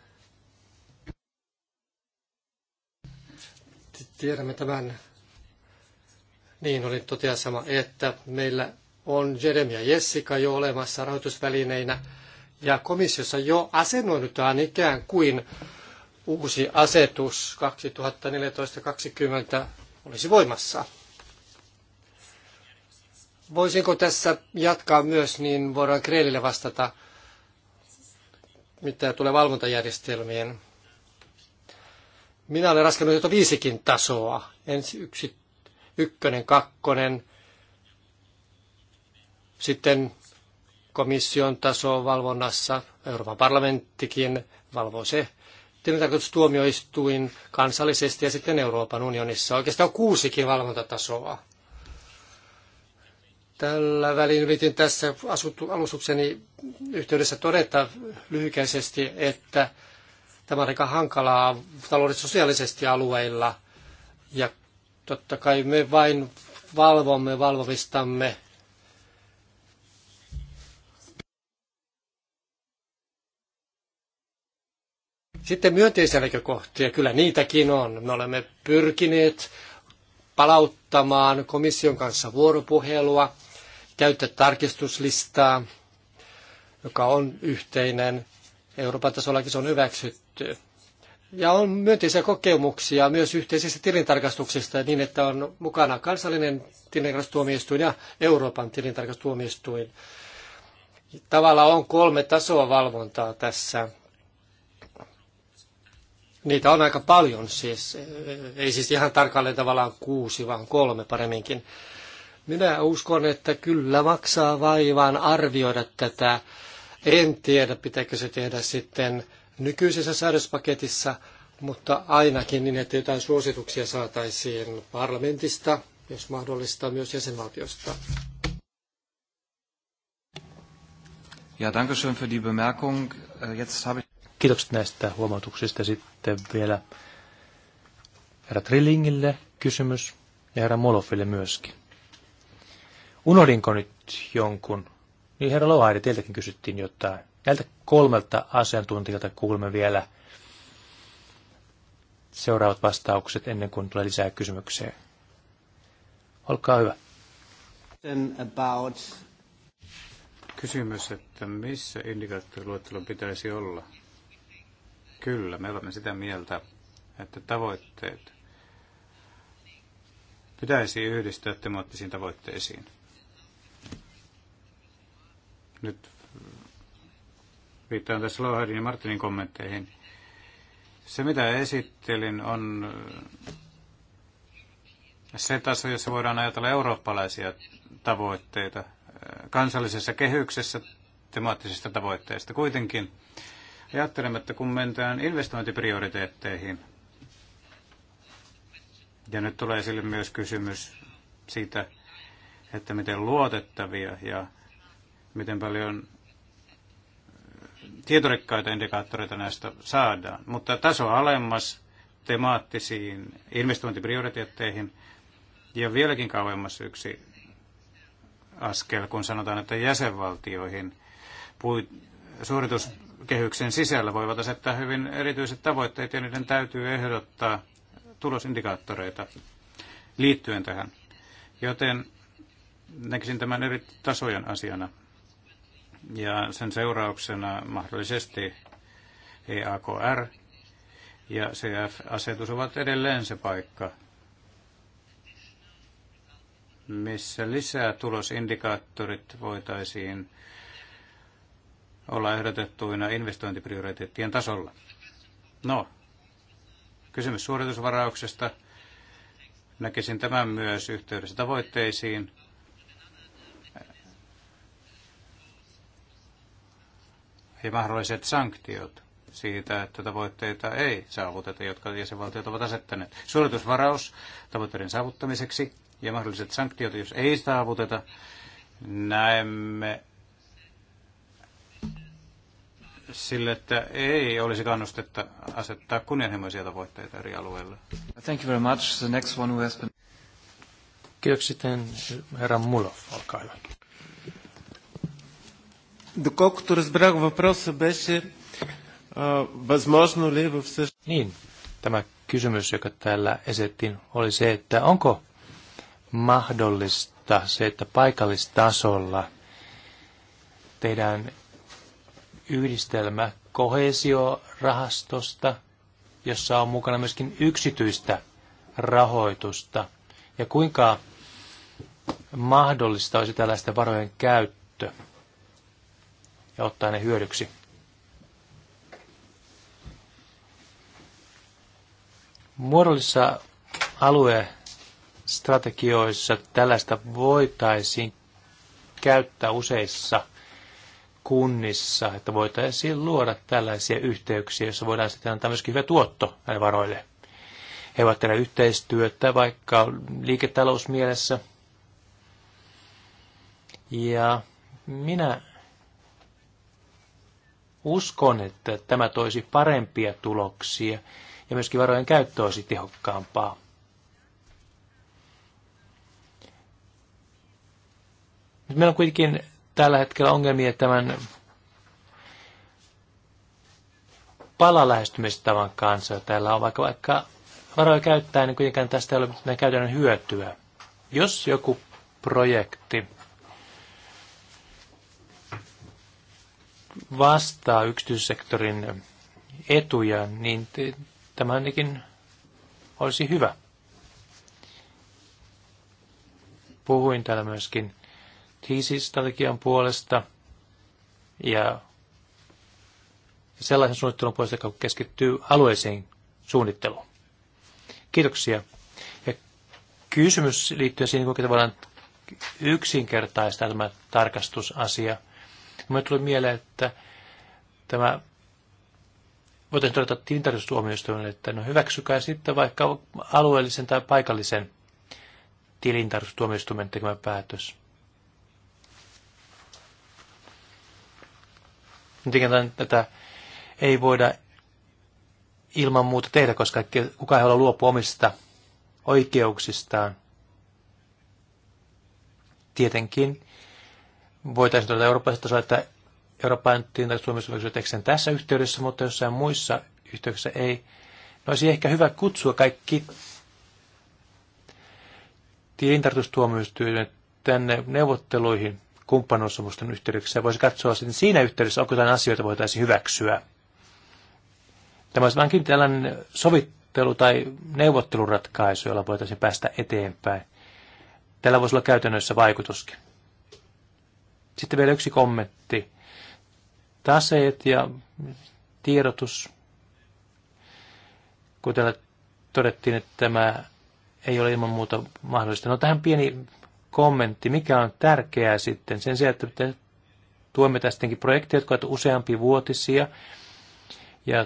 Tiedämme tämän. Niin, olin toteasama, että meillä on Jeremia Jessica jo olemassa rahoitusvälineinä ja komissiossa jo asennoidutaan ikään kuin uusi asetus 2014-2020 olisi voimassa. Voisinko tässä jatkaa myös, niin voidaan Kreelille vastata – mitä tulee valvontajärjestelmien. Minä olen raskannut jo viisikin tasoa. Ensi yksi, ykkönen, kakkonen, sitten komission taso valvonnassa, Euroopan parlamenttikin valvoo se, tuomioistuin kansallisesti ja sitten Euroopan unionissa. Oikeastaan on kuusikin valvontatasoa. Tällä välin yritin tässä alustukseni yhteydessä todeta lyhykäisesti, että tämä on aika hankalaa taloudellisesti sosiaalisesti alueilla. Ja totta kai me vain valvomme valvomistamme. Sitten myönteisiä näkökohtia, kyllä niitäkin on. Me olemme pyrkineet palauttamaan komission kanssa vuoropuhelua – käyttää tarkistuslistaa, joka on yhteinen. Euroopan tasollakin se on hyväksytty. Ja on myönteisiä kokemuksia myös yhteisistä tilintarkastuksista niin, että on mukana kansallinen tilintarkastustuomioistuin ja Euroopan tilintarkastustuomioistuin. Tavallaan on kolme tasoa valvontaa tässä. Niitä on aika paljon siis, ei siis ihan tarkalleen tavallaan kuusi, vaan kolme paremminkin. Minä uskon, että kyllä maksaa vaivaan arvioida tätä. En tiedä, pitääkö se tehdä sitten nykyisessä säädöspaketissa, mutta ainakin niin, että jotain suosituksia saataisiin parlamentista, jos mahdollista myös jäsenvaltiosta. Ja, danke schön für die Bemerkung. Äh, jetzt habe ich... Kiitokset näistä huomautuksista. Sitten vielä herra Trillingille kysymys ja herra Molofille myöskin. Unohdinko nyt jonkun? Niin herra Lohaide, teiltäkin kysyttiin jotain. Näiltä kolmelta asiantuntijalta kuulemme vielä seuraavat vastaukset ennen kuin tulee lisää kysymyksiä. Olkaa hyvä. About... Kysymys, että missä indikaattoriluettelon pitäisi olla? Kyllä, me olemme sitä mieltä, että tavoitteet pitäisi yhdistää temaattisiin tavoitteisiin. Nyt viittaan tässä Lohardin ja Martinin kommentteihin. Se, mitä esittelin, on se taso, jossa voidaan ajatella eurooppalaisia tavoitteita eh, kansallisessa kehyksessä temaattisista tavoitteista. Kuitenkin ajattelemme, että kun mennään investointiprioriteetteihin, ja nyt tulee esille myös kysymys siitä, että miten luotettavia ja miten paljon äh, tietorikkaita indikaattoreita näistä saadaan. Mutta taso alemmas temaattisiin investointiprioriteetteihin ja vieläkin kauemmas yksi askel, kun sanotaan, että jäsenvaltioihin suorituskehyksen sisällä voivat asettaa hyvin erityiset tavoitteet ja niiden täytyy ehdottaa tulosindikaattoreita liittyen tähän. Joten näkisin tämän eri tasojen asiana ja sen seurauksena mahdollisesti EAKR ja CF-asetus ovat edelleen se paikka, missä lisää tulosindikaattorit voitaisiin olla ehdotettuina investointiprioriteettien tasolla. No, kysymys suoritusvarauksesta. Näkisin tämän myös yhteydessä tavoitteisiin ja mahdolliset sanktiot siitä, että tavoitteita ei saavuteta, jotka jäsenvaltiot ovat asettaneet. Suoritusvaraus tavoitteiden saavuttamiseksi ja mahdolliset sanktiot, jos ei saavuteta, näemme sille, että ei olisi kannustetta asettaa kunnianhimoisia tavoitteita eri alueilla. Thank you very much. The next one who has been... Kiitoksia herra Mulov, olkaa hyvä. Доколкото разбрах, въпроса беше а, възможно ли в същото... Niin, tämä kysymys, joka täällä esitettiin, oli se, että onko mahdollista se, että paikallistasolla tehdään yhdistelmä kohesiorahastosta, jossa on mukana myöskin yksityistä rahoitusta, ja kuinka mahdollista olisi tällaisten varojen käyttö ja ottaa ne hyödyksi. Muodollisissa aluestrategioissa tällaista voitaisiin käyttää useissa kunnissa, että voitaisiin luoda tällaisia yhteyksiä, joissa voidaan sitten antaa myöskin hyvä tuotto näille varoille. He voivat tehdä yhteistyötä vaikka liiketalousmielessä. Ja minä uskon, että tämä toisi parempia tuloksia ja myöskin varojen käyttö olisi tehokkaampaa. Nyt meillä on kuitenkin tällä hetkellä ongelmia tämän palalähestymistavan kanssa. Täällä on vaikka, vaikka varoja käyttää, niin kuitenkaan tästä ei ole mitään käytännön hyötyä. Jos joku projekti vastaa yksityissektorin etuja, niin tämä ainakin olisi hyvä. Puhuin täällä myöskin TISI-strategian puolesta ja sellaisen suunnittelun puolesta, joka keskittyy alueeseen suunnitteluun. Kiitoksia. Ja kysymys liittyy siihen, kuinka tavallaan yksinkertaista tämä tarkastusasia – Minulle tuli mieleen, että tämä voitaisiin todeta tilintarkastustuomioistuimelle, että no hyväksykää sitten vaikka alueellisen tai paikallisen tilintarkastustuomioistuimen tekemä päätös. Tietenkin tätä ei voida ilman muuta tehdä, koska kukaan ei halua luopua omista oikeuksistaan. Tietenkin voitaisiin todeta eurooppalaisella tasolla, että Euroopan tilintarkastustuomioistuin tekstin tässä yhteydessä, mutta jossain muissa yhteyksissä ei. No olisi ehkä hyvä kutsua kaikki tilintarkastustuomioistuimet tänne neuvotteluihin kumppanuussopimusten yhteydessä. Voisi katsoa sitten siinä yhteydessä, onko jotain asioita voitaisiin hyväksyä. Tämä olisi vainkin tällainen sovittelu- tai neuvotteluratkaisu, jolla voitaisiin päästä eteenpäin. Tällä voisi olla käytännössä vaikutuskin. Sitten vielä yksi kommentti. Taseet ja tiedotus. Kuten todettiin, että tämä ei ole ilman muuta mahdollista. No tähän pieni kommentti, mikä on tärkeää sitten sen sijaan, että tuemme tästäkin projekteja, jotka ovat useampi vuotisia ja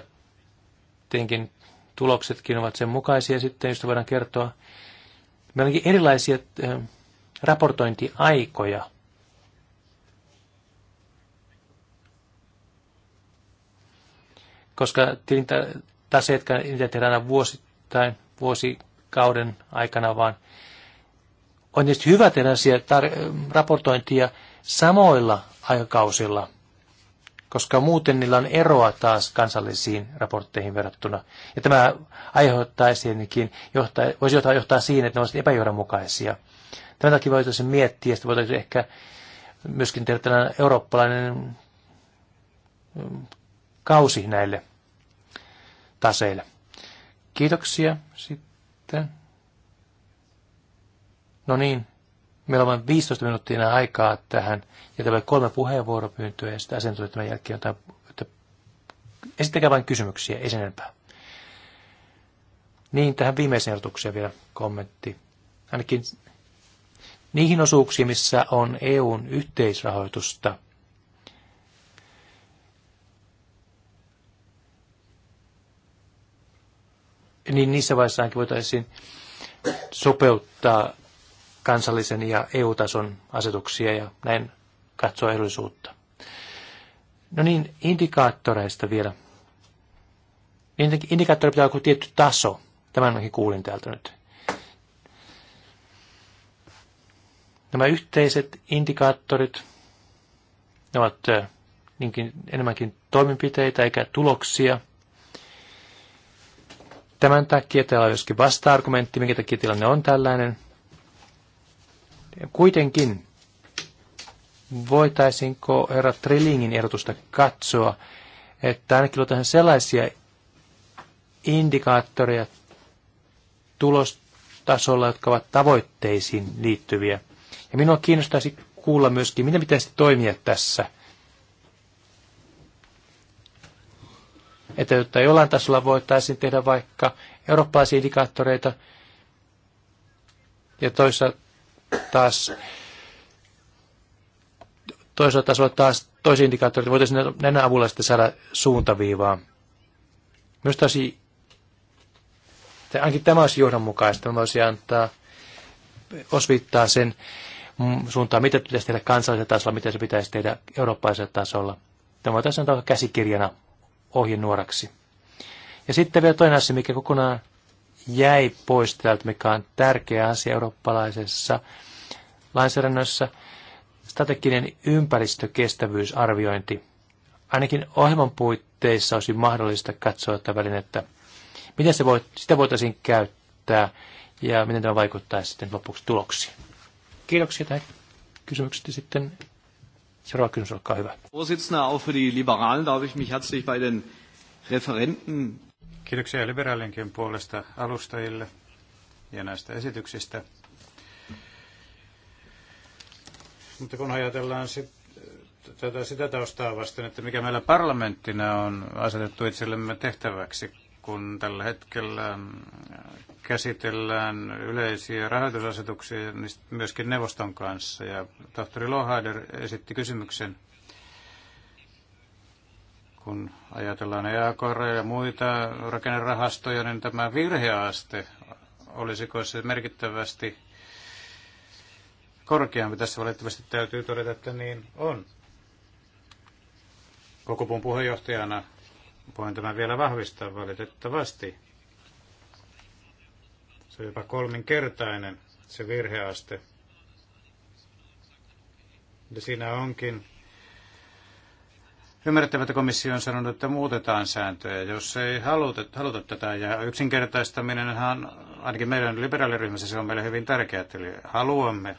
tietenkin tuloksetkin ovat sen mukaisia sitten, josta voidaan kertoa. Meillä onkin erilaisia eh, raportointiaikoja koska taseetkaan niitä tehdään aina vuosittain, vuosikauden aikana, vaan on tietysti hyvä tehdä tar- raportointia samoilla aikakausilla, koska muuten niillä on eroa taas kansallisiin raportteihin verrattuna. Ja tämä aiheuttaisi johtaa, voisi johtaa, johtaa siihen, että ne olisivat epäjohdonmukaisia. Tämän takia voitaisiin miettiä, että voitaisiin ehkä myöskin tehdä tällainen eurooppalainen mm, kausi näille taseille. Kiitoksia sitten. No niin, meillä on vain 15 minuuttia aikaa tähän, ja täällä kolme puheenvuoropyyntöä, ja sitten asiantuntijat tämän jälkeen jotain, että esittäkää vain kysymyksiä, ei sen enempää. Niin, tähän viimeiseen ehdotukseen vielä kommentti. Ainakin niihin osuuksiin, missä on EUn yhteisrahoitusta – niin niissä vaiheissa voitaisiin sopeuttaa kansallisen ja EU-tason asetuksia ja näin katsoa edullisuutta. No niin, indikaattoreista vielä. Indikaattori pitää olla tietty taso. Tämän mäkin kuulin täältä nyt. Nämä yhteiset indikaattorit, ne ovat äh, niinkin, enemmänkin toimenpiteitä eikä tuloksia – Tämän takia täällä on joskin vasta-argumentti, minkä takia tilanne on tällainen. Kuitenkin voitaisinko herra Trillingin ehdotusta katsoa, että ainakin luotaisiin sellaisia indikaattoreja tulostasolla, jotka ovat tavoitteisiin liittyviä. Ja minua kiinnostaisi kuulla myöskin, miten pitäisi toimia tässä – että jotta jollain tasolla voitaisiin tehdä vaikka eurooppalaisia indikaattoreita ja toisaalta taas toisella tasolla taas toisia indikaattoreita, voitaisiin näiden avulla sitten saada suuntaviivaa. Myös taas, ainakin tämä olisi johdonmukaista, mä voisin antaa osvittaa sen mm, suuntaan, mitä pitäisi tehdä kansallisella tasolla, mitä se pitäisi tehdä eurooppalaisella tasolla. Tämä voitaisiin antaa käsikirjana ohjenuoraksi. Ja sitten vielä toinen asia, mikä kokonaan jäi pois täältä, mikä on tärkeä asia eurooppalaisessa lainsäädännössä, strateginen ympäristökestävyysarviointi. Ainakin ohjelman puitteissa olisi mahdollista katsoa tätä välinettä. Miten se voi, sitä voitaisiin käyttää ja miten tämä vaikuttaa sitten lopuksi tuloksiin? Kiitoksia tähän kysymyksestä sitten Seuraava kysymys, olkaa hyvä. Kiitoksia liberaalienkin puolesta alustajille ja näistä esityksistä. Mutta kun ajatellaan sit, tätä, sitä taustaa vasten, että mikä meillä parlamenttina on asetettu itsellemme tehtäväksi, kun tällä hetkellä äh, käsitellään yleisiä rahoitusasetuksia niin myöskin neuvoston kanssa. Ja tohtori Lohader esitti kysymyksen, kun ajatellaan EAKR ja muita rakennerahastoja, niin tämä virheaste, olisiko se merkittävästi korkeampi? Tässä valitettavasti täytyy todeta, että niin on. Kokopun puheenjohtajana Voin tämän vielä vahvistaa valitettavasti. Se on jopa kolminkertainen se virheaste. Ja siinä onkin Ymmärrettävä, että komissio on sanonut, että muutetaan sääntöjä, jos ei haluta, haluta tätä. Ja yksinkertaistaminenhan, ainakin meidän liberaaliryhmässä, se on meille hyvin tärkeää. Eli haluamme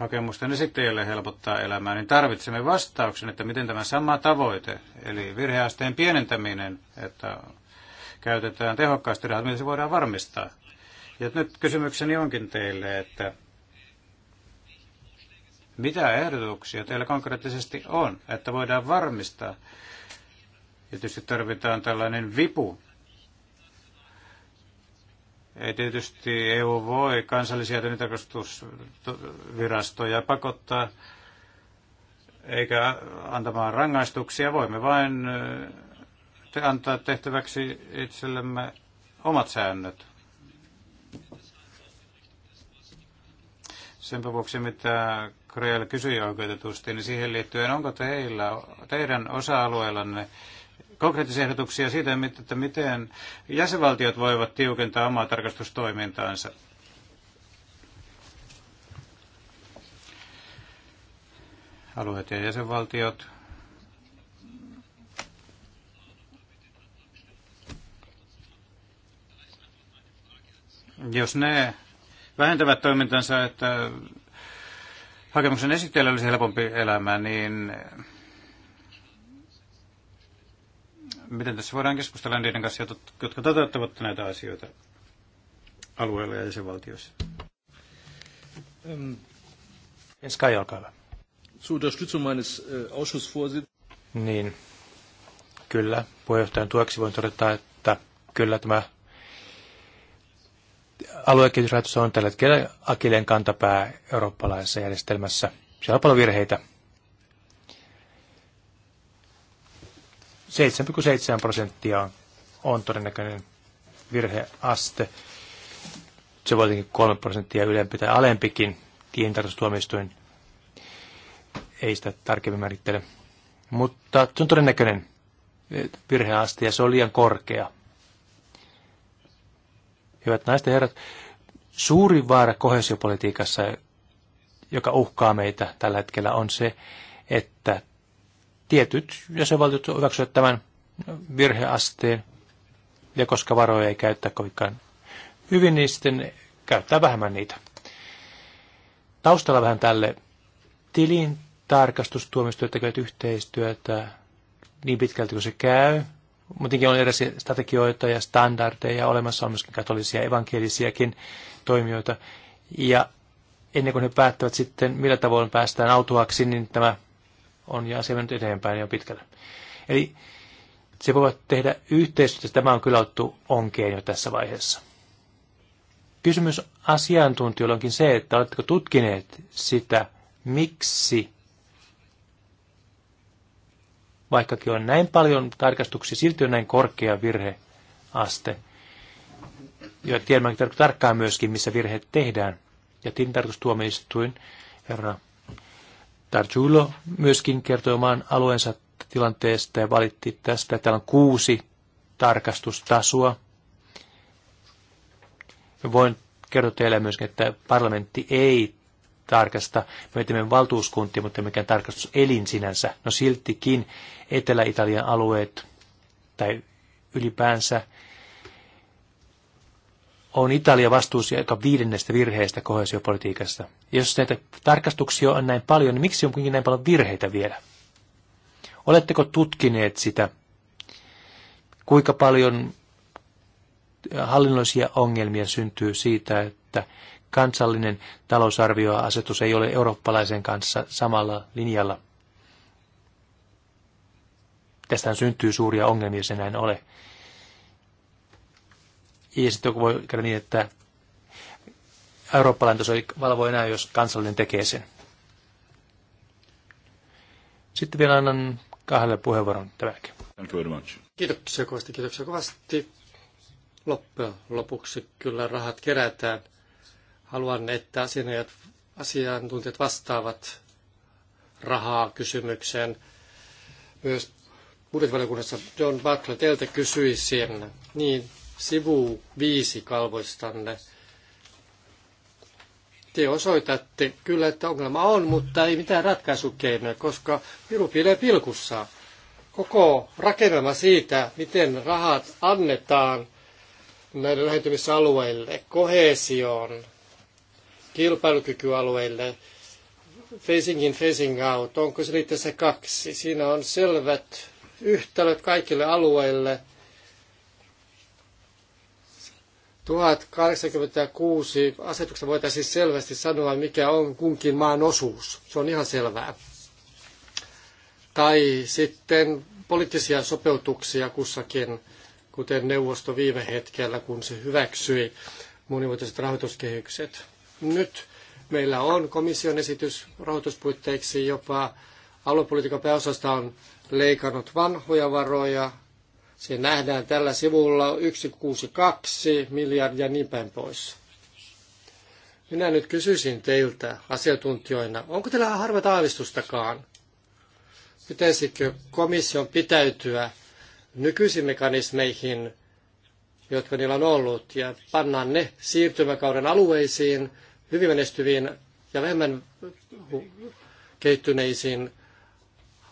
hakemusten niin esittäjille helpottaa elämää, niin tarvitsemme vastauksen, että miten tämä sama tavoite, eli virheasteen pienentäminen, että käytetään tehokkaasti rahat, miten se voidaan varmistaa. Ja nyt kysymykseni onkin teille, että mitä ehdotuksia teillä konkreettisesti on, että voidaan varmistaa? Ja tietysti tarvitaan tällainen vipu, ei tietysti EU voi kansallisia tarkastusvirastoja pakottaa eikä antamaan rangaistuksia. Voimme vain te antaa tehtäväksi itsellemme omat säännöt. Sen vuoksi, mitä Kreel kysyi oikeutetusti, niin siihen liittyen, onko teillä, teidän osa-alueellanne konkreettisia ehdotuksia siitä, että miten jäsenvaltiot voivat tiukentaa omaa tarkastustoimintaansa. Alueet ja jäsenvaltiot jos ne vähentävät toimintansa, että hakemuksen esittäjällä olisi helpompi elämä, niin miten tässä voidaan keskustella niiden kanssa, jotka toteuttavat näitä asioita alueella ja jäsenvaltioissa. Ähm, Sky, olkaa hyvä. Äh, niin, kyllä. Puheenjohtajan tueksi voin todeta, että kyllä tämä aluekehitysrahoitus on tällä hetkellä Akilen kantapää eurooppalaisessa järjestelmässä. Siellä on paljon virheitä, 7,7 prosenttia on, on todennäköinen virheaste. Se voi tietenkin 3 prosenttia ylempi tai alempikin. Tiintarkastustuomioistuin ei sitä tarkemmin määrittele. Mutta se on todennäköinen virheaste ja se on liian korkea. Hyvät naiset ja herrat, suurin vaara kohesiopolitiikassa, joka uhkaa meitä tällä hetkellä, on se, että tietyt jäsenvaltiot hyväksyvät tämän virheasteen, ja koska varoja ei käyttää kovinkaan hyvin, niin sitten käyttää vähemmän niitä. Taustalla vähän tälle tilin tarkastustuomioistuimet tekevät yhteistyötä niin pitkälti kuin se käy. Muutenkin on erilaisia strategioita ja standardeja, olemassa on myöskin katolisia evankelisiakin toimijoita. Ja ennen kuin he päättävät sitten, millä tavoin päästään autuaksi, niin tämä on ja asia mennyt eteenpäin jo pitkälle. Eli se voivat tehdä yhteistyötä. Tämä on kyllä otettu onkeen jo tässä vaiheessa. Kysymys asiantuntijoilla onkin se, että oletteko tutkineet sitä, miksi vaikkakin on näin paljon tarkastuksia, silti on näin korkea virheaste. Ja tiedämme tarkkaan myöskin, missä virheet tehdään. Ja tilintarkastustuomioistuin herra Tarjulo myöskin kertoi oman alueensa tilanteesta ja valitti tästä. Täällä on kuusi tarkastustasoa. Voin kertoa teille myöskin, että parlamentti ei tarkasta. Me teemme valtuuskuntia, mutta mikään tarkastuselin sinänsä. No siltikin Etelä-Italian alueet tai ylipäänsä on Italia vastuussa joka viidennestä virheestä kohesiopolitiikassa. Jos näitä tarkastuksia on näin paljon, niin miksi on kuitenkin näin paljon virheitä vielä? Oletteko tutkineet sitä, kuinka paljon äh, hallinnollisia ongelmia syntyy siitä, että kansallinen talousarvioasetus ei ole eurooppalaisen kanssa samalla linjalla? Tästähän syntyy suuria ongelmia, se näin ole. Ja sitten voi käydä niin, että eurooppalainen taso ei valvo enää, jos kansallinen tekee sen. Sitten vielä annan kahdelle puheenvuoron tämän Thank you very much. Kiitoksia kovasti, kiitoksia kovasti. Loppujen lopuksi kyllä rahat kerätään. Haluan, että asianajat, asiantuntijat vastaavat rahaa kysymykseen. Myös budjettivaliokunnassa John Butler teiltä kysyisin. Niin, sivu viisi kalvoistanne. Te osoitatte kyllä, että ongelma on, mutta ei mitään ratkaisukeinoja, koska piru pilee pilkussa. Koko rakennelma siitä, miten rahat annetaan näille lähentymisalueille, kohesioon, kilpailukykyalueille, facing in, facing out, onko se se kaksi. Siinä on selvät yhtälöt kaikille alueille – 1086 asetuksessa voitaisiin selvästi sanoa, mikä on kunkin maan osuus. Se on ihan selvää. Tai sitten poliittisia sopeutuksia kussakin, kuten neuvosto viime hetkellä, kun se hyväksyi monivuotiset rahoituskehykset. Nyt meillä on komission esitys rahoituspuitteiksi jopa aluepolitiikan pääosasta on leikannut vanhoja varoja se nähdään tällä sivulla 162 miljardia niin päin pois. Minä nyt kysyisin teiltä asiantuntijoina, onko teillä harva taavistustakaan? Pitäisikö komission pitäytyä nykyisiin mekanismeihin, jotka niillä on ollut, ja pannaan ne siirtymäkauden alueisiin, hyvin menestyviin ja vähemmän kehittyneisiin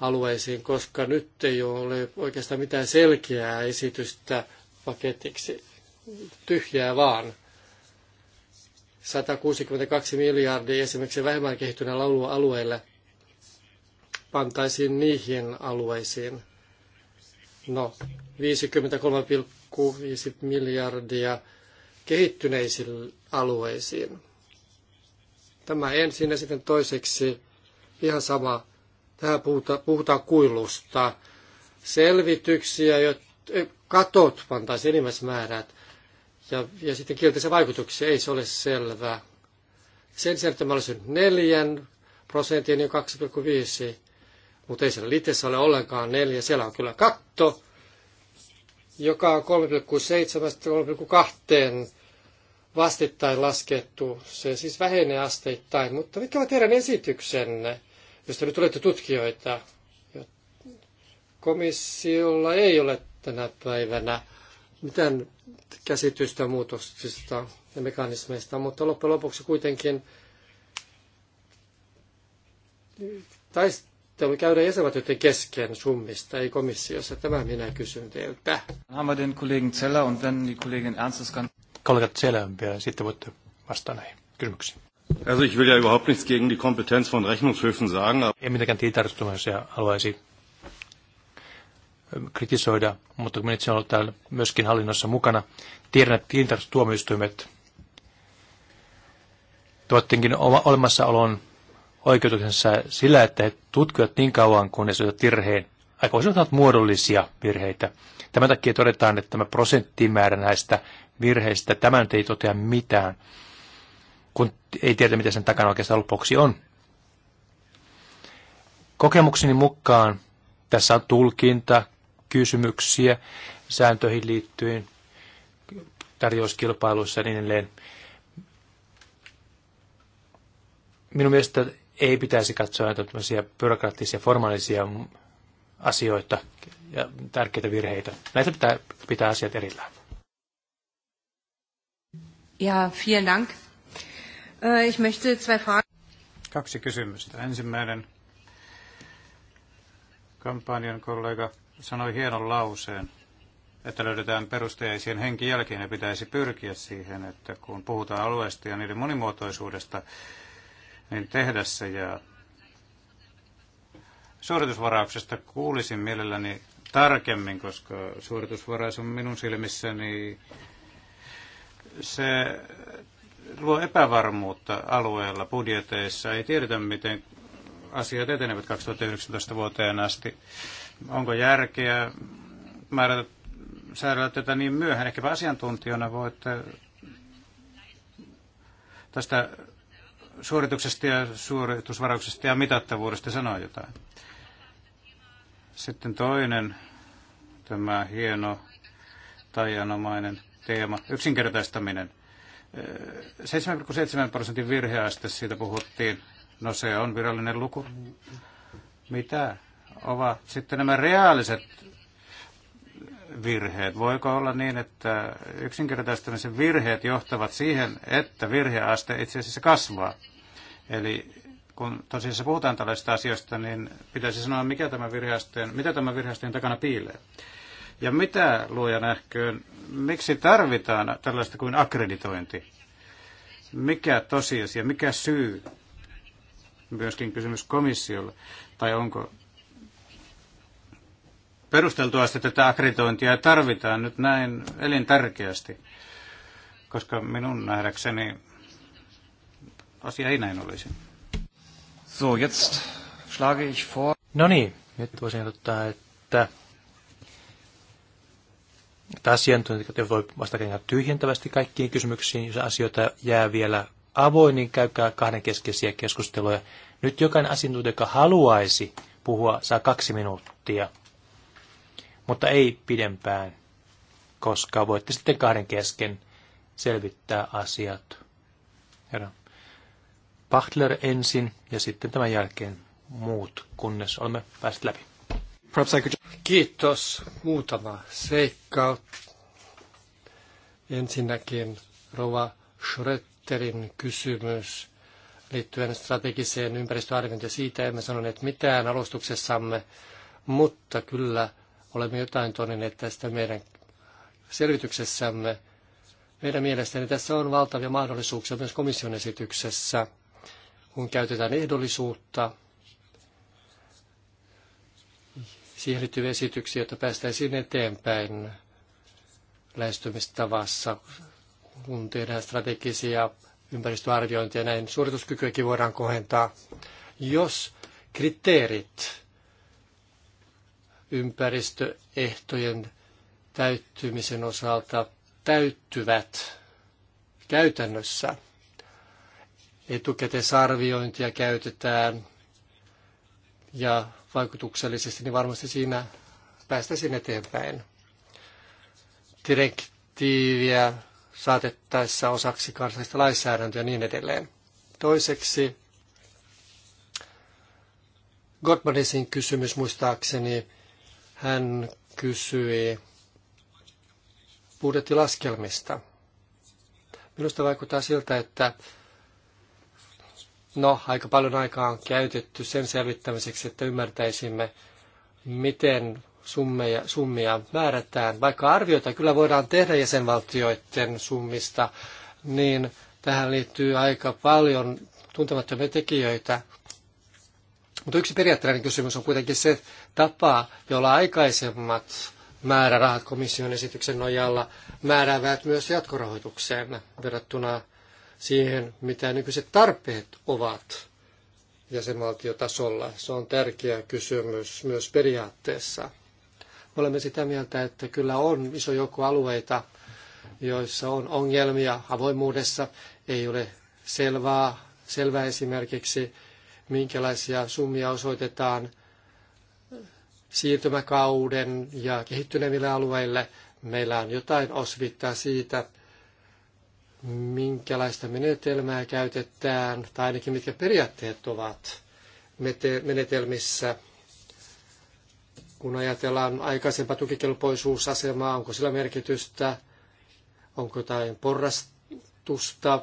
alueisiin, koska nyt ei ole oikeastaan mitään selkeää esitystä paketiksi. Tyhjää vaan. 162 miljardia esimerkiksi vähemmän kehittyneillä alueille pantaisiin niihin alueisiin. No, 53,5 miljardia kehittyneisiin alueisiin. Tämä ensin ja sitten toiseksi ihan sama Tähän puhutaan, puhutaan kuilusta. Selvityksiä, jo, eh, katot pantaisiin enimmäismäärät. Ja, ja sitten kielteisiä vaikutuksia, ei se ole selvää. Sen sijaan, että mä olisin neljän prosentin ja niin 2,5, mutta ei siellä liitteessä ole ollenkaan neljä. Siellä on kyllä katto, joka on 3,7-3,2 vastittain laskettu. Se siis vähenee asteittain, mutta mitkä ovat teidän esityksenne? jos te nyt olette tutkijoita, komissiolla ei ole tänä päivänä mitään käsitystä muutoksista ja mekanismeista, mutta loppujen lopuksi kuitenkin taistelu käydään jäsenvaltioiden kesken summista, ei komissiossa. Tämä minä kysyn teiltä. Haben den Kollegen Zeller und wenn die Kollegin Ernstes kann... Zeller on vielä, sitten voitte vastata näihin kysymyksiin. Also ich will ja überhaupt nichts gegen die Kompetenz von Rechnungshöfen sagen. Aber... En mitenkään tilintarkastustumisia haluaisi ähm, kritisoida, mutta kun itse olen ollut täällä myöskin hallinnossa mukana, tiedän, että tilintarkastustuomioistuimet tuottiinkin olemassaolon oikeutuksensa sillä, että he tutkivat niin kauan, ne löytävät virheen. Aika usein ovat muodollisia virheitä. Tämän takia todetaan, että tämä prosenttimäärä näistä virheistä, tämä nyt ei totea mitään kun ei tiedä, mitä sen takana oikeastaan lopuksi on. Kokemukseni mukaan tässä on tulkinta, kysymyksiä sääntöihin liittyen, tarjouskilpailuissa ja niin edelleen. Minun mielestä ei pitäisi katsoa näitä byrokraattisia, formaalisia asioita ja tärkeitä virheitä. Näitä pitää pitää asiat erillään. Ja, vielen Dank. Äh, ich möchte zwei Fragen. Kaksi kysymystä. Ensimmäinen kampanjan kollega sanoi hienon lauseen, että löydetään perusteisiin henki jälkeen ja pitäisi pyrkiä siihen, että kun puhutaan alueesta ja niiden monimuotoisuudesta, niin tehdä se ja suoritusvarauksesta kuulisin mielelläni tarkemmin, koska suoritusvaraus on minun silmissäni se luo epävarmuutta alueella budjeteissa. Ei tiedetä, miten asiat etenevät 2019 vuoteen asti. Onko järkeä määrätä säädellä tätä niin myöhään? Ehkäpä asiantuntijana voitte tästä suorituksesta ja suoritusvarauksesta ja mitattavuudesta sanoa jotain. Sitten toinen, tämä hieno taianomainen teema, yksinkertaistaminen. 7,7 prosentin virheaste, siitä puhuttiin. No se on virallinen luku. Mitä ovat sitten nämä reaaliset virheet? Voiko olla niin, että yksinkertaistamisen virheet johtavat siihen, että virheaste itse asiassa kasvaa? Eli kun tosiaan puhutaan tällaisista asioista, niin pitäisi sanoa, mikä tämä mitä tämä virheasteen takana piilee. Ja mitä luoja nähköön, miksi tarvitaan tällaista kuin akkreditointi? Mikä tosiasia, mikä syy? Myöskin kysymys komissiolle. Tai onko perusteltua, että tätä akkreditointia tarvitaan nyt näin elintärkeästi? Koska minun nähdäkseni asia ei näin olisi. So, jetzt schlage ich vor. No niin, nyt voisin ottaa, että että asiantuntijat voi vastata tyhjentävästi kaikkiin kysymyksiin, jos asioita jää vielä avoin, niin käykää kahdenkeskeisiä keskusteluja. Nyt jokainen asiantuntija, joka haluaisi puhua, saa kaksi minuuttia, mutta ei pidempään, koska voitte sitten kahden kesken selvittää asiat. Herra. Pachtler ensin ja sitten tämän jälkeen muut, kunnes olemme päässeet läpi. Kiitos. Muutama seikka. Ensinnäkin Rova Schröterin kysymys liittyen strategiseen ympäristöarviointiin. Siitä emme sanoneet mitään alustuksessamme, mutta kyllä olemme jotain todenneet tästä meidän selvityksessämme. Meidän mielestäni tässä on valtavia mahdollisuuksia myös komission esityksessä, kun käytetään ehdollisuutta – siihen liittyviä esityksiä, jotta päästäisiin eteenpäin lähestymistavassa, kun tehdään strategisia ympäristöarviointia, näin suorituskykyäkin voidaan kohentaa. Jos kriteerit ympäristöehtojen täyttymisen osalta täyttyvät käytännössä, etukäteisarviointia käytetään ja vaikutuksellisesti, niin varmasti siinä päästäisiin eteenpäin. Direktiiviä saatettaessa osaksi kansallista lainsäädäntöä ja niin edelleen. Toiseksi Gottmanisin kysymys muistaakseni, hän kysyi budjettilaskelmista. Minusta vaikuttaa siltä, että No, aika paljon aikaa on käytetty sen selvittämiseksi, että ymmärtäisimme, miten summeja, summia määrätään. Vaikka arvioita kyllä voidaan tehdä jäsenvaltioiden summista, niin tähän liittyy aika paljon tuntemattomia tekijöitä. Mutta yksi periaatteellinen kysymys on kuitenkin se tapa, jolla aikaisemmat määrärahat komission esityksen nojalla määräävät myös jatkorahoitukseen verrattuna siihen, mitä nykyiset tarpeet ovat jäsenvaltiotasolla. Se on tärkeä kysymys myös periaatteessa. Olemme sitä mieltä, että kyllä on iso joukko alueita, joissa on ongelmia avoimuudessa. Ei ole selvää, selvää esimerkiksi, minkälaisia summia osoitetaan siirtymäkauden ja kehittyneville alueille. Meillä on jotain osvittaa siitä, minkälaista menetelmää käytetään, tai ainakin mitkä periaatteet ovat menetelmissä, kun ajatellaan aikaisempaa tukikelpoisuusasemaa, onko sillä merkitystä, onko jotain porrastusta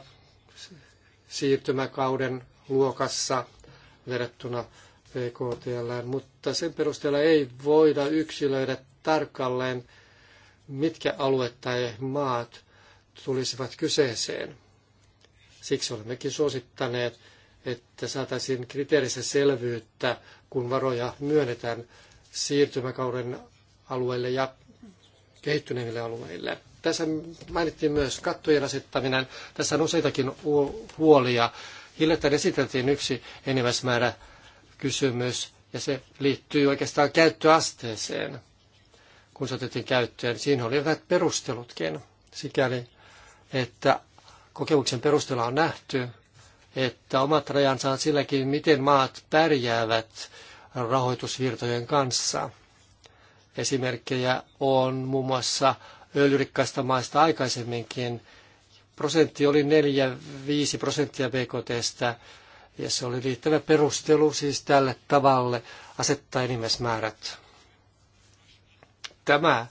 siirtymäkauden luokassa verrattuna PKTL, mutta sen perusteella ei voida yksilöidä tarkalleen, mitkä alueet tai maat tulisivat kyseeseen. Siksi olemmekin suosittaneet, että saataisiin kriteerissä selvyyttä, kun varoja myönnetään siirtymäkauden alueille ja kehittyneille alueille. Tässä mainittiin myös kattojen asettaminen. Tässä on useitakin huolia. Hiljattain esiteltiin yksi enimmäismäärä kysymys, ja se liittyy oikeastaan käyttöasteeseen, kun se otettiin käyttöön. Siinä oli hyvät perustelutkin, sikäli että kokemuksen perusteella on nähty, että omat rajansa on silläkin, miten maat pärjäävät rahoitusvirtojen kanssa. Esimerkkejä on muun muassa öljyrikkaista maista aikaisemminkin. Prosentti oli 4-5 prosenttia BKTstä, ja se oli liittävä perustelu siis tälle tavalle asettaa enimmäismäärät. Tämä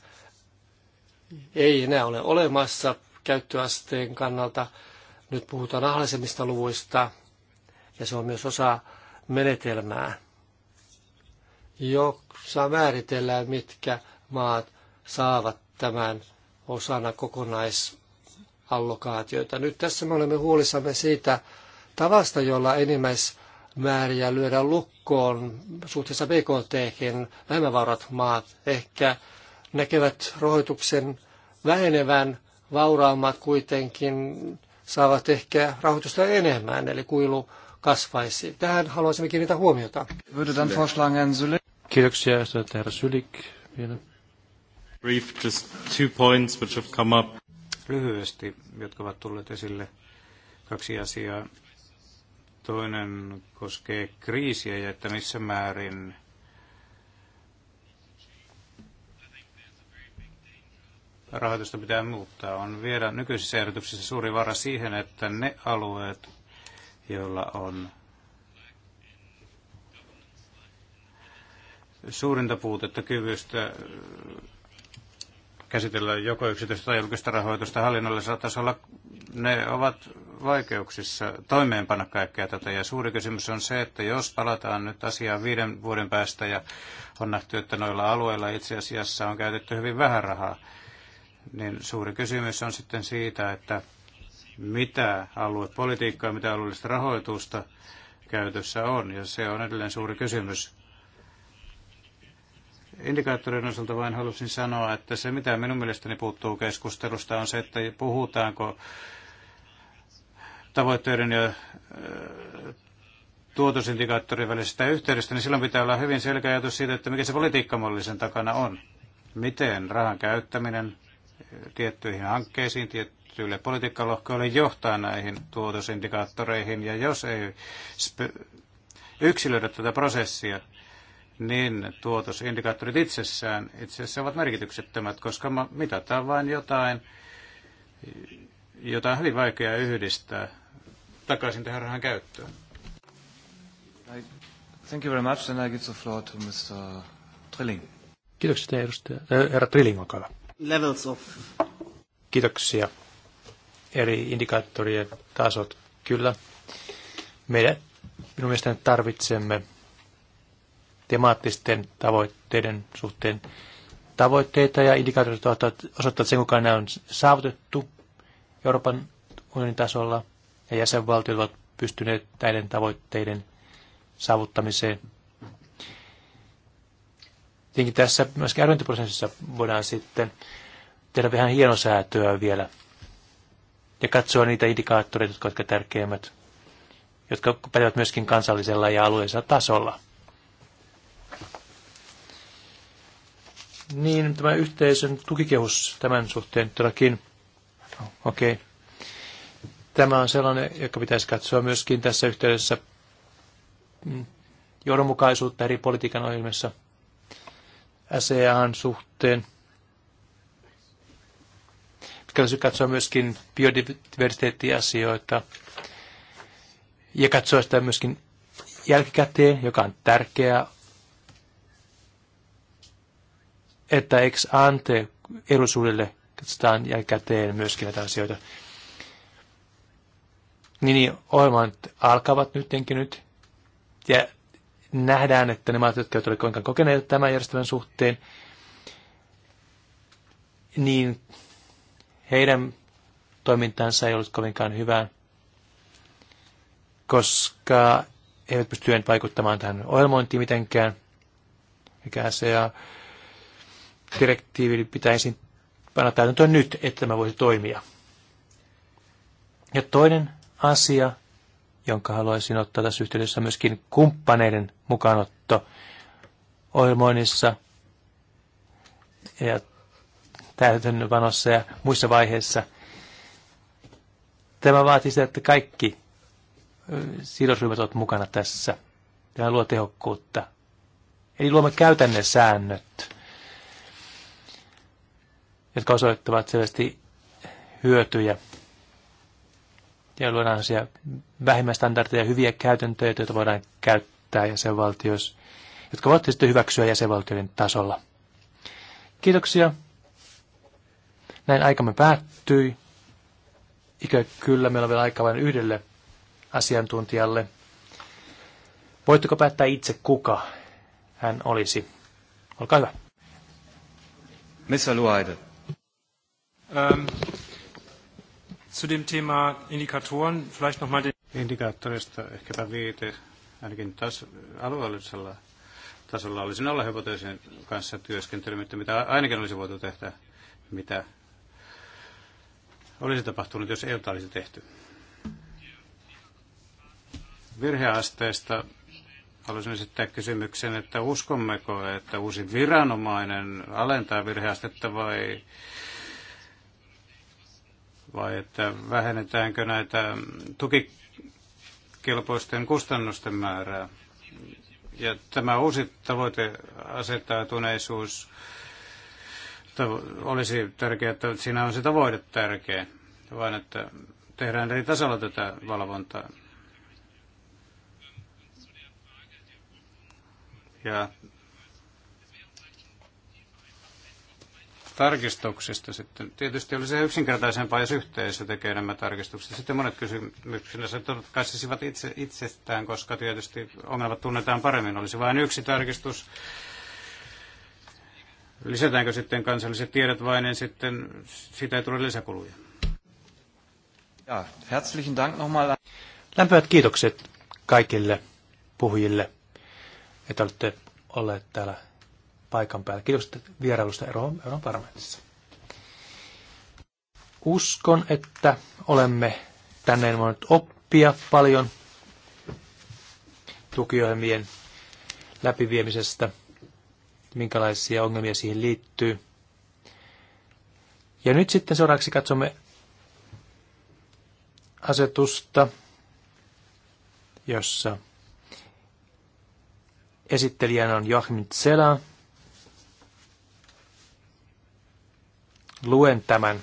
ei enää ole olemassa käyttöasteen kannalta. Nyt puhutaan alhaisemmista luvuista ja se on myös osa menetelmää, jossa määritellään, mitkä maat saavat tämän osana kokonaisallokaatioita. Nyt tässä me olemme huolissamme siitä tavasta, jolla enimmäismääriä lyödään lukkoon suhteessa BKT, vähemmän maat ehkä näkevät rahoituksen vähenevän vauraammat kuitenkin saavat ehkä rahoitusta enemmän, eli kuilu kasvaisi. Tähän haluaisimme kiinnittää huomiota. Kiitoksia, herra Sylik. Vielä. Brief, just two points which have come up. Lyhyesti, jotka ovat tulleet esille. Kaksi asiaa. Toinen koskee kriisiä ja että missä määrin rahoitusta pitää muuttaa. On vielä nykyisissä ehdotuksissa suuri vara siihen, että ne alueet, joilla on suurinta puutetta kyvystä käsitellä joko yksityistä tai julkista rahoitusta hallinnollisella tasolla, ne ovat vaikeuksissa toimeenpanna kaikkea tätä. Ja suuri kysymys on se, että jos palataan nyt asiaan viiden vuoden päästä ja on nähty, että noilla alueilla itse asiassa on käytetty hyvin vähän rahaa, niin suuri kysymys on sitten siitä, että mitä aluepolitiikkaa, mitä alueellista rahoitusta käytössä on, ja se on edelleen suuri kysymys. Indikaattorin osalta vain halusin sanoa, että se mitä minun mielestäni puuttuu keskustelusta on se, että puhutaanko tavoitteiden ja tuotosindikaattorin välisestä yhteydestä, niin silloin pitää olla hyvin selkeä ajatus siitä, että mikä se politiikkamallisen takana on. Miten rahan käyttäminen tiettyihin hankkeisiin, tiettyille politiikkalohkoille johtaa näihin tuotosindikaattoreihin. Ja jos ei yksilöidä tätä prosessia, niin tuotosindikaattorit itsessään itse asiassa ovat merkityksettömät, koska mitataan vain jotain, jota on hyvin vaikea yhdistää takaisin tähän rahan käyttöön. Thank you very much, and I give the floor to Mr. Trilling. Kiitoksia teille, edustaja. Äh, herra Trilling, olkaa hyvä. Levels of. Kiitoksia. Eri indikaattorien tasot, kyllä. Meidän minun mielestäni tarvitsemme temaattisten tavoitteiden suhteen tavoitteita ja indikaattorit osoittavat sen, kuinka nämä on saavutettu Euroopan unionin tasolla ja jäsenvaltiot ovat pystyneet näiden tavoitteiden saavuttamiseen – Tietenkin tässä myöskin arviointiprosessissa voidaan sitten tehdä vähän hienosäätöä vielä ja katsoa niitä indikaattoreita, jotka ovat tärkeimmät, jotka pätevät myöskin kansallisella ja alueellisella tasolla. Niin, tämä yhteisön tukikehus tämän suhteen todellakin, okei. Okay. Tämä on sellainen, joka pitäisi katsoa myöskin tässä yhteydessä mm, johdonmukaisuutta eri politiikan ohjelmissa – SEAn suhteen. Kannattaisi katsoa myöskin biodiversiteettiasioita ja katsoa sitä myöskin jälkikäteen, joka on tärkeää, että ex ante edullisuudelle katsotaan jälkikäteen myöskin näitä asioita. Niin, niin ohjelmat alkavat nytkin nyt. Ja nähdään, että ne maat, jotka eivät ole kuinkaan kokeneet tämän järjestelmän suhteen, niin heidän toimintansa ei ollut kovinkaan hyvää, koska he eivät pystyneet vaikuttamaan tähän ohjelmointiin mitenkään, mikä se ja direktiivi pitäisi panna täytäntöön nyt, että tämä voisi toimia. Ja toinen asia jonka haluaisin ottaa tässä yhteydessä myöskin kumppaneiden mukaanotto ohjelmoinnissa ja vanossa ja muissa vaiheissa. Tämä vaatii sitä, että kaikki sidosryhmät ovat mukana tässä. Tämä luo tehokkuutta. Eli luomme käytännön säännöt, jotka osoittavat selvästi hyötyjä ja luodaan sellaisia vähimmäistandardeja, hyviä käytäntöjä, joita voidaan käyttää jäsenvaltioissa, jotka voitte sitten hyväksyä jäsenvaltioiden tasolla. Kiitoksia. Näin aikamme päättyi. Ikä kyllä, meillä on vielä aikaa vain yhdelle asiantuntijalle. Voitteko päättää itse, kuka hän olisi? Olkaa hyvä. Missä luo Um, Zu dem Thema Indikatoren vielleicht nochmal den... Indikaattorista ehkäpä viite, ainakin taas alueellisella tasolla olisi nollahypoteesin kanssa työskentelemättä, mitä ainakin olisi voitu tehdä, mitä olisi tapahtunut, jos ei olisi tehty. Virheasteesta haluaisin esittää kysymyksen, että uskommeko, että uusi viranomainen alentaa virheastetta vai vai että vähennetäänkö näitä tukikelpoisten kustannusten määrää. Ja tämä uusi tavoite asettautuneisuus olisi tärkeää, että siinä on se tavoite tärkeä, vaan että tehdään eri tasolla tätä valvontaa. Ja tarkistuksista sitten. Tietysti olisi yksinkertaisempaa, jos yhteisö tekee nämä tarkistukset. Sitten monet kysymykset, katsisivat itse, itsestään, koska tietysti ongelmat tunnetaan paremmin. Olisi vain yksi tarkistus. Lisätäänkö sitten kansalliset tiedot vain, niin sitten siitä ei tule lisäkuluja. Ja, herzlichen Dank nochmal. Lämpöät kiitokset kaikille puhujille, että olette olleet täällä paikan päällä. Kiitos vierailusta Euroopan parlamentissa. Uskon, että olemme tänne voineet oppia paljon tukiohjelmien läpiviemisestä, minkälaisia ongelmia siihen liittyy. Ja nyt sitten seuraavaksi katsomme asetusta, jossa esittelijänä on Joachim Zela, luen tämän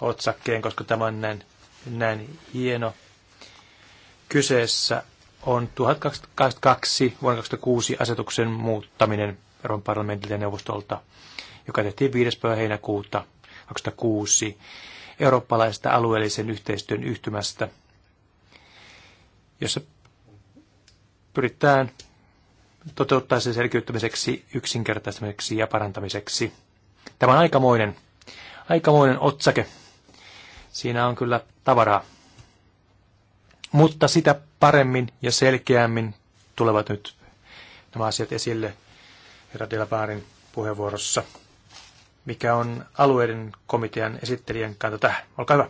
otsakkeen, koska tämä on näin, näin hieno. Kyseessä on 1022 vuonna 2006 asetuksen muuttaminen Euroopan parlamentilta ja neuvostolta, joka tehtiin 5. päivä heinäkuuta 2006 eurooppalaista alueellisen yhteistyön yhtymästä, jossa pyritään toteuttaa sen selkiyttämiseksi, yksinkertaistamiseksi ja parantamiseksi. Tämä on aikamoinen aikamoinen otsake. Siinä on kyllä tavaraa. Mutta sitä paremmin ja selkeämmin tulevat nyt nämä asiat esille herra Delbaarin puheenvuorossa. Mikä on alueiden komitean esittelijän kanta tähän? Olkaa hyvä.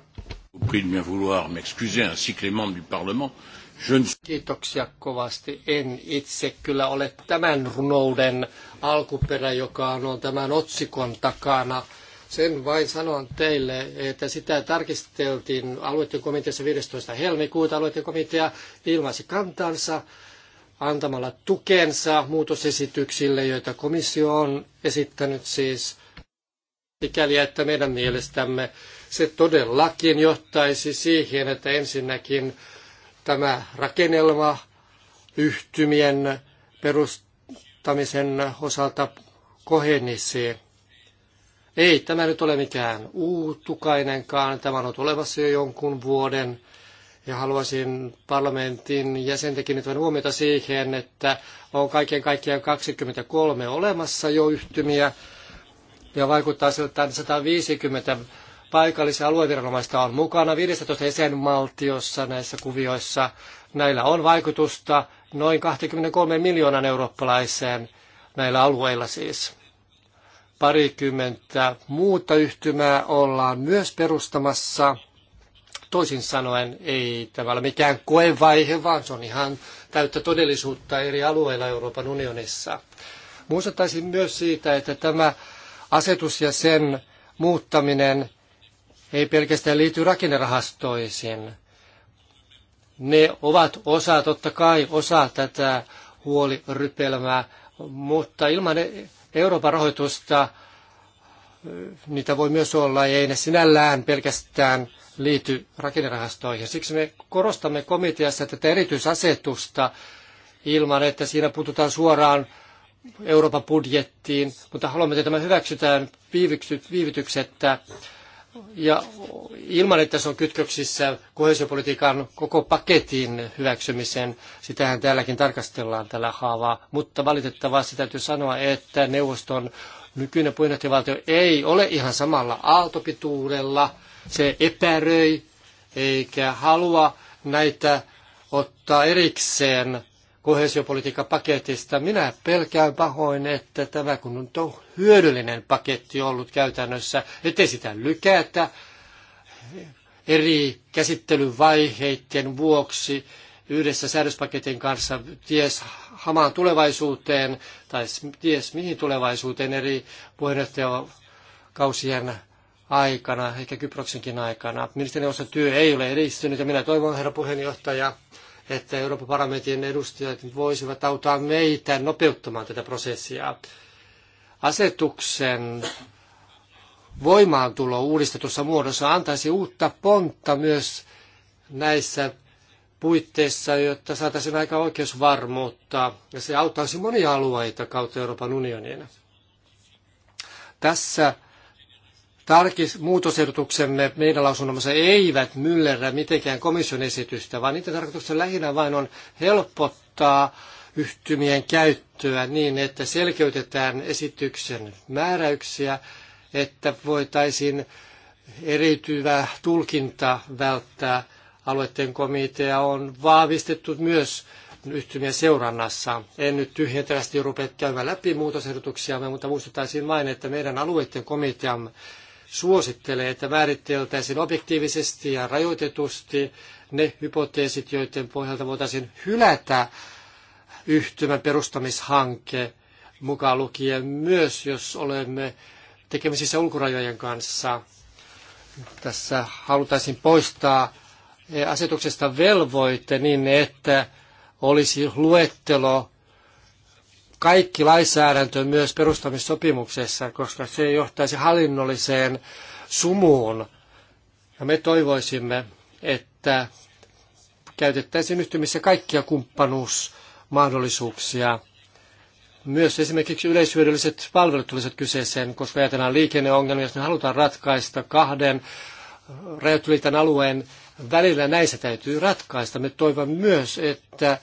Kiitoksia kovasti. En itse kyllä ole tämän runouden alkuperä, joka on tämän otsikon takana. Sen vain sanon teille, että sitä tarkisteltiin alueiden komiteassa 15. helmikuuta. Alueiden komitea ilmaisi kantansa antamalla tukensa muutosesityksille, joita komissio on esittänyt siis sikäli, että meidän mielestämme se todellakin johtaisi siihen, että ensinnäkin tämä rakennelma yhtymien perustamisen osalta kohenisi ei tämä nyt ole mikään uutukainenkaan, tämä on ollut olemassa jo jonkun vuoden. Ja haluaisin parlamentin jäsentä kiinnittävän huomiota siihen, että on kaiken kaikkiaan 23 olemassa jo yhtymiä. Ja vaikuttaa siltä, että 150 paikallisia alueviranomaista on mukana 15 jäsenvaltiossa näissä kuvioissa. Näillä on vaikutusta noin 23 miljoonan eurooppalaiseen näillä alueilla siis parikymmentä muuta yhtymää ollaan myös perustamassa. Toisin sanoen ei tämä ole mikään koevaihe, vaan se on ihan täyttä todellisuutta eri alueilla Euroopan unionissa. Muistuttaisin myös siitä, että tämä asetus ja sen muuttaminen ei pelkästään liity rakennerahastoihin. Ne ovat osa, totta kai osa tätä huolirypelmää, mutta ilman Euroopan rahoitusta, niitä voi myös olla, ja ei ne sinällään pelkästään liity rakennerahastoihin. Siksi me korostamme komiteassa tätä erityisasetusta ilman, että siinä puututaan suoraan Euroopan budjettiin, mutta haluamme, että tämä hyväksytään viivytyksettä ja ilman, että se on kytköksissä kohesiopolitiikan koko paketin hyväksymiseen, sitähän täälläkin tarkastellaan tällä haavaa, mutta valitettavasti täytyy sanoa, että neuvoston nykyinen puheenjohtajavaltio ei ole ihan samalla aaltopituudella, se epäröi eikä halua näitä ottaa erikseen koheesiopolitiikkapaketista. Minä pelkään pahoin, että tämä kun on hyödyllinen paketti ollut käytännössä, ettei sitä lykätä eri käsittelyvaiheiden vuoksi yhdessä säädöspaketin kanssa ties hamaan tulevaisuuteen tai ties mihin tulevaisuuteen eri puheenjohtajakausien aikana, ehkä Kyproksenkin aikana. Ministerineuvoston työ ei ole edistynyt ja minä toivon, herra puheenjohtaja, että Euroopan parlamentin edustajat voisivat auttaa meitä nopeuttamaan tätä prosessia. Asetuksen voimaantulo uudistetussa muodossa antaisi uutta pontta myös näissä puitteissa, jotta saataisiin aika oikeusvarmuutta, ja se auttaisi monia alueita kautta Euroopan unionin. Tässä tarkis, muutosehdotuksemme meidän lausunnossa eivät myllerrä mitenkään komission esitystä, vaan niiden tarkoituksena lähinnä vain on helpottaa yhtymien käyttöä niin, että selkeytetään esityksen määräyksiä, että voitaisiin eriytyvä tulkinta välttää. Alueiden komitea on vahvistettu myös yhtymien seurannassa. En nyt tyhjentävästi rupea käymään läpi muutosehdotuksia, mutta muistuttaisin vain, että meidän alueiden komiteamme suosittelee, että määritteltäisiin objektiivisesti ja rajoitetusti ne hypoteesit, joiden pohjalta voitaisiin hylätä yhtymän perustamishanke, mukaan lukien myös, jos olemme tekemisissä ulkorajojen kanssa. Tässä halutaisiin poistaa asetuksesta velvoite niin, että olisi luettelo kaikki lainsäädäntö myös perustamissopimuksessa, koska se johtaisi hallinnolliseen sumuun. Ja me toivoisimme, että käytettäisiin yhtymissä kaikkia kumppanuusmahdollisuuksia. Myös esimerkiksi yleishyödylliset palvelut tulisivat kyseeseen, koska ajatellaan liikenneongelmia, jos ne halutaan ratkaista kahden rajoitulitän alueen välillä, näissä täytyy ratkaista. Me toivon myös, että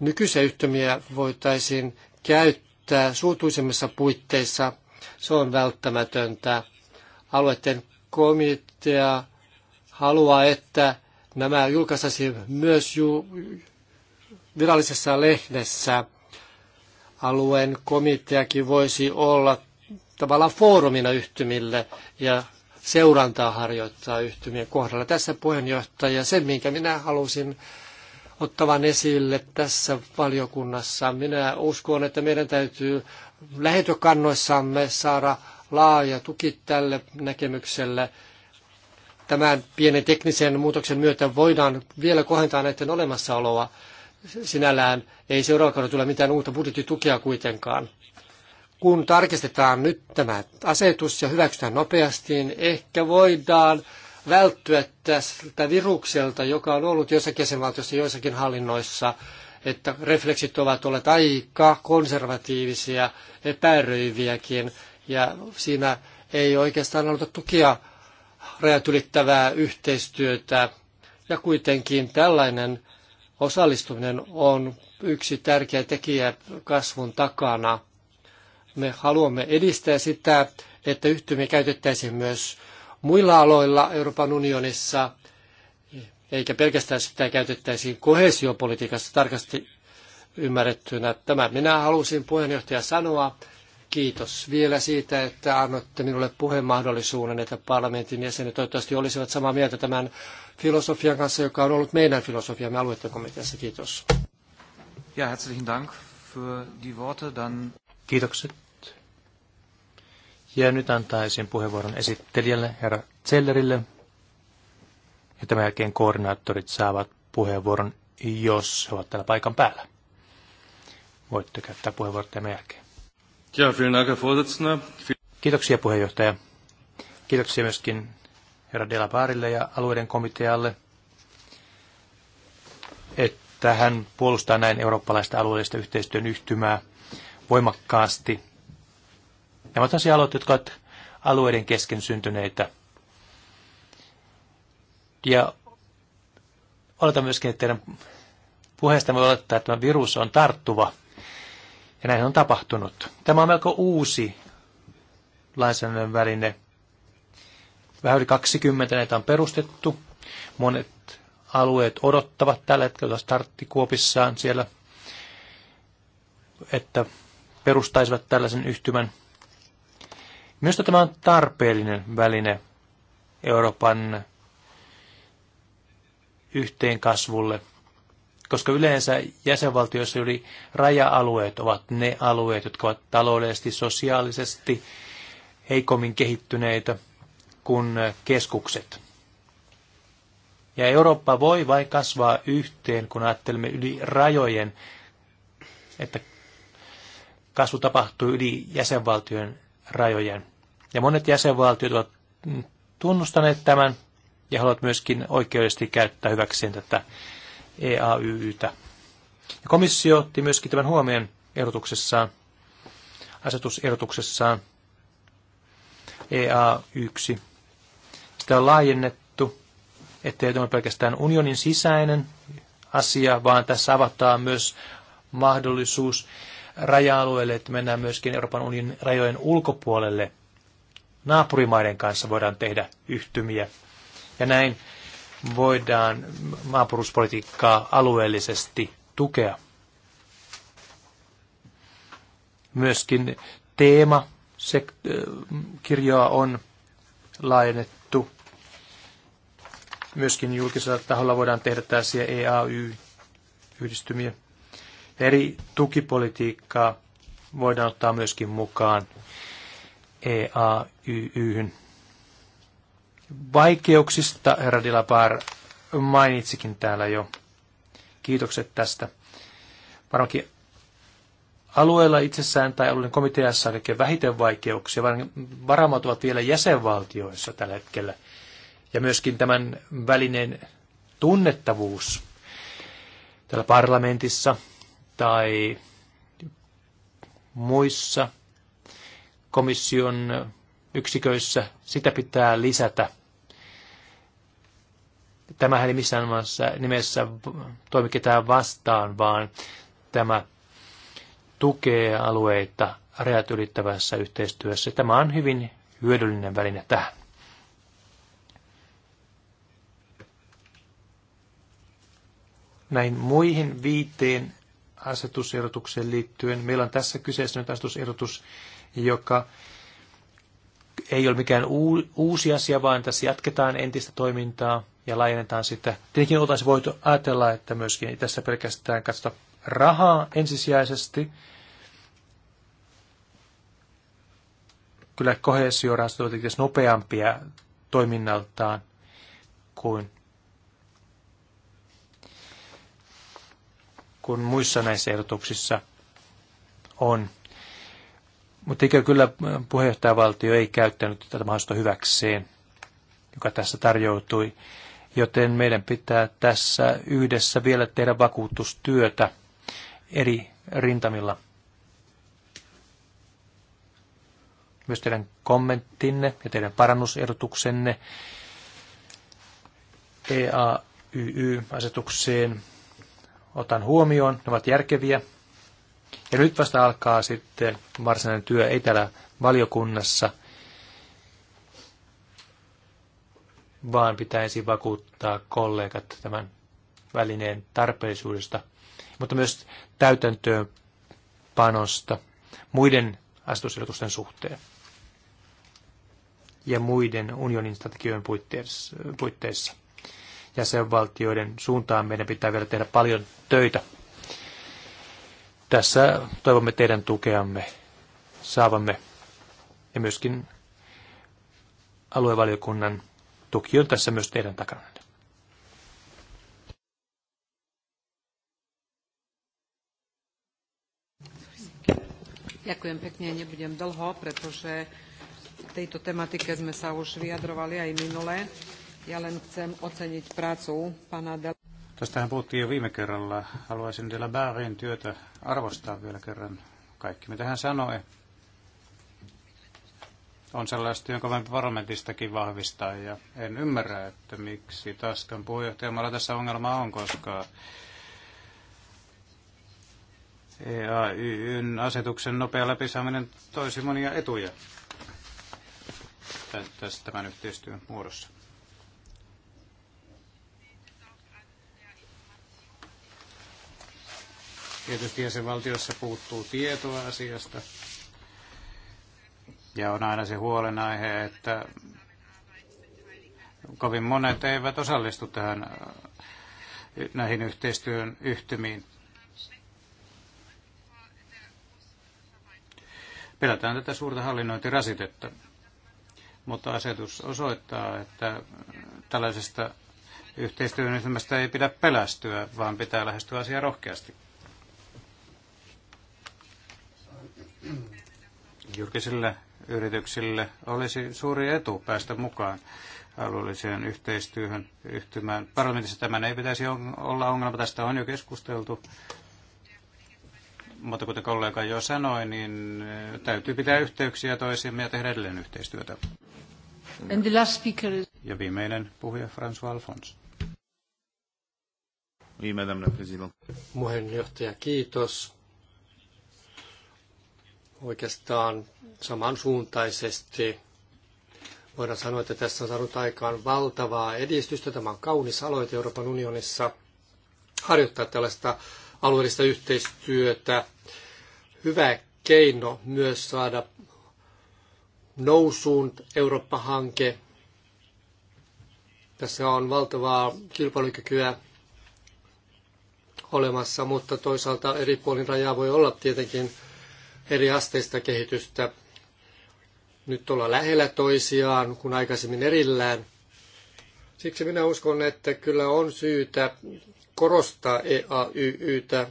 nykyisiä yhtymiä voitaisiin käyttää suutuisemmissa puitteissa. Se on välttämätöntä. Alueiden komitea haluaa, että nämä julkaistaisiin myös ju- virallisessa lehdessä. Alueen komiteakin voisi olla tavallaan foorumina yhtymille ja seurantaa harjoittaa yhtymien kohdalla. Tässä puheenjohtaja, se minkä minä halusin ottavan esille tässä valiokunnassa. Minä uskon, että meidän täytyy lähetökannoissamme saada laaja tuki tälle näkemykselle. Tämän pienen teknisen muutoksen myötä voidaan vielä kohentaa näiden olemassaoloa. Sinällään ei seuraavalla kaudella tule mitään uutta budjettitukea kuitenkaan. Kun tarkistetaan nyt tämä asetus ja hyväksytään nopeasti, niin ehkä voidaan välttyä tältä virukselta, joka on ollut joissakin jäsenvaltioissa, joissakin hallinnoissa, että refleksit ovat olleet aika konservatiivisia, epäröiviäkin, ja siinä ei oikeastaan ollut tukia rajat ylittävää yhteistyötä. Ja kuitenkin tällainen osallistuminen on yksi tärkeä tekijä kasvun takana. Me haluamme edistää sitä, että yhtymiä käytettäisiin myös muilla aloilla Euroopan unionissa, eikä pelkästään sitä käytettäisiin kohesiopolitiikassa tarkasti ymmärrettynä. Tämä minä halusin puheenjohtaja sanoa. Kiitos vielä siitä, että annoitte minulle puheenmahdollisuuden, että parlamentin jäsenet toivottavasti olisivat samaa mieltä tämän filosofian kanssa, joka on ollut meidän filosofiamme alueiden komiteassa. Kiitos. Ja, herzlichen Dank für die Worte. Dann... Kiitokset ja nyt antaisin puheenvuoron esittelijälle, herra Zellerille. Ja tämän jälkeen koordinaattorit saavat puheenvuoron, jos he ovat täällä paikan päällä. Voitte käyttää puheenvuorot tämän jälkeen. Ja, Kiitoksia puheenjohtaja. Kiitoksia myöskin herra Delabarille ja alueiden komitealle, että hän puolustaa näin eurooppalaista alueellista yhteistyön yhtymää voimakkaasti – Nämä ovat sellaisia aloitteita, jotka ovat alueiden kesken syntyneitä. Ja oletan myöskin, että teidän puheesta voi olettaa, että tämä virus on tarttuva. Ja näin on tapahtunut. Tämä on melko uusi lainsäädännön väline. Vähän yli 20 näitä on perustettu. Monet alueet odottavat tällä hetkellä starttikuopissaan siellä, että perustaisivat tällaisen yhtymän – Minusta tämä on tarpeellinen väline Euroopan yhteenkasvulle, koska yleensä jäsenvaltioissa juuri raja-alueet ovat ne alueet, jotka ovat taloudellisesti, sosiaalisesti heikommin kehittyneitä kuin keskukset. Ja Eurooppa voi vain kasvaa yhteen, kun ajattelemme yli rajojen, että kasvu tapahtuu yli jäsenvaltion rajojen. Ja monet jäsenvaltiot ovat tunnustaneet tämän ja haluavat myöskin oikeudellisesti käyttää hyväkseen tätä EAYYtä. Ja komissio otti myöskin tämän huomioon erotuksessaan, asetuserotuksessaan EA1. Sitä on laajennettu, ettei tämä pelkästään unionin sisäinen asia, vaan tässä avataan myös mahdollisuus raja-alueelle, että mennään myöskin Euroopan unionin rajojen ulkopuolelle. Naapurimaiden kanssa voidaan tehdä yhtymiä. Ja näin voidaan maapuruspolitiikkaa alueellisesti tukea. Myöskin teema kirjoa on laajennettu. Myöskin julkisella taholla voidaan tehdä tällaisia EAY-yhdistymiä eri tukipolitiikkaa voidaan ottaa myöskin mukaan EAYYhyn. Vaikeuksista herra Dilapar mainitsikin täällä jo. Kiitokset tästä. Varmaankin alueella itsessään tai alueen komiteassa on kaikkein vähiten vaikeuksia. Varamat ovat vielä jäsenvaltioissa tällä hetkellä. Ja myöskin tämän välineen tunnettavuus täällä parlamentissa – tai muissa komission yksiköissä, sitä pitää lisätä. Tämähän ei missään nimessä toimi ketään vastaan, vaan tämä tukee alueita rajat ylittävässä yhteistyössä. Tämä on hyvin hyödyllinen väline tähän. Näin muihin viiteen asetusehdotukseen liittyen. Meillä on tässä kyseessä nyt asetusehdotus, joka ei ole mikään uusi asia, vaan tässä jatketaan entistä toimintaa ja laajennetaan sitä. Tietenkin oltaisiin voitu ajatella, että myöskin tässä pelkästään katsota rahaa ensisijaisesti. Kyllä kohesiorahastot ovat nopeampia toiminnaltaan kuin kuin muissa näissä ehdotuksissa on. Mutta ikävä kyllä äh, puheenjohtajavaltio ei käyttänyt tätä mahdollista hyväkseen, joka tässä tarjoutui. Joten meidän pitää tässä yhdessä vielä tehdä vakuutustyötä eri rintamilla. Myös teidän kommenttinne ja teidän parannusehdotuksenne EAYY-asetukseen otan huomioon, ne ovat järkeviä. Ja nyt vasta alkaa sitten varsinainen työ, etelä valiokunnassa, vaan pitäisi vakuuttaa kollegat tämän välineen tarpeellisuudesta, mutta myös täytäntöön panosta muiden asetusehdotusten suhteen ja muiden unionin strategioiden puitteissa jäsenvaltioiden suuntaan meidän pitää vielä tehdä paljon töitä. Tässä toivomme teidän tukeamme, saavamme ja myöskin aluevaliokunnan tuki on tässä myös teidän takana. Ďakujem pekne, nebudem dlho, pretože tejto tematike sme sa už vyjadrovali aj minulé. Ja len chcem oceniť prácu pana Del... Tästähän puhuttiin jo viime kerralla. Haluaisin Bärin työtä arvostaa vielä kerran. Kaikki mitä hän sanoi on sellaista, jonka voimme parlamentistakin vahvistaa. Ja en ymmärrä, että miksi Taskan puheenjohtajamalla tässä ongelma on, koska EAYn asetuksen nopea läpisaaminen toisi monia etuja tämän yhteistyön muodossa. Tietysti jäsenvaltiossa puuttuu tietoa asiasta. Ja on aina se huolenaihe, että kovin monet eivät osallistu tähän näihin yhteistyön yhtymiin. Pelätään tätä suurta hallinnointirasitetta, mutta asetus osoittaa, että tällaisesta yhteistyön yhtymästä ei pidä pelästyä, vaan pitää lähestyä asiaa rohkeasti. julkisille yrityksille olisi suuri etu päästä mukaan alueelliseen yhteistyöhön yhtymään. Parlamentissa tämän ei pitäisi olla ongelma, tästä on jo keskusteltu. Mutta kuten kollega jo sanoi, niin eh, täytyy pitää yhteyksiä toisiimme ja tehdä edelleen yhteistyötä. And the last speaker is... Ja viimeinen puhuja François Alphonse. Viimeinen Puheenjohtaja, kiitos oikeastaan samansuuntaisesti. Voidaan sanoa, että tässä on saanut aikaan valtavaa edistystä. Tämä on kaunis aloite Euroopan unionissa harjoittaa tällaista alueellista yhteistyötä. Hyvä keino myös saada nousuun Eurooppa-hanke. Tässä on valtavaa kilpailukykyä olemassa, mutta toisaalta eri puolin rajaa voi olla tietenkin eri asteista kehitystä. Nyt olla lähellä toisiaan, kun aikaisemmin erillään. Siksi minä uskon, että kyllä on syytä korostaa EAYYtä,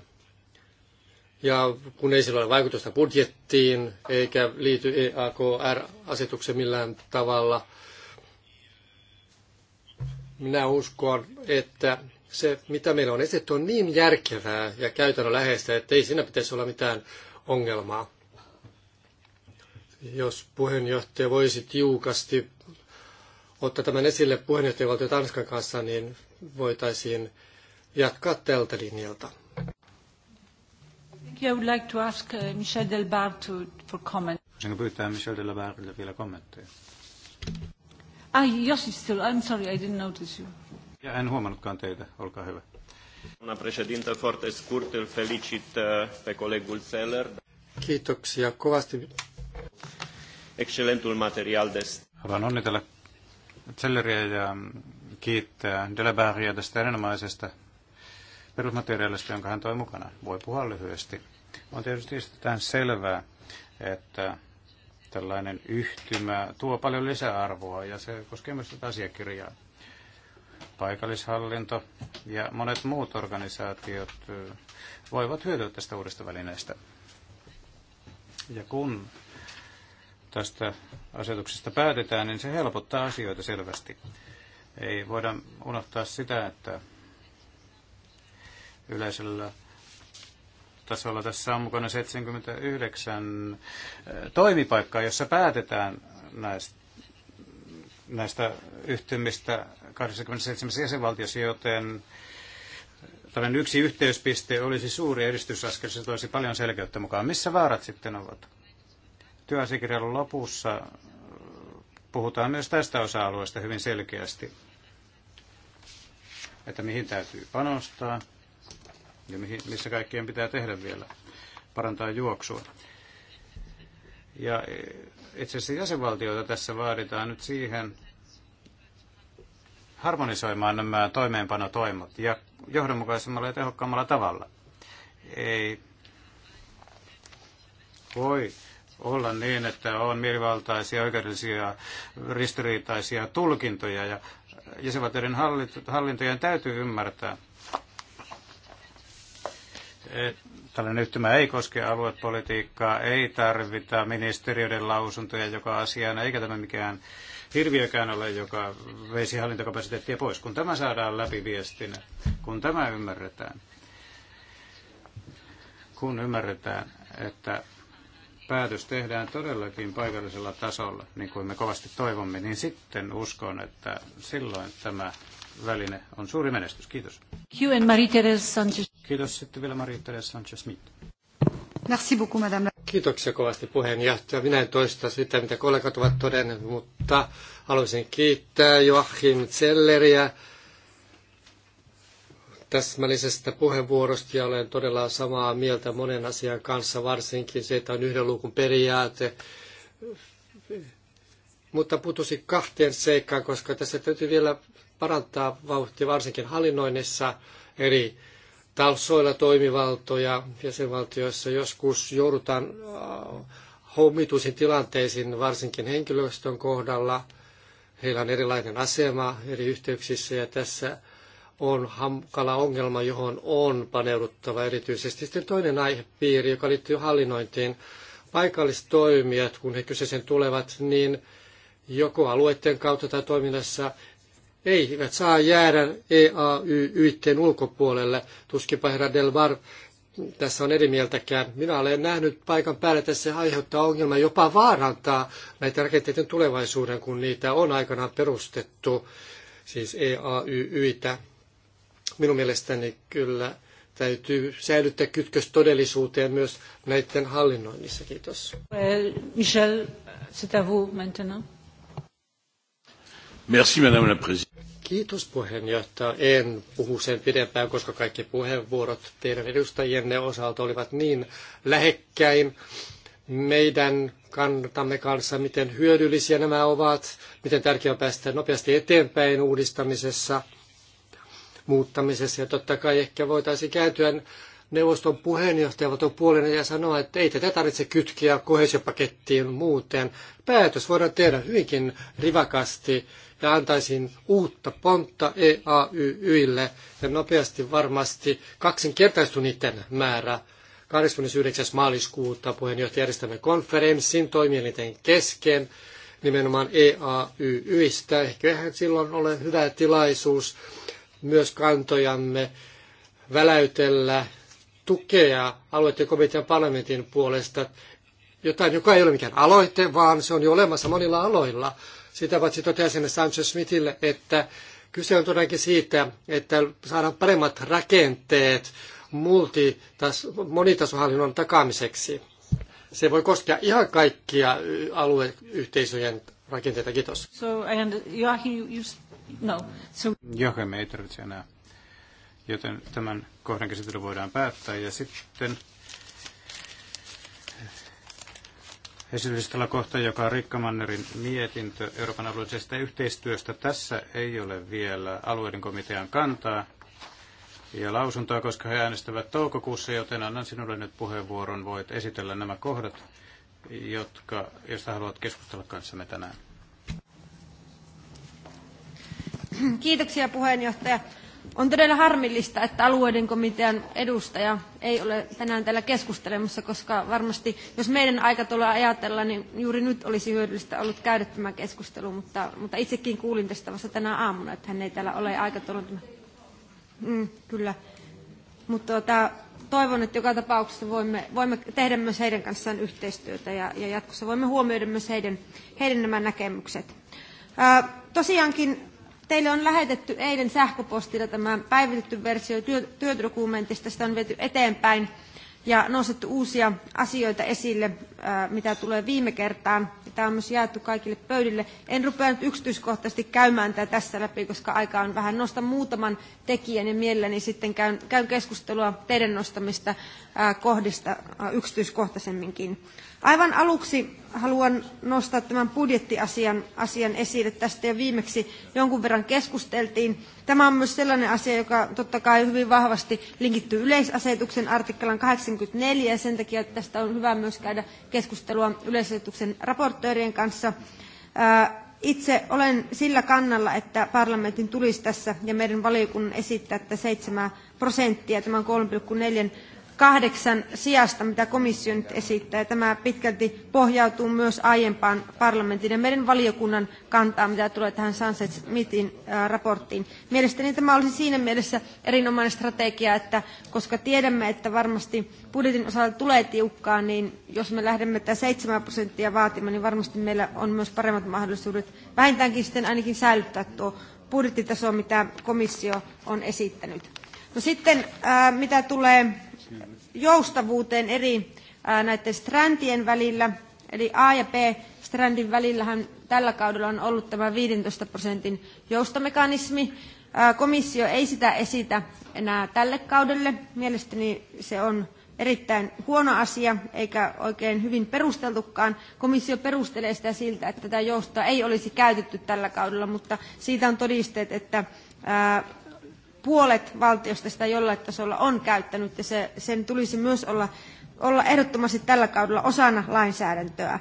ja kun ei sillä ole vaikutusta budjettiin eikä liity EAKR-asetukseen millään tavalla, minä uskon, että se, mitä meillä on esitetty, on niin järkevää ja käytännönläheistä, että ei siinä pitäisi olla mitään ongelmaa. Jos puheenjohtaja voisi tiukasti ottaa tämän esille puheenjohtajavaltio Tanskan kanssa, niin voitaisiin jatkaa tältä linjalta. I would like to ask uh, Michel Delbar to, for comment. Voisinko pyytää Michel Delbarille vielä kommentteja? Ah, yes, still. I'm sorry, I didn't notice you. Ja en huomannutkaan teitä. Olkaa hyvä. Doamna președintă, foarte scurt, îl felicit uh, pe colegul Seller. Kiitoksia kovasti. Excelentul material de... Haluan onnitella Selleriä ja kiittää Delebaria tästä erinomaisesta perusmateriaalista, jonka hän toi mukana. Voi puhua lyhyesti. On tietysti itsestään selvää, että tällainen yhtymä tuo paljon lisäarvoa ja se koskee myös tätä asiakirjaa paikallishallinto ja monet muut organisaatiot voivat hyötyä tästä uudesta välineestä. Ja kun tästä asetuksesta päätetään, niin se helpottaa asioita selvästi. Ei voida unohtaa sitä, että yleisellä tasolla tässä on mukana 79 toimipaikkaa, jossa päätetään näistä näistä yhtymistä 27 jäsenvaltiossa, joten tällainen yksi yhteyspiste olisi suuri edistysaskel, se toisi paljon selkeyttä mukaan. Missä vaarat sitten ovat? Työasiakirjan lopussa puhutaan myös tästä osa-alueesta hyvin selkeästi, että mihin täytyy panostaa ja mihin, missä kaikkien pitää tehdä vielä, parantaa juoksua. Ja itse asiassa jäsenvaltioita tässä vaaditaan nyt siihen harmonisoimaan nämä toimeenpanotoimot ja johdonmukaisemmalla ja tehokkaammalla tavalla. Ei voi olla niin, että on mielivaltaisia oikeudellisia ristiriitaisia tulkintoja ja jäsenvaltioiden hallintojen täytyy ymmärtää, että tällainen yhtymä ei koske aluepolitiikkaa, ei tarvita ministeriöiden lausuntoja joka asiaan, eikä tämä mikään hirviökään ole, joka veisi hallintokapasiteettia pois. Kun tämä saadaan läpi viestinä, kun tämä ymmärretään, kun ymmärretään, että päätös tehdään todellakin paikallisella tasolla, niin kuin me kovasti toivomme, niin sitten uskon, että silloin tämä väline on suuri menestys. Kiitos. Kiitos sitten vielä Marie-Thérèse Sanchez-Smith. Merci beaucoup, madame. Kiitoksia kovasti puheenjohtaja. Minä en toista sitä, mitä kollegat ovat todenneet, mutta haluaisin kiittää Joachim Zelleriä täsmällisestä puheenvuorosta ja olen todella samaa mieltä monen asian kanssa, varsinkin se, että on yhden luukun periaate. Mutta putosi kahteen seikkaan, koska tässä täytyy vielä parantaa vauhtia varsinkin hallinnoinnissa eri talsoilla toimivaltoja jäsenvaltioissa. Joskus joudutaan hommituisiin äh, tilanteisiin varsinkin henkilöstön kohdalla. Heillä on erilainen asema eri yhteyksissä ja tässä on hankala ongelma, johon on paneuduttava erityisesti. Sitten toinen aihepiiri, joka liittyy hallinnointiin. Paikalliset toimijat, kun he kyseisen tulevat, niin joko alueiden kautta tai toiminnassa ei, eivät saa jäädä EAY-yhteen ulkopuolelle. Tuskipa herra Delvar tässä on eri mieltäkään. Minä olen nähnyt paikan päällä, että se aiheuttaa ongelma, jopa vaarantaa näitä rakenteiden tulevaisuuden, kun niitä on aikanaan perustettu, siis EAYYitä. Minun mielestäni kyllä täytyy säilyttää kytkös todellisuuteen myös näiden hallinnoinnissa. Kiitos. Michel, c'est à vous maintenant. Kiitos puheenjohtaja. En puhu sen pidempään, koska kaikki puheenvuorot teidän edustajienne osalta olivat niin lähekkäin meidän kantamme kanssa, miten hyödyllisiä nämä ovat, miten tärkeää on päästä nopeasti eteenpäin uudistamisessa, muuttamisessa. Ja totta kai ehkä voitaisiin kääntyä neuvoston puheenjohtajavalton puolelle ja sanoa, että ei tätä tarvitse kytkeä kohesiopakettiin muuten. Päätös voidaan tehdä hyvinkin rivakasti ja antaisin uutta pontta EAYYlle ja nopeasti varmasti kaksinkertaistui niiden määrä. 29. maaliskuuta puheenjohtaja järjestämme konferenssin toimielinten kesken nimenomaan EAYYistä. Ehkä silloin ole hyvä tilaisuus myös kantojamme väläytellä tukea alueiden komitean parlamentin puolesta jotain, joka ei ole mikään aloite, vaan se on jo olemassa monilla aloilla. Sitä paitsi totesin Sanchez Smithille, että kyse on todellakin siitä, että saadaan paremmat rakenteet multi, monitasohallinnon takaamiseksi. Se voi koskea ihan kaikkia alueyhteisöjen rakenteita. Kiitos. So, and, yeah, you, no. so... me ei tarvitse enää. Joten tämän kohdan käsittely voidaan päättää. Ja sitten Esityslistalla kohta, joka on Rikka Mannerin mietintö Euroopan alueellisesta yhteistyöstä. Tässä ei ole vielä alueiden komitean kantaa ja lausuntoa, koska he äänestävät toukokuussa, joten annan sinulle nyt puheenvuoron. Voit esitellä nämä kohdat, jotka, joista haluat keskustella kanssamme tänään. Kiitoksia puheenjohtaja. On todella harmillista, että alueiden komitean edustaja ei ole tänään täällä keskustelemassa, koska varmasti, jos meidän aikataulua ajatellaan, niin juuri nyt olisi hyödyllistä ollut käydä tämä keskustelu, mutta, mutta itsekin kuulin tästä vasta tänä aamuna, että hän ei täällä ole aikataulun. Mm, kyllä. Mutta tuota, toivon, että joka tapauksessa voimme, voimme tehdä myös heidän kanssaan yhteistyötä ja, ja jatkossa voimme huomioida myös heidän, heidän nämä näkemykset. Ää, tosiaankin Teille on lähetetty eilen sähköpostilla tämä päivitetty versio työdokumentista. Sitä on viety eteenpäin ja nostettu uusia asioita esille, äh, mitä tulee viime kertaan. Tämä on myös jaettu kaikille pöydille. En rupea nyt yksityiskohtaisesti käymään tätä tässä läpi, koska aika on vähän. Nostan muutaman tekijän ja mielelläni sitten käyn, käyn keskustelua teidän nostamista äh, kohdista äh, yksityiskohtaisemminkin. Aivan aluksi haluan nostaa tämän budjettiasian asian esille. Tästä jo viimeksi jonkun verran keskusteltiin. Tämä on myös sellainen asia, joka totta kai hyvin vahvasti linkittyy yleisasetuksen artikkelan 84 ja sen takia tästä on hyvä myös käydä keskustelua yleisasetuksen raportöörien kanssa. Äh, itse olen sillä kannalla, että parlamentin tulisi tässä ja meidän valiokunnan esittää, että 7 prosenttia tämän 3,4 kahdeksan sijasta, mitä komissio nyt esittää. Tämä pitkälti pohjautuu myös aiempaan parlamentin ja meidän valiokunnan kantaan, mitä tulee tähän Sunset Smithin äh, raporttiin. Mielestäni tämä olisi siinä mielessä erinomainen strategia, että koska tiedämme, että varmasti budjetin osalta tulee tiukkaa, niin jos me lähdemme tätä 7 prosenttia vaatimaan, niin varmasti meillä on myös paremmat mahdollisuudet vähintäänkin sitten ainakin säilyttää tuo budjettitaso, mitä komissio on esittänyt. No sitten, äh, mitä tulee joustavuuteen eri näiden strändien välillä. Eli A ja B strändin välillähän tällä kaudella on ollut tämä 15 prosentin joustomekanismi. Komissio ei sitä esitä enää tälle kaudelle. Mielestäni se on erittäin huono asia, eikä oikein hyvin perusteltukaan. Komissio perustelee sitä siltä, että tätä joustoa ei olisi käytetty tällä kaudella, mutta siitä on todisteet, että puolet valtiosta sitä jollain tasolla on käyttänyt ja se, sen tulisi myös olla, olla ehdottomasti tällä kaudella osana lainsäädäntöä.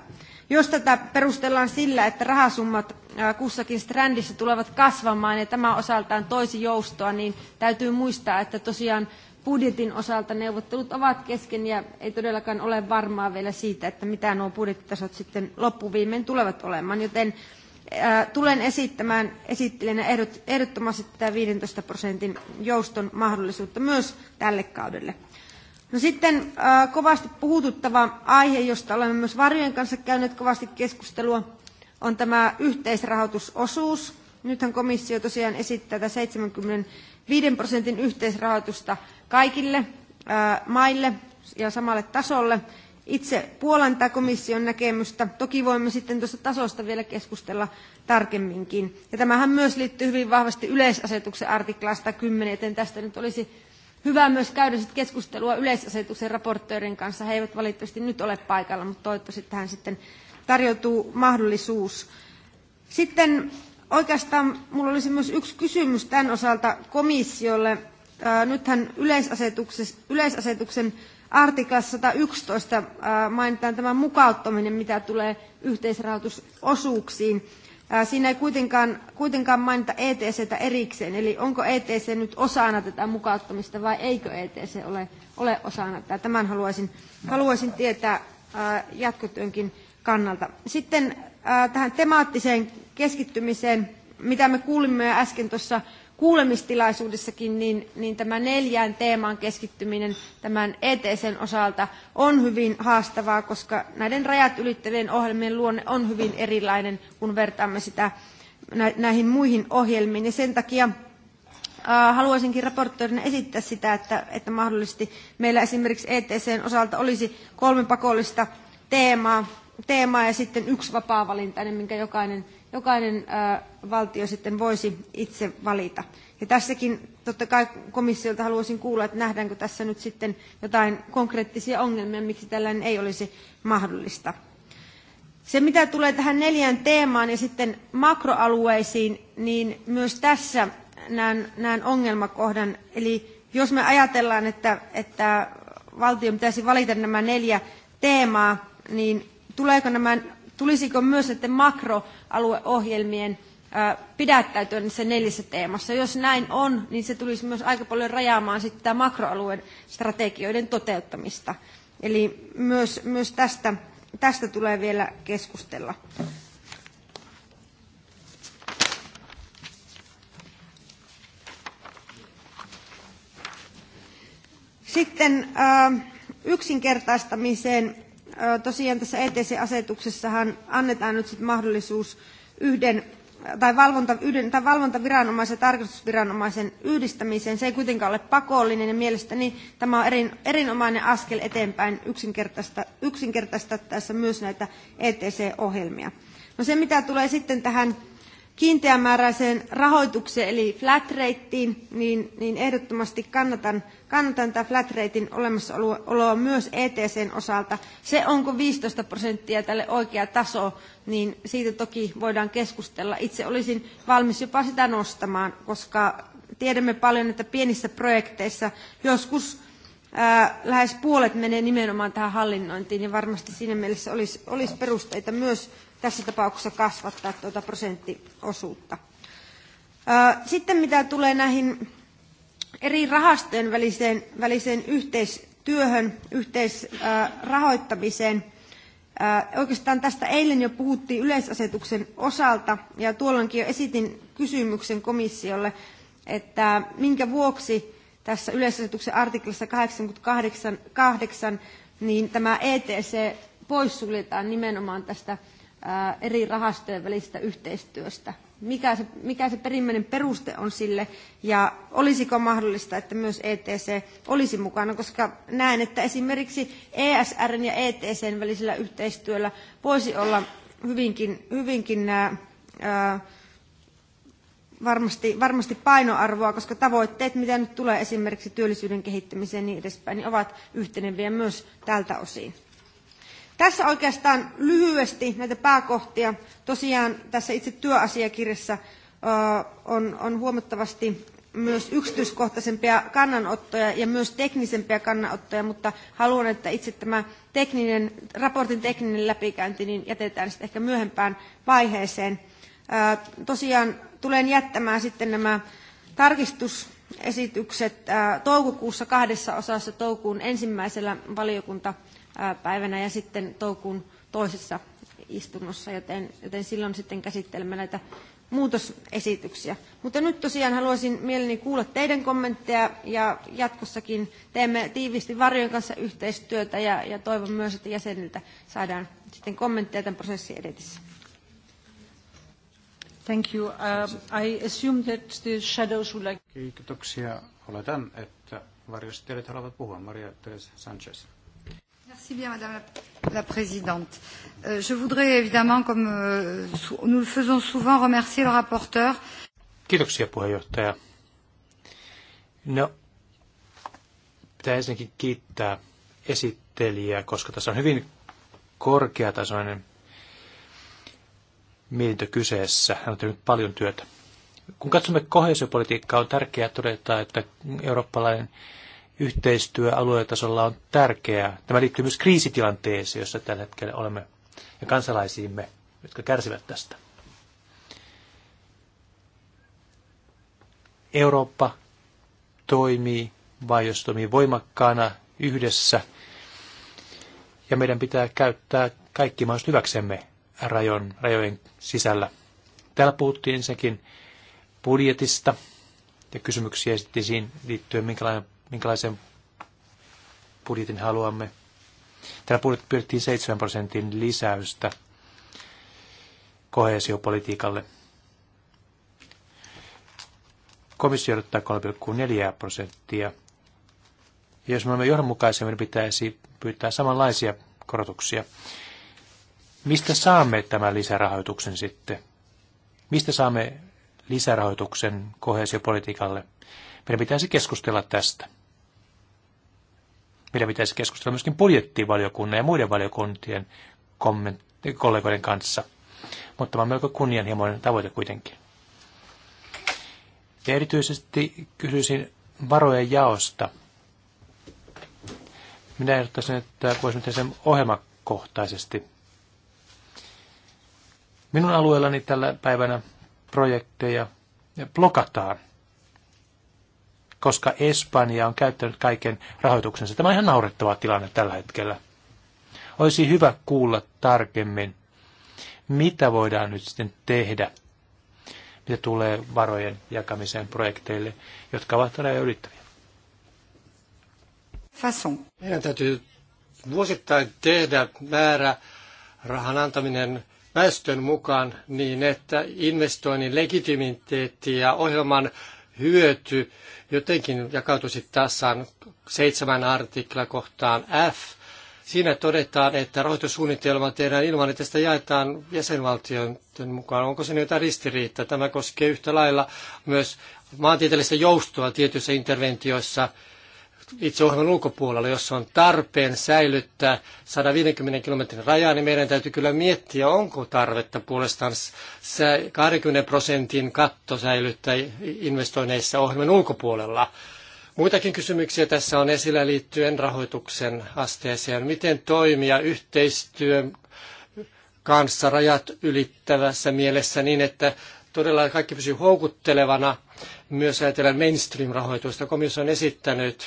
Jos tätä perustellaan sillä, että rahasummat kussakin strändissä tulevat kasvamaan ja tämä osaltaan toisi joustoa, niin täytyy muistaa, että tosiaan budjetin osalta neuvottelut ovat kesken ja ei todellakaan ole varmaa vielä siitä, että mitä nuo budjettitasot sitten loppuviimein tulevat olemaan, joten Tulen esittämään esittelijänä ehdottomasti tätä 15 prosentin jouston mahdollisuutta myös tälle kaudelle. No sitten kovasti puhututtava aihe, josta olemme myös varjojen kanssa käyneet kovasti keskustelua, on tämä yhteisrahoitusosuus. Nythän komissio tosiaan esittää tätä 75 prosentin yhteisrahoitusta kaikille maille ja samalle tasolle itse puolan tätä komission näkemystä. Toki voimme sitten tuosta tasosta vielä keskustella tarkemminkin. Ja tämähän myös liittyy hyvin vahvasti yleisasetuksen artiklaan 10: joten tästä nyt olisi hyvä myös käydä sitten keskustelua yleisasetuksen raportöiden kanssa. He eivät valitettavasti nyt ole paikalla, mutta toivottavasti tähän sitten tarjoutuu mahdollisuus. Sitten oikeastaan minulla olisi myös yksi kysymys tämän osalta komissiolle. Nythän yleisasetuksen artiklassa 111 äh, mainitaan tämä mukauttaminen, mitä tulee yhteisrahoitusosuuksiin. Äh, siinä ei kuitenkaan, kuitenkaan mainita ETCtä erikseen, eli onko ETC nyt osana tätä mukauttamista vai eikö ETC ole, ole osana tätä. Tämän haluaisin, haluaisin tietää äh, jatkotyönkin kannalta. Sitten tähän temaattiseen keskittymiseen, mitä me kuulimme äsken tuossa kuulemistilaisuudessakin, niin, niin tämä neljään teemaan keskittyminen tämän ETSn osalta on hyvin haastavaa, koska näiden rajat ylittävien ohjelmien luonne on hyvin erilainen, kun vertaamme sitä näihin muihin ohjelmiin. Ja sen takia haluaisinkin raporttoijana esittää sitä, että, että mahdollisesti meillä esimerkiksi ETCn osalta olisi kolme pakollista teemaa, teemaa ja sitten yksi vapaavalintainen, minkä jokainen jokainen valtio sitten voisi itse valita. Ja tässäkin totta kai komissiolta haluaisin kuulla, että nähdäänkö tässä nyt sitten jotain konkreettisia ongelmia, miksi tällainen ei olisi mahdollista. Se, mitä tulee tähän neljään teemaan ja sitten makroalueisiin, niin myös tässä näen, näen ongelmakohdan. Eli jos me ajatellaan, että, että valtio pitäisi valita nämä neljä teemaa, niin tuleeko nämä, tulisiko myös näiden makro alueohjelmien pidättäytyä niissä neljässä teemassa. Jos näin on, niin se tulisi myös aika paljon rajaamaan sitten makroalueen strategioiden toteuttamista. Eli myös, myös tästä, tästä tulee vielä keskustella. Sitten äh, yksinkertaistamiseen tosiaan tässä ETC-asetuksessahan annetaan nyt sit mahdollisuus yhden tai, valvonta, yhden, tai valvontaviranomaisen ja tarkastusviranomaisen yhdistämiseen. Se ei kuitenkaan ole pakollinen ja mielestäni tämä on erin, erinomainen askel eteenpäin yksinkertaista, tässä myös näitä ETC-ohjelmia. No se mitä tulee sitten tähän kiinteämääräiseen rahoitukseen eli flat rateen, niin, niin ehdottomasti kannatan, kannatan tätä flat ratein olemassaoloa myös ETCn osalta. Se onko 15 prosenttia tälle oikea taso, niin siitä toki voidaan keskustella. Itse olisin valmis jopa sitä nostamaan, koska tiedämme paljon, että pienissä projekteissa joskus ää, lähes puolet menee nimenomaan tähän hallinnointiin, ja varmasti siinä mielessä olisi, olisi perusteita myös tässä tapauksessa kasvattaa tuota prosenttiosuutta. Sitten mitä tulee näihin eri rahastojen väliseen, väliseen yhteistyöhön, yhteisrahoittamiseen, Oikeastaan tästä eilen jo puhuttiin yleisasetuksen osalta ja tuolloinkin jo esitin kysymyksen komissiolle, että minkä vuoksi tässä yleisasetuksen artiklassa 88 niin tämä ETC poissuljetaan nimenomaan tästä eri rahastojen välistä yhteistyöstä. Mikä se, mikä se perimmäinen peruste on sille ja olisiko mahdollista, että myös ETC olisi mukana, koska näen, että esimerkiksi ESRn ja ETCn välisellä yhteistyöllä voisi olla hyvinkin, hyvinkin ää, varmasti, varmasti painoarvoa, koska tavoitteet, mitä nyt tulee esimerkiksi työllisyyden kehittämiseen ja niin edespäin, niin ovat yhteneviä myös tältä osin. Tässä oikeastaan lyhyesti näitä pääkohtia. Tosiaan tässä itse työasiakirjassa on, on huomattavasti myös yksityiskohtaisempia kannanottoja ja myös teknisempiä kannanottoja, mutta haluan, että itse tämä tekninen, raportin tekninen läpikäynti niin jätetään sitten ehkä myöhempään vaiheeseen. Tosiaan tulen jättämään sitten nämä tarkistusesitykset toukokuussa kahdessa osassa toukokuun ensimmäisellä valiokunta päivänä ja sitten toukokuun toisessa istunnossa, joten, joten silloin sitten käsittelemme näitä muutosesityksiä. Mutta nyt tosiaan haluaisin mielelläni kuulla teidän kommentteja ja jatkossakin teemme tiiviisti varjojen kanssa yhteistyötä ja, ja toivon myös, että jäseniltä saadaan sitten kommentteja tämän prosessin edetessä. Thank you. Uh, I assume that the shadows would like... Kiitoksia. Oletan, että varjostelijat haluavat puhua. Maria Teresa Sanchez. Merci bien, Madame la Présidente. Euh, je voudrais évidemment, comme euh, nous le faisons souvent, remercier le rapporteur. Kiitoksia puheenjohtaja. No, pitää ensinnäkin kiittää esittelijää, koska tässä on hyvin korkeatasoinen mietintö kyseessä. Hän on tehnyt paljon työtä. Kun katsomme kohesiopolitiikkaa, on tärkeää todeta, että eurooppalainen yhteistyö alueetasolla on tärkeää. Tämä liittyy myös kriisitilanteeseen, jossa tällä hetkellä olemme, ja kansalaisiimme, jotka kärsivät tästä. Eurooppa toimii, vai jos toimii voimakkaana yhdessä, ja meidän pitää käyttää kaikki mahdolliset hyväksemme rajon, rajojen sisällä. Täällä puhuttiin ensinnäkin budjetista, ja kysymyksiä esittiin liittyen, minkälainen minkälaisen budjetin haluamme. Täällä pyydettiin 7 prosentin lisäystä kohesiopolitiikalle. Komissio odottaa 3,4 prosenttia. Ja jos me olemme johdonmukaisia, meidän pitäisi pyytää samanlaisia korotuksia. Mistä saamme tämän lisärahoituksen sitten? Mistä saamme lisärahoituksen kohesiopolitiikalle? Meidän pitäisi keskustella tästä meidän pitäisi keskustella myöskin budjettivaliokunnan ja muiden valiokuntien kollegoiden kanssa. Mutta tämä on melko kunnianhimoinen tavoite kuitenkin. Ja erityisesti kysyisin varojen jaosta. Minä ehdottaisin, että voisimme tehdä sen ohjelmakohtaisesti. Minun alueellani tällä päivänä projekteja blokataan koska Espanja on käyttänyt kaiken rahoituksensa. Tämä on ihan naurettava tilanne tällä hetkellä. Olisi hyvä kuulla tarkemmin, mitä voidaan nyt sitten tehdä, mitä tulee varojen jakamiseen projekteille, jotka ovat rajoja ylittäviä. Fason. Meidän täytyy vuosittain tehdä määrä rahan antaminen väestön mukaan niin, että investoinnin legitimiteetti ja ohjelman hyöty jotenkin jakautuisi tasan seitsemän artikla kohtaan F. Siinä todetaan, että rahoitussuunnitelma tehdään ilman, että sitä jaetaan jäsenvaltioiden mukaan. Onko se jotain ristiriittaa? Tämä koskee yhtä lailla myös maantieteellistä joustoa tietyissä interventioissa – itse ohjelman ulkopuolella, jos on tarpeen säilyttää 150 kilometrin raja, niin meidän täytyy kyllä miettiä, onko tarvetta puolestaan 20 prosentin katto säilyttää investoinneissa ohjelman ulkopuolella. Muitakin kysymyksiä tässä on esillä liittyen rahoituksen asteeseen. Miten toimia yhteistyön kanssa rajat ylittävässä mielessä niin, että todella kaikki pysyy houkuttelevana. Myös ajatellen mainstream-rahoitusta. Komissio on esittänyt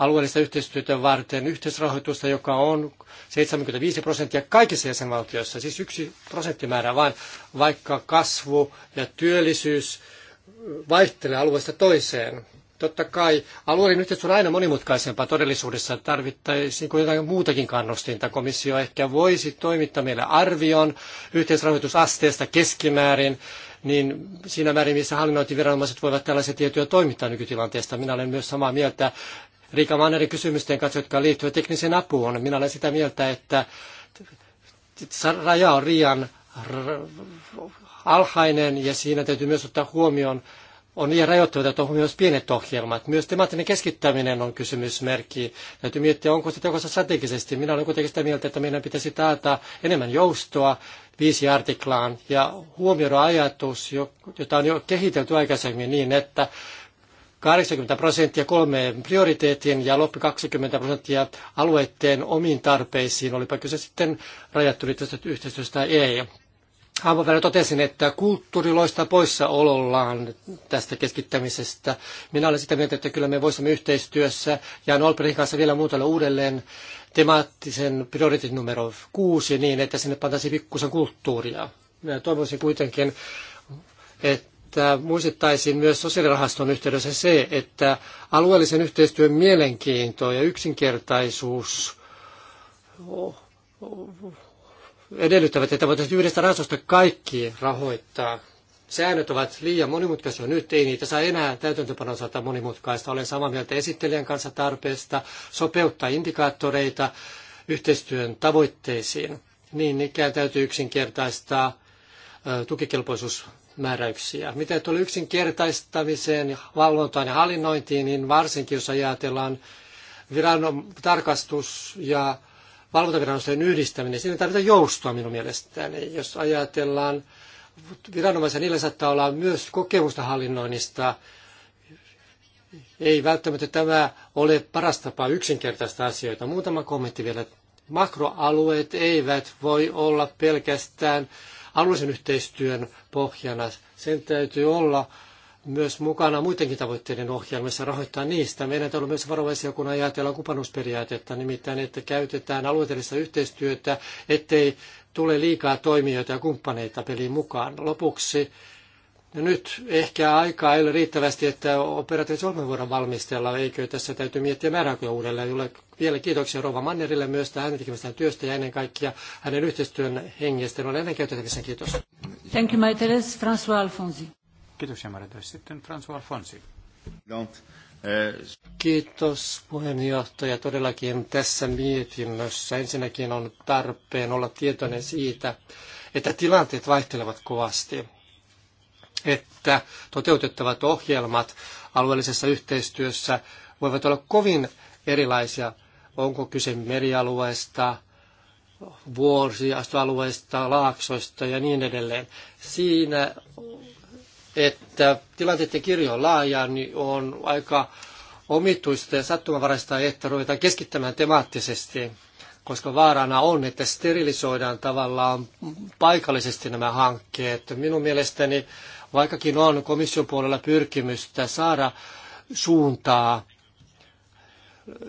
alueellista yhteistyötä varten yhteisrahoitusta, joka on 75 prosenttia kaikissa jäsenvaltioissa, siis yksi prosenttimäärä vain, vaikka kasvu ja työllisyys vaihtelee alueesta toiseen. Totta kai alueellinen yhteistyö on aina monimutkaisempaa todellisuudessa. Tarvittaisiin kuin jotain muutakin kannustinta. Komissio ehkä voisi toimittaa meille arvion yhteisrahoitusasteesta keskimäärin, niin siinä määrin, missä hallinnointiviranomaiset voivat tällaisia tietoja toimittaa nykytilanteesta. Minä olen myös samaa mieltä Riika Mannerin kysymysten kanssa, jotka liittyvät tekniseen apuun. Minä olen sitä mieltä, että raja on riian alhainen ja siinä täytyy myös ottaa huomioon, on liian rajoittava, että on myös pienet ohjelmat. Myös temaattinen keskittäminen on kysymysmerkki. Täytyy miettiä, onko se tekossa strategisesti. Minä olen kuitenkin sitä mieltä, että meidän pitäisi taata enemmän joustoa viisi artiklaan ja huomioida ajatus, jota on jo kehitelty aikaisemmin niin, että 80 prosenttia kolmeen prioriteettiin ja loppu 20 prosenttia alueiden omiin tarpeisiin, olipa kyse sitten rajat ylittävästä yhteistyöstä tai ei. Haavon verran totesin, että kulttuuri loistaa poissaolollaan tästä keskittämisestä. Minä olen sitä mieltä, että kyllä me voisimme yhteistyössä ja Olperin kanssa vielä muutella uudelleen temaattisen prioriteetin numero kuusi niin, että sinne pantaisiin pikkusen kulttuuria. Minä toivoisin kuitenkin, että että muistettaisiin myös sosiaalirahaston yhteydessä se, että alueellisen yhteistyön mielenkiinto ja yksinkertaisuus edellyttävät, että voitaisiin yhdestä rahastosta kaikki rahoittaa. Säännöt ovat liian monimutkaisia nyt, ei niitä saa enää täytäntöpanon saada monimutkaista. Olen samaa mieltä esittelijän kanssa tarpeesta sopeuttaa indikaattoreita yhteistyön tavoitteisiin. Niin ikään täytyy yksinkertaistaa tukikelpoisuus määräyksiä. Mitä tulee yksinkertaistamiseen, valvontaan ja hallinnointiin, niin varsinkin jos ajatellaan viranom- tarkastus- ja valvontaviranomaisten yhdistäminen, siinä tarvitaan joustoa minun mielestäni. Jos ajatellaan viranomaisia, niillä saattaa olla myös kokemusta hallinnoinnista. Ei välttämättä tämä ole paras tapa yksinkertaista asioita. Muutama kommentti vielä. Makroalueet eivät voi olla pelkästään alueellisen yhteistyön pohjana. Sen täytyy olla myös mukana muidenkin tavoitteiden ohjelmissa rahoittaa niistä. Meidän täytyy olla myös varovaisia, kun ajatellaan kumppanuusperiaatetta, nimittäin että käytetään alueellista yhteistyötä, ettei tule liikaa toimijoita ja kumppaneita peliin mukaan. Lopuksi No nyt ehkä aikaa ei ole riittävästi, että operatiivisen ohjelman voidaan valmistella. Eikö tässä täytyy miettiä määräaikoja uudelleen, jolle vielä kiitoksia Rova Mannerille myös tähän tekemästään työstä ja ennen kaikkea hänen yhteistyön hengestä. Olen ennen käytettävissä. Kiitos. Thank you, Maiteles. François Alfonsi. Kiitos, Marites. Sitten François Alfonsi. Euh, Kiitos puheenjohtaja. Todellakin tässä mietinnössä ensinnäkin on tarpeen olla tietoinen siitä, että tilanteet vaihtelevat kovasti että toteutettavat ohjelmat alueellisessa yhteistyössä voivat olla kovin erilaisia. Onko kyse merialueesta, vuosialueesta, laaksoista ja niin edelleen. Siinä, että tilanteiden kirjo on laaja, niin on aika omituista ja sattumanvaraista, että ruvetaan keskittämään temaattisesti, koska vaarana on, että sterilisoidaan tavallaan paikallisesti nämä hankkeet. Minun mielestäni Vaikkakin on komission puolella pyrkimystä saada suuntaa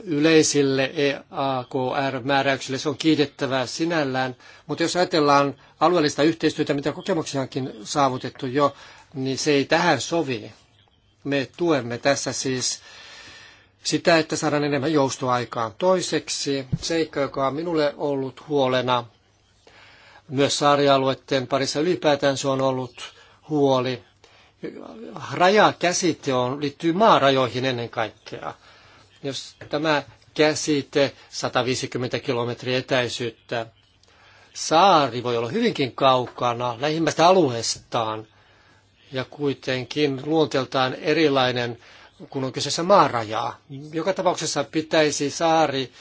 yleisille EAKR-määräyksille, se on kiitettävää sinällään, mutta jos ajatellaan alueellista yhteistyötä, mitä kokemuksia onkin saavutettu jo, niin se ei tähän sovi. Me tuemme tässä siis sitä, että saadaan enemmän joustoaikaan. Toiseksi seikka, joka on minulle ollut huolena, myös saarialueiden parissa ylipäätään se on ollut, huoli. Rajakäsite on, liittyy maarajoihin ennen kaikkea. Jos tämä käsite 150 kilometriä etäisyyttä, saari voi olla hyvinkin kaukana lähimmästä alueestaan ja kuitenkin luonteeltaan erilainen, kun on kyseessä maarajaa. Joka tapauksessa pitäisi saari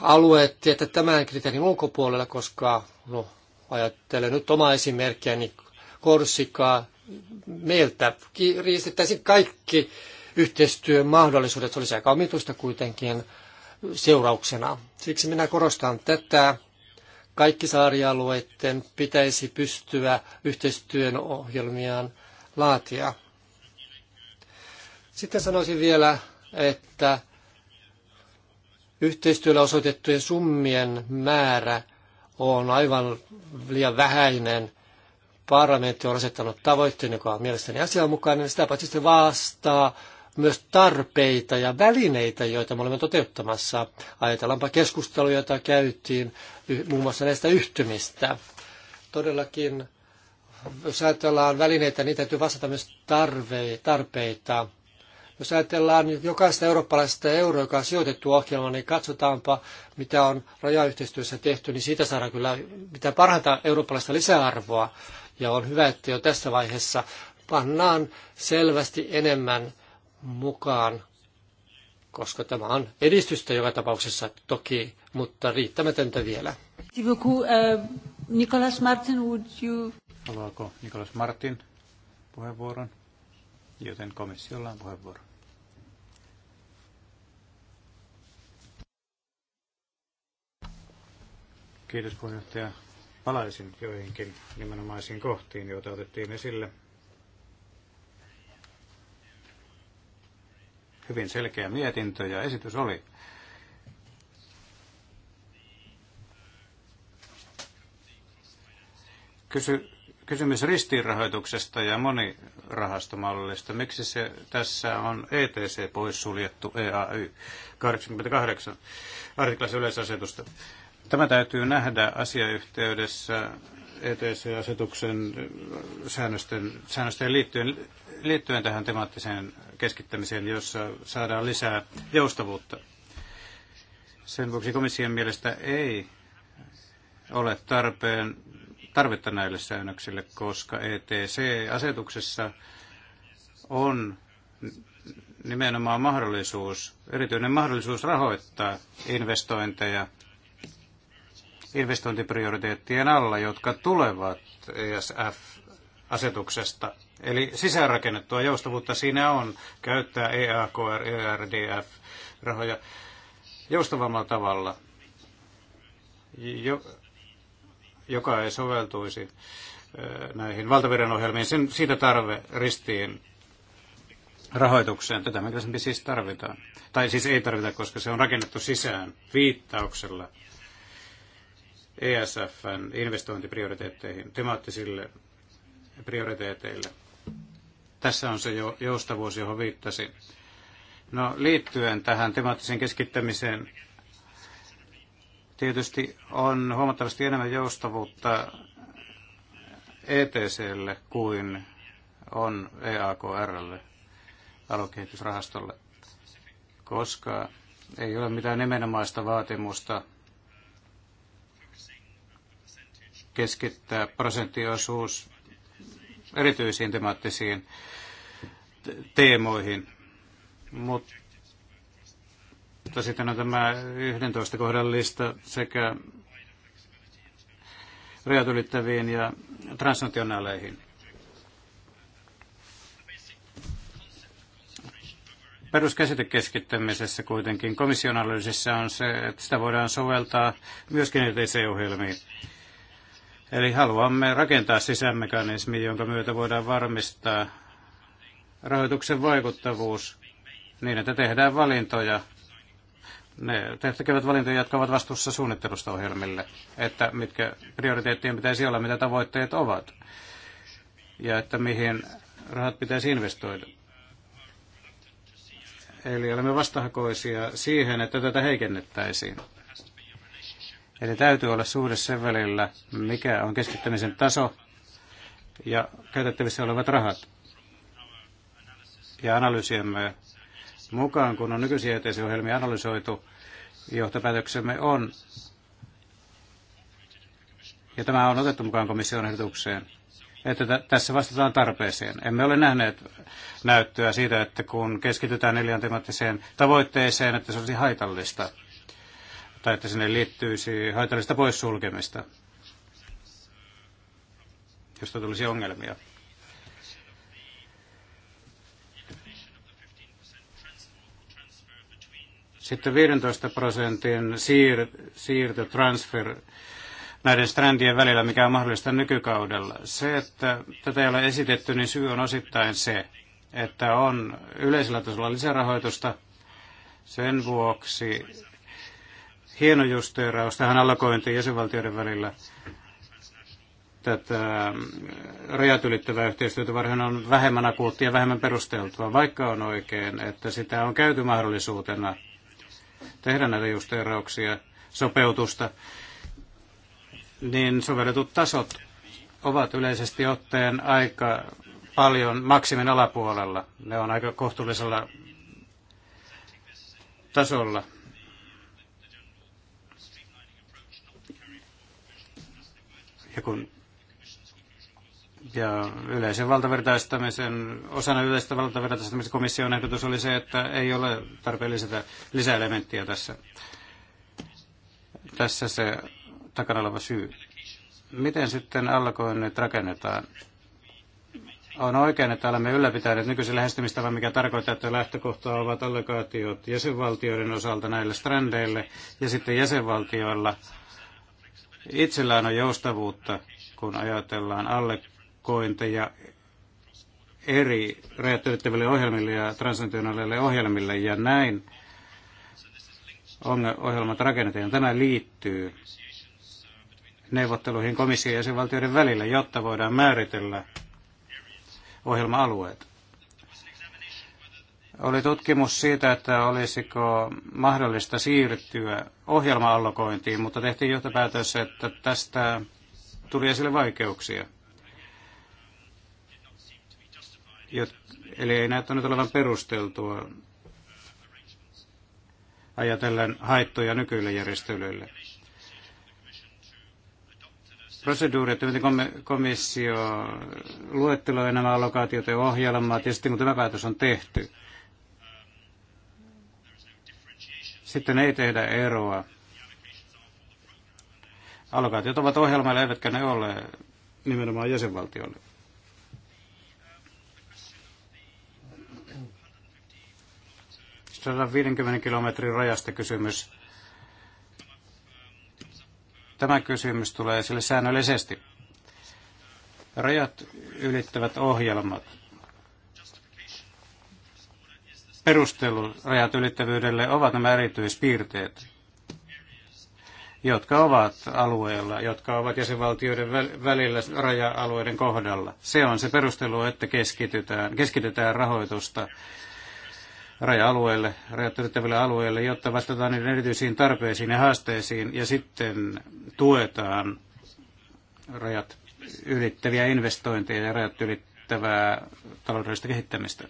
alueet tietää tämän kriteerin ulkopuolella, koska no, ajattelen nyt omaa esimerkkiäni niin Korsikaa. Meiltä riistettäisiin kaikki yhteistyön mahdollisuudet. Se olisi aika omituista kuitenkin seurauksena. Siksi minä korostan tätä. Kaikki saarialueiden pitäisi pystyä yhteistyön ohjelmiaan laatia. Sitten sanoisin vielä, että yhteistyöllä osoitettujen summien määrä on aivan liian vähäinen parlamentti on asettanut tavoitteen, joka on mielestäni asianmukainen, sitä paitsi se vastaa myös tarpeita ja välineitä, joita me olemme toteuttamassa. Ajatellaanpa keskusteluja, joita käytiin muun muassa näistä yhtymistä. Todellakin, jos ajatellaan välineitä, niin täytyy vastata myös tarve, tarpeita. Jos ajatellaan jokaista eurooppalaista euroa, joka on sijoitettu ohjelmaan, niin katsotaanpa, mitä on rajayhteistyössä tehty, niin siitä saadaan kyllä mitä parhaita eurooppalaista lisäarvoa. Ja on hyvä, että jo tässä vaiheessa pannaan selvästi enemmän mukaan, koska tämä on edistystä joka tapauksessa toki, mutta riittämätöntä vielä. Euh, Nicholas Martin, would you... Haluaako Nicholas Martin puheenvuoron? Joten komissiolla on puheenvuoro. Kiitos puheenjohtaja palaisin joihinkin nimenomaisiin kohtiin, joita otettiin esille. Hyvin selkeä mietintö ja esitys oli. Kysy, kysymys ristiinrahoituksesta ja monirahastomallista. Miksi se tässä on ETC poissuljettu EAY 88 artiklassa yleisasetusta? Tämä täytyy nähdä asiayhteydessä ETC-asetuksen säännösten, säännösten liittyen, liittyen tähän temaattiseen keskittämiseen, jossa saadaan lisää joustavuutta. Sen vuoksi komission mielestä ei ole tarpeen tarvetta näille säännöksille, koska ETC-asetuksessa on nimenomaan mahdollisuus, erityinen mahdollisuus rahoittaa investointeja investointiprioriteettien alla, jotka tulevat ESF-asetuksesta. Eli sisäänrakennettua joustavuutta siinä on käyttää EAKR, ERDF-rahoja joustavammalla tavalla, jo, joka ei soveltuisi näihin valtaviran ohjelmiin. Sen, siitä tarve ristiin rahoitukseen. Tätä me siis tarvitaan. Tai siis ei tarvita, koska se on rakennettu sisään viittauksella ESFn investointiprioriteetteihin, temaattisille prioriteeteille. Tässä on se joustavuus, johon viittasi. No liittyen tähän temaattiseen keskittämiseen, tietysti on huomattavasti enemmän joustavuutta ETClle kuin on EAKRlle, aluekehitysrahastolle, koska ei ole mitään nimenomaista vaatimusta keskittää prosenttiosuus erityisiin temaattisiin teemoihin. Mutta sitten on tämä 11 kohdan lista sekä rajat ylittäviin ja transnationaaleihin. Peruskäsite keskittämisessä kuitenkin komission on se, että sitä voidaan soveltaa myöskin eteiseen ohjelmiin Eli haluamme rakentaa sisämekanismi, jonka myötä voidaan varmistaa rahoituksen vaikuttavuus niin, että tehdään valintoja. Ne tekevät valintoja, jotka ovat vastuussa suunnittelusta ohjelmille, että mitkä prioriteettien pitäisi olla, mitä tavoitteet ovat ja että mihin rahat pitäisi investoida. Eli olemme vastahakoisia siihen, että tätä heikennettäisiin. Eli täytyy olla suhde sen välillä, mikä on keskittämisen taso ja käytettävissä olevat rahat. Ja analyysiemme mukaan, kun on nykyisiä eteisiä analysoitu, johtopäätöksemme on, ja tämä on otettu mukaan komission ehdotukseen, että tässä vastataan tarpeeseen. Emme ole nähneet näyttöä siitä, että kun keskitytään neljän tavoitteeseen, että se olisi haitallista tai että sinne liittyisi haitallista poissulkemista, josta tulisi ongelmia. Sitten 15 prosentin siir- siirto transfer näiden strandien välillä, mikä on mahdollista nykykaudella. Se, että tätä ei ole esitetty, niin syy on osittain se, että on yleisellä tasolla lisärahoitusta. Sen vuoksi hieno justeeraus tähän allokointiin jäsenvaltioiden välillä tätä mm, rajat ylittävää yhteistyötä varhain on vähemmän akuuttia ja vähemmän perusteltua, vaikka on oikein, että sitä on käyty mahdollisuutena tehdä näitä justeerauksia, sopeutusta, niin sovelletut tasot ovat yleisesti otteen aika paljon maksimin alapuolella. Ne on aika kohtuullisella tasolla. että kun, ja yleisen valtavertaistamisen, osana yleistä valtavertaistamisen komission ehdotus oli se, että ei ole tarpeen lisätä lisäelementtiä tässä. Tässä se takana oleva syy. Miten sitten alkoinnit rakennetaan? on oikein, että olemme ylläpitäneet nykyisen lähestymistavan, mikä tarkoittaa, että lähtökohtaa ovat allokaatiot jäsenvaltioiden osalta näille strandeille ja sitten jäsenvaltioilla itsellään on joustavuutta, kun ajatellaan allekointeja eri rajat ylittäville ohjelmille ja transnationaaleille ohjelmille, ja näin ohjelmat rakennetaan. Tämä liittyy neuvotteluihin komission ja jäsenvaltioiden välillä, jotta voidaan määritellä ohjelma-alueet. Oli tutkimus siitä, että olisiko mahdollista siirtyä ohjelmaallokointiin, mutta tehtiin johtopäätös, että tästä tuli esille vaikeuksia. Eli ei näyttänyt olevan perusteltua ajatellen haittoja nykyille järjestelyille. Proseduuri, että miten komissio luetteloi nämä allokaatiot ja ohjelmat ja sitten kun tämä päätös on tehty, Sitten ei tehdä eroa. Allokaatiot ovat ohjelmalle, eivätkä ne ole nimenomaan jäsenvaltiolle. Sitten 50 kilometrin rajasta kysymys. Tämä kysymys tulee sille säännöllisesti. Rajat ylittävät ohjelmat perustelu rajat ylittävyydelle ovat nämä erityispiirteet, jotka ovat alueella, jotka ovat jäsenvaltioiden välillä raja-alueiden kohdalla. Se on se perustelu, että keskitytään, keskitytään rahoitusta raja-alueelle, rajat ylittäville alueille, jotta vastataan niiden erityisiin tarpeisiin ja haasteisiin ja sitten tuetaan rajat ylittäviä investointeja ja rajat ylittävää taloudellista kehittämistä.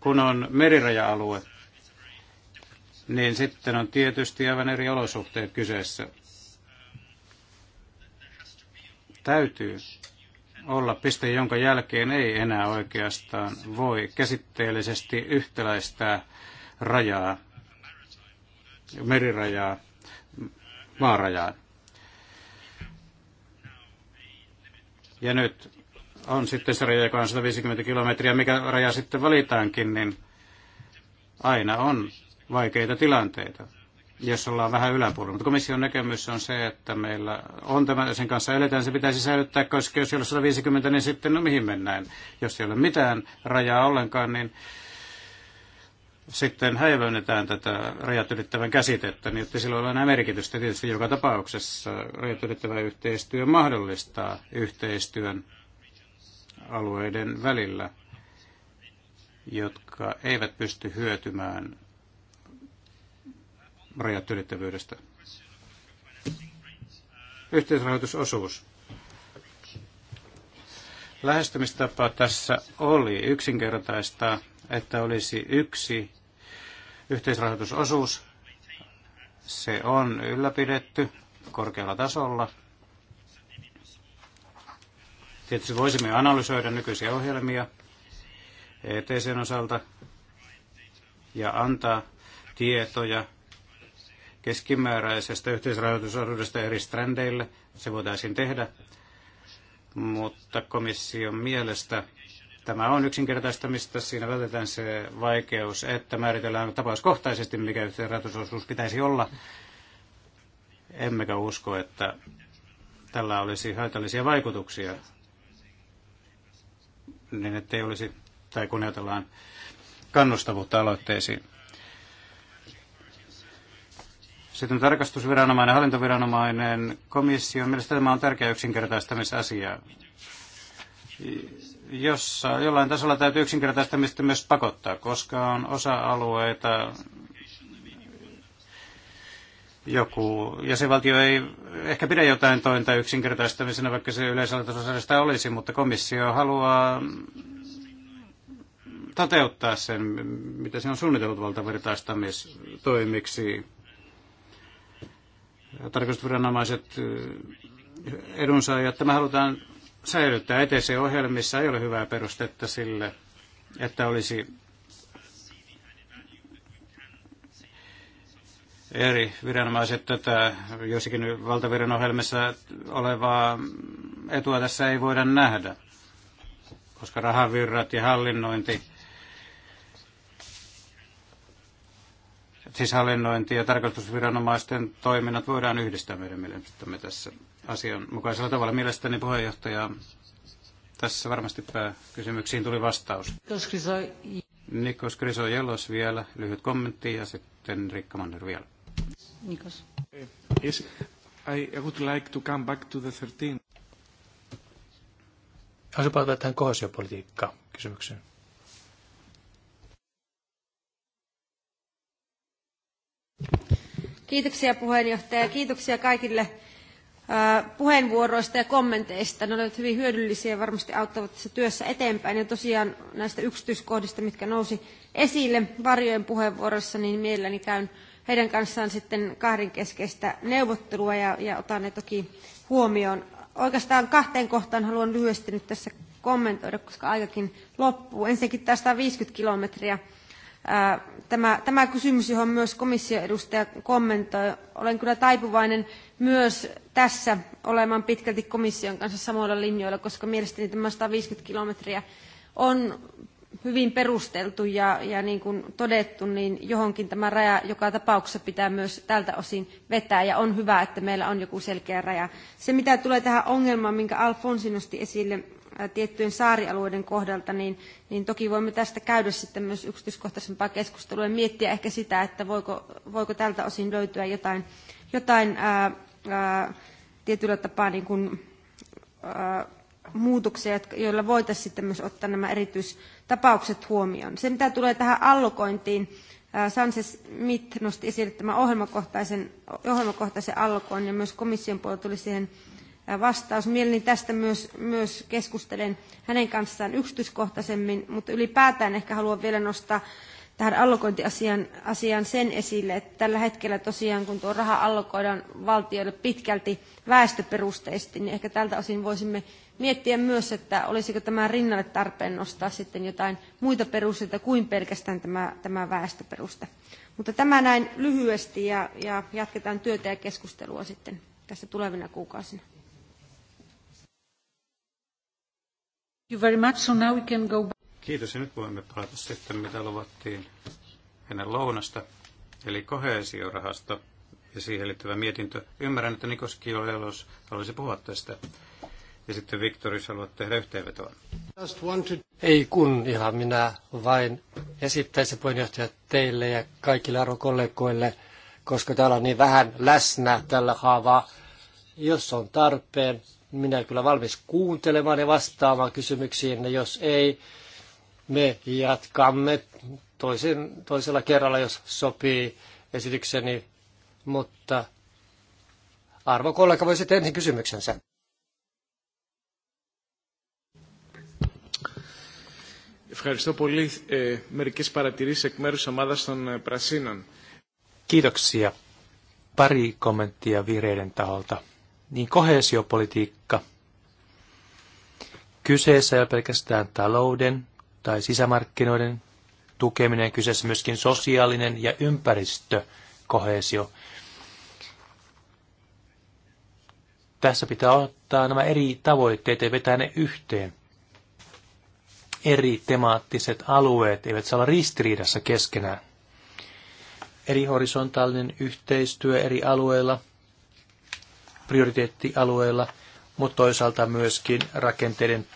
Kun on meriraja-alue, niin sitten on tietysti aivan eri olosuhteet kyseessä. Täytyy olla piste, jonka jälkeen ei enää oikeastaan voi käsitteellisesti yhtäläistää rajaa, merirajaa, maarajaan. Ja nyt on sitten se raja, joka on 150 kilometriä, mikä raja sitten valitaankin, niin aina on vaikeita tilanteita, jos ollaan vähän yläpuolella. Mutta komission näkemys on se, että meillä on tämä, sen kanssa eletään, se pitäisi säilyttää, koska jos siellä on 150, niin sitten no mihin mennään. Jos ei ole mitään rajaa ollenkaan, niin sitten häivönnetään tätä rajat ylittävän käsitettä, niin että sillä on enää merkitystä. Tietysti joka tapauksessa rajat ylittävä yhteistyö mahdollistaa yhteistyön alueiden välillä, jotka eivät pysty hyötymään rajat ylittävyydestä. Yhteisrahoitusosuus. Lähestymistapa tässä oli yksinkertaista, että olisi yksi yhteisrahoitusosuus. Se on ylläpidetty korkealla tasolla Tietysti voisimme analysoida nykyisiä ohjelmia ETCn osalta ja antaa tietoja keskimääräisestä yhteisrahoitusosuudesta eri strändeille. Se voitaisiin tehdä, mutta komission mielestä tämä on yksinkertaistamista. Siinä vältetään se vaikeus, että määritellään tapauskohtaisesti, mikä yhteisrahoitusosuus pitäisi olla. Emmekä usko, että tällä olisi haitallisia vaikutuksia niin ettei olisi, tai kun ajatellaan kannustavuutta aloitteisiin. Sitten tarkastusviranomainen, hallintoviranomainen, komissio. Mielestäni tämä on tärkeä yksinkertaistamisasia, jossa jollain tasolla täytyy yksinkertaistamista myös pakottaa, koska on osa-alueita, joku jäsenvaltio ei ehkä pidä jotain tointa yksinkertaistamisena, vaikka se yleisellä tasolla sitä olisi, mutta komissio haluaa toteuttaa sen, mitä se on suunnitellut valtavirtaistamistoimiksi. Tarkastusviranomaiset eh, edunsaajat, tämä halutaan säilyttää. ETC-ohjelmissa ei ole hyvää perustetta sille, että olisi eri viranomaiset tätä joissakin valtaviran ohjelmissa olevaa etua tässä ei voida nähdä, koska rahavirrat ja hallinnointi, siis hallinnointi ja tarkastusviranomaisten toiminnat voidaan yhdistää meidän mielestämme tässä asianmukaisella tavalla. Mielestäni puheenjohtaja, tässä varmasti pääkysymyksiin tuli vastaus. Nikos Kriso Jelos vielä lyhyt kommentti ja sitten Rikka Manner vielä. Nikos. Yes, eh, I, would like to come back to the 13. Haluaisin palata tähän kohesiopolitiikkaan kysymykseen. Kiitoksia puheenjohtaja ja kiitoksia kaikille puheenvuoroista ja kommenteista. Ne olivat hyvin hyödyllisiä ja varmasti auttavat tässä työssä eteenpäin. Ja tosiaan näistä yksityiskohdista, mitkä nousi esille varjojen puheenvuorossa, niin mielelläni käyn heidän kanssaan sitten kahdenkeskeistä neuvottelua ja, ja otan ne toki huomioon. Oikeastaan kahteen kohtaan haluan lyhyesti nyt tässä kommentoida, koska aikakin loppuu. Ensinnäkin tämä 150 kilometriä. Tämä, tämä kysymys, johon myös komission edustaja kommentoi, olen kyllä taipuvainen myös tässä olemaan pitkälti komission kanssa samoilla linjoilla, koska mielestäni tämä 150 kilometriä on hyvin perusteltu ja, ja niin kuin todettu, niin johonkin tämä raja joka tapauksessa pitää myös tältä osin vetää ja on hyvä, että meillä on joku selkeä raja. Se mitä tulee tähän ongelmaan, minkä Alfonsi nosti esille äh, tiettyjen saarialueiden kohdalta, niin, niin toki voimme tästä käydä sitten myös yksityiskohtaisempaa keskustelua ja miettiä ehkä sitä, että voiko, voiko tältä osin löytyä jotain, jotain ää, äh, ää, äh, tietyllä tapaa niin kuin, ää, muutoksia, joilla voitaisiin sitten myös ottaa nämä erityistapaukset huomioon. Se, mitä tulee tähän allokointiin, Sanchez Smith nosti esille tämän ohjelmakohtaisen, ohjelmakohtaisen allokoinnin ja myös komission puolella tuli siihen vastaus. Mielin tästä myös, myös keskustelen hänen kanssaan yksityiskohtaisemmin, mutta ylipäätään ehkä haluan vielä nostaa tähän allokointiasiaan asian sen esille, että tällä hetkellä tosiaan, kun tuo raha allokoidaan valtioille pitkälti väestöperusteisesti, niin ehkä tältä osin voisimme miettiä myös, että olisiko tämä rinnalle tarpeen nostaa sitten jotain muita perusteita kuin pelkästään tämä, tämä väestöperuste. Mutta tämä näin lyhyesti ja, ja jatketaan työtä ja keskustelua sitten tässä tulevina kuukausina. Thank you very much. So now we can go back. Kiitos ja nyt voimme palata sitten, mitä luvattiin ennen lounasta, eli kohesiorahasto ja siihen liittyvä mietintö. Ymmärrän, että Nikos Kiolelos haluaisi puhua tästä. Ja sitten Viktori jos haluat tehdä yhteenvetoa. Ei kun, ihan minä vain esittäisin puheenjohtaja teille ja kaikille arvokollegoille, koska täällä on niin vähän läsnä tällä haavaa. Jos on tarpeen, minä kyllä valmis kuuntelemaan ja vastaamaan kysymyksiin, ja jos ei, me jatkamme toisen, toisella kerralla, jos sopii esitykseni, mutta arvokollega voi sitten ensin kysymyksensä. Ευχαριστώ πολύ. Ε, μερικές παρατηρήσεις εκ μέρους ομάδας των Πρασίνων. Kiitoksia. Pari kommenttia vihreiden taholta. Niin kohesiopolitiikka. Kyseessä ei ole pelkästään talouden tai sisämarkkinoiden tukeminen, kyseessä myöskin sosiaalinen ja ympäristökohesio. Tässä pitää ottaa nämä eri tavoitteet ja vetää ne yhteen. Eri temaattiset alueet eivät saa olla ristiriidassa keskenään. Eri horisontaalinen yhteistyö eri alueilla, prioriteettialueilla, mutta toisaalta myöskin rakenteiden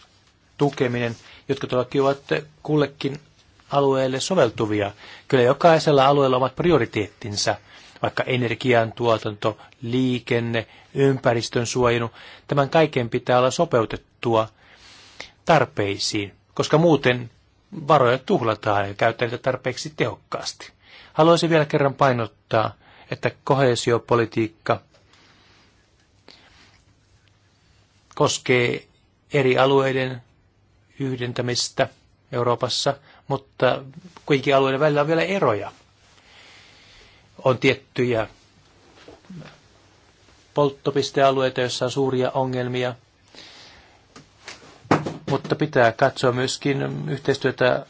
tukeminen – jotka todellakin ovat kullekin alueelle soveltuvia. Kyllä jokaisella alueella ovat prioriteettinsa, vaikka energiantuotanto, liikenne, ympäristön suojelu. Tämän kaiken pitää olla sopeutettua tarpeisiin, koska muuten varoja tuhlataan ja käytetään niitä tarpeeksi tehokkaasti. Haluaisin vielä kerran painottaa, että kohesiopolitiikka koskee eri alueiden yhdentämistä Euroopassa, mutta kuitenkin alueiden välillä on vielä eroja. On tiettyjä polttopistealueita, joissa on suuria ongelmia, mutta pitää katsoa myöskin yhteistyötä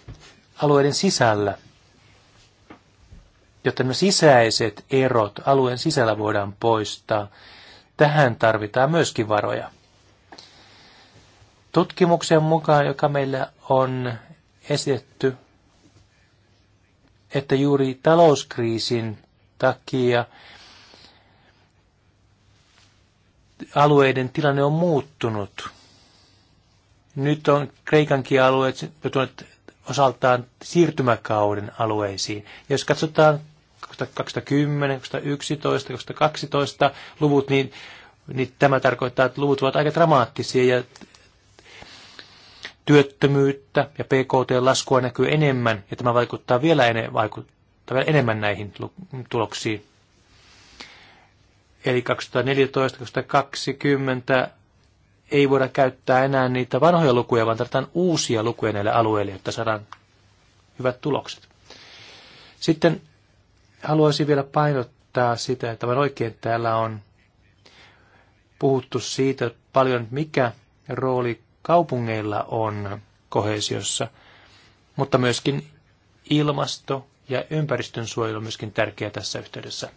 alueiden sisällä, jotta nämä sisäiset erot alueen sisällä voidaan poistaa. Tähän tarvitaan myöskin varoja tutkimuksen mukaan, joka meillä on esitetty, että juuri talouskriisin takia alueiden tilanne on muuttunut. Nyt on Kreikankin alueet joutuneet osaltaan siirtymäkauden alueisiin. Jos katsotaan 2010, 2011, 2012 luvut, niin, niin tämä tarkoittaa, että luvut ovat aika dramaattisia ja työttömyyttä ja PKT-laskua näkyy enemmän, ja tämä vaikuttaa vielä, ene, vaikuttaa vielä enemmän näihin tuloksiin. Eli 2014-2020 ei voida käyttää enää niitä vanhoja lukuja, vaan tarvitaan uusia lukuja näille alueille, jotta saadaan hyvät tulokset. Sitten haluaisin vielä painottaa sitä, että vain oikein täällä on puhuttu siitä paljon, mikä rooli kaupungeilla on kohesiossa, mutta myöskin ilmasto ja ympäristön suojelu on myöskin tärkeä tässä yhteydessä.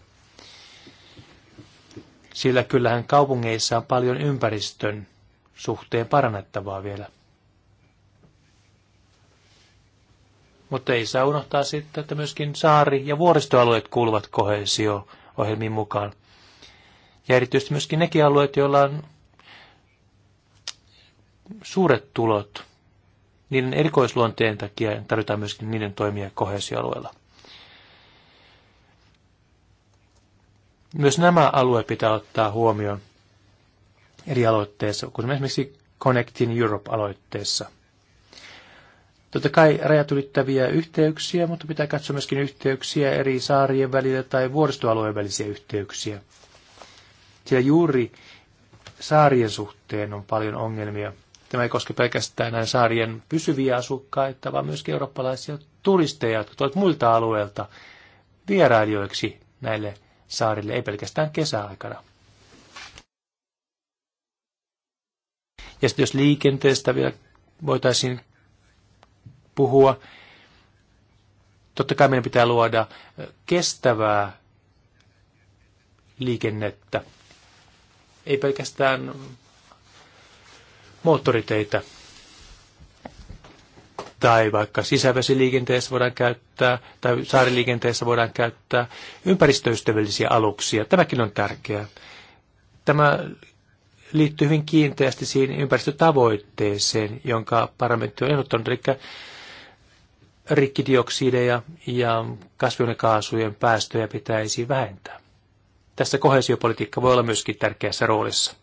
Sillä kyllähän kaupungeissa on paljon ympäristön suhteen parannettavaa vielä. Mutta ei saa unohtaa sitten, että myöskin saari- ja vuoristoalueet kuuluvat kohesio-ohjelmiin mukaan. Ja erityisesti myöskin nekin alueet, joilla on suuret tulot, niiden erikoisluonteen takia tarvitaan myöskin niiden toimia kohesioalueella. Myös nämä alueet pitää ottaa huomioon eri aloitteissa, kuten esimerkiksi Connecting Europe-aloitteessa. Totta kai rajat ylittäviä yhteyksiä, mutta pitää katsoa myöskin yhteyksiä eri saarien välillä tai vuoristoalueen välisiä yhteyksiä. Sillä juuri saarien suhteen on paljon ongelmia – Tämä ei koske pelkästään näin saarien pysyviä asukkaita, vaan myöskin eurooppalaisia turisteja, jotka tulevat muilta alueilta vierailijoiksi näille saarille, ei pelkästään kesäaikana. Ja sitten jos liikenteestä vielä voitaisiin puhua, totta kai meidän pitää luoda kestävää liikennettä. Ei pelkästään moottoriteitä. Tai vaikka sisävesiliikenteessä voidaan käyttää, tai saariliikenteessä voidaan käyttää ympäristöystävällisiä aluksia. Tämäkin on tärkeää. Tämä liittyy hyvin kiinteästi siihen ympäristötavoitteeseen, jonka parlamentti on ehdottanut, eli rikkidioksideja ja kasvihuonekaasujen päästöjä pitäisi vähentää. Tässä kohesiopolitiikka voi olla myöskin tärkeässä roolissa.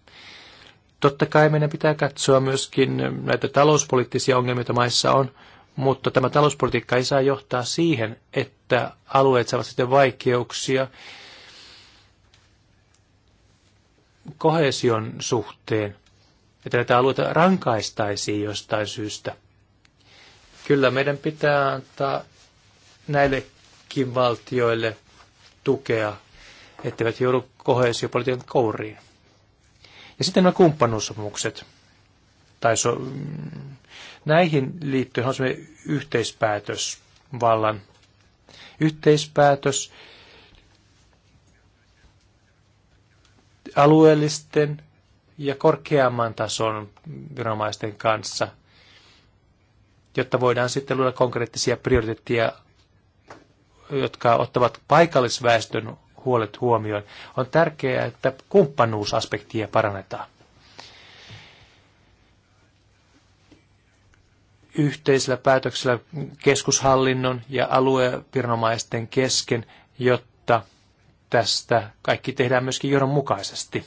Totta kai meidän pitää katsoa myöskin näitä talouspoliittisia ongelmia, maissa on, mutta tämä talouspolitiikka ei saa johtaa siihen, että alueet saavat sitten vaikeuksia kohesion suhteen, että näitä alueita rankaistaisiin jostain syystä. Kyllä meidän pitää antaa näillekin valtioille tukea, etteivät joudu kohesiopolitiikan kouriin. Ja sitten nämä kumppanuussopimukset. Tai so, näihin liittyen on se yhteispäätösvallan yhteispäätös alueellisten ja korkeamman tason viranomaisten kanssa, jotta voidaan sitten luoda konkreettisia prioriteetteja, jotka ottavat paikallisväestön huolet huomioon. On tärkeää, että kumppanuusaspektia parannetaan. Yhteisellä päätöksellä keskushallinnon ja alueviranomaisten kesken, jotta tästä kaikki tehdään myöskin johdonmukaisesti.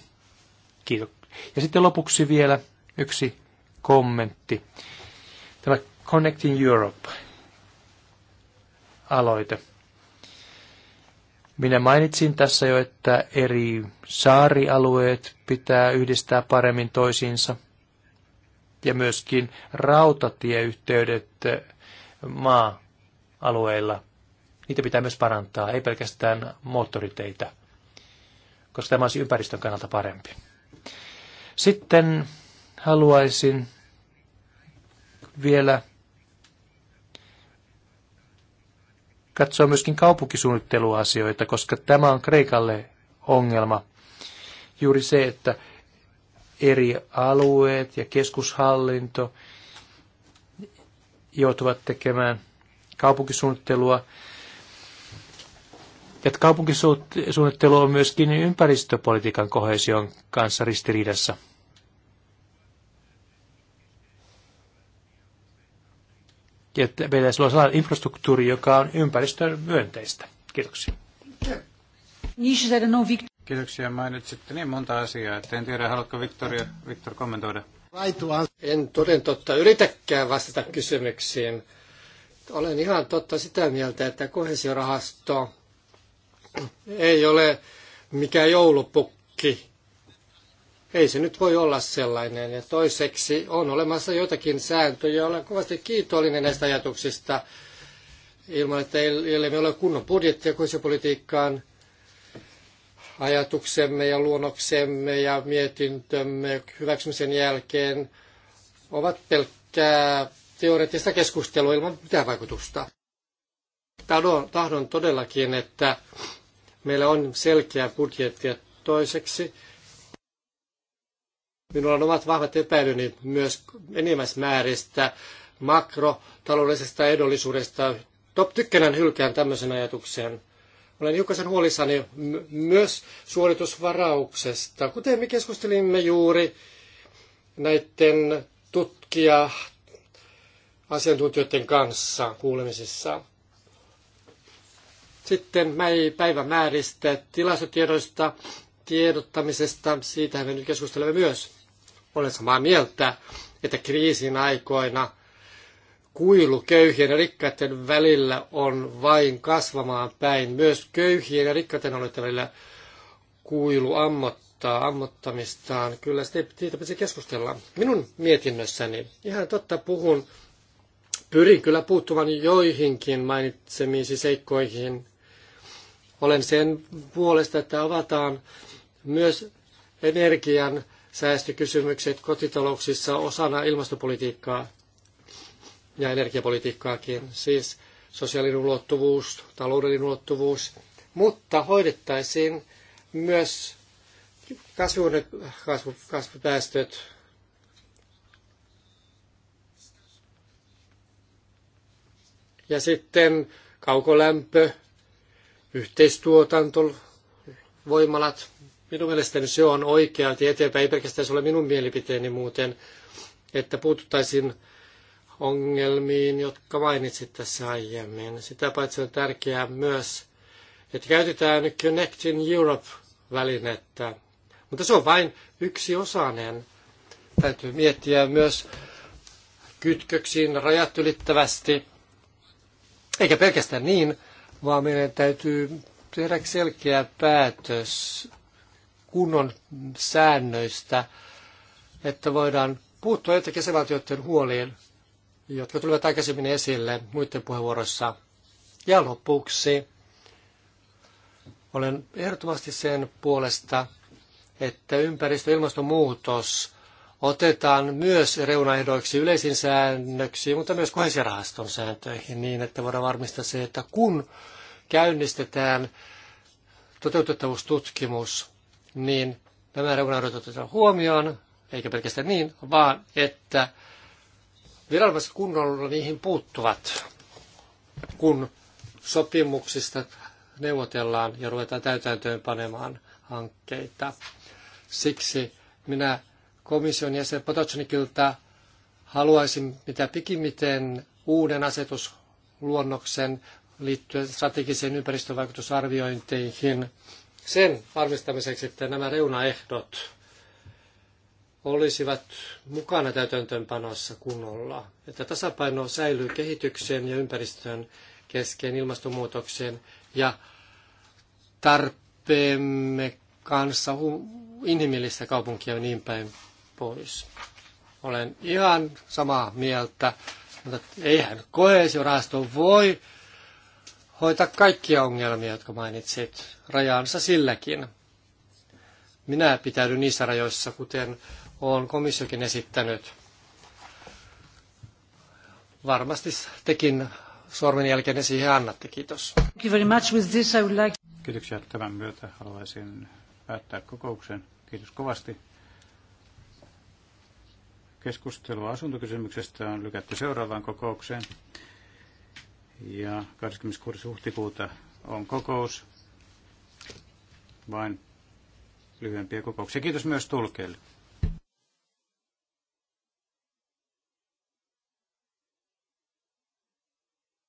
Kiitos. Ja sitten lopuksi vielä yksi kommentti. Tämä Connecting Europe aloite. Minä mainitsin tässä jo, että eri saarialueet pitää yhdistää paremmin toisiinsa. Ja myöskin rautatieyhteydet eh, maa-alueilla. Niitä pitää myös parantaa, ei pelkästään moottoriteitä, koska tämä olisi ympäristön kannalta parempi. Sitten haluaisin vielä katsoa myöskin kaupunkisuunnitteluasioita, koska tämä on Kreikalle ongelma. Juuri se, että eri alueet ja keskushallinto joutuvat tekemään kaupunkisuunnittelua. Ja kaupunkisuunnittelu on myöskin ympäristöpolitiikan kohesion kanssa ristiriidassa. että meillä on sellainen infrastruktuuri, joka on ympäristön myönteistä. Kiitoksia. Kiitoksia. Mainitsitte niin monta asiaa, että en tiedä, haluatko Victoria, Victor kommentoida? En toden totta yritäkään vastata kysymyksiin. Olen ihan totta sitä mieltä, että kohesiorahasto ei ole mikään joulupukki. Ei se nyt voi olla sellainen. Ja toiseksi on olemassa jotakin sääntöjä. Olen kovasti kiitollinen näistä ajatuksista ilman, että ei me ole kunnon budjettia kohdallisuuspolitiikkaan ajatuksemme ja luonnoksemme ja mietintömme hyväksymisen jälkeen ovat pelkkää teoreettista keskustelua ilman mitään vaikutusta. Tahdon, tahdon todellakin, että meillä on selkeä budjetti ja toiseksi Minulla on omat vahvat epäilyni myös enimmäismääristä, makrotaloudellisesta edullisuudesta. Top tykkänän hylkään tämmöisen ajatuksen. Olen hiukan huolissani myös suoritusvarauksesta. Kuten me keskustelimme juuri näiden tutkija asiantuntijoiden kanssa kuulemisissa. Sitten päivämääristä, tilastotiedoista, tiedottamisesta, siitä me nyt keskustelemme myös. Olen samaa mieltä, että kriisin aikoina kuilu köyhien ja rikkaiden välillä on vain kasvamaan päin. Myös köyhien ja rikkaiden alueiden välillä kuilu ammottaa ammottamistaan. Kyllä siitä pitäisi keskustella. Minun mietinnössäni ihan totta puhun, pyrin kyllä puuttumaan joihinkin mainitsemiisi seikkoihin. Olen sen puolesta, että avataan myös energian säästökysymykset kotitalouksissa osana ilmastopolitiikkaa ja energiapolitiikkaakin, siis sosiaalinen ulottuvuus, taloudellinen ulottuvuus, mutta hoidettaisiin myös kasvupäästöt ja sitten kaukolämpö, yhteistuotanto, voimalat, Minun mielestäni se on oikealti eteenpäin, ei pelkästään se ole minun mielipiteeni muuten, että puututtaisiin ongelmiin, jotka mainitsit tässä aiemmin. Sitä paitsi on tärkeää myös, että käytetään Connecting Europe-välinettä, mutta se on vain yksi osainen. Täytyy miettiä myös kytköksiin rajat ylittävästi, eikä pelkästään niin, vaan meidän täytyy tehdä selkeä päätös kunnon säännöistä, että voidaan puuttua jotenkin sevaltioiden huoliin, jotka tulivat aikaisemmin esille muiden puheenvuoroissa. Ja lopuksi olen ehdottomasti sen puolesta, että ympäristö- ja ilmastonmuutos otetaan myös reunaehdoiksi yleisiin säännöksiin, mutta myös kohesirahaston sääntöihin niin, että voidaan varmistaa se, että kun käynnistetään toteutettavuustutkimus, niin nämä reunaehdot otetaan huomioon, eikä pelkästään niin, vaan että viranomaiset kunnolla niihin puuttuvat, kun sopimuksista neuvotellaan ja ruvetaan täytäntöön panemaan hankkeita. Siksi minä komission jäsen Potocnikilta haluaisin mitä pikimiten uuden asetusluonnoksen liittyen strategiseen ympäristövaikutusarviointeihin sen varmistamiseksi, että nämä reunaehdot olisivat mukana täytäntöönpanossa kunnolla, että tasapaino säilyy kehityksen ja ympäristön kesken ilmastonmuutoksen ja tarpeemme kanssa inhimillistä kaupunkia ja niin päin pois. Olen ihan samaa mieltä, mutta eihän koheesiorahasto voi hoita kaikkia ongelmia, jotka mainitsit, rajansa silläkin. Minä pitäydyn niissä rajoissa, kuten on komissiokin esittänyt. Varmasti tekin jälkeen siihen annatte. Kiitos. Thank you very much. With this I would like... Kiitoksia tämän myötä. Haluaisin päättää kokouksen. Kiitos kovasti. Keskustelua asuntokysymyksestä on lykätty seuraavaan kokoukseen. Ja 26. huhtikuuta on kokous. Vain lyhyempiä kokouksia. Kiitos myös tulkeille.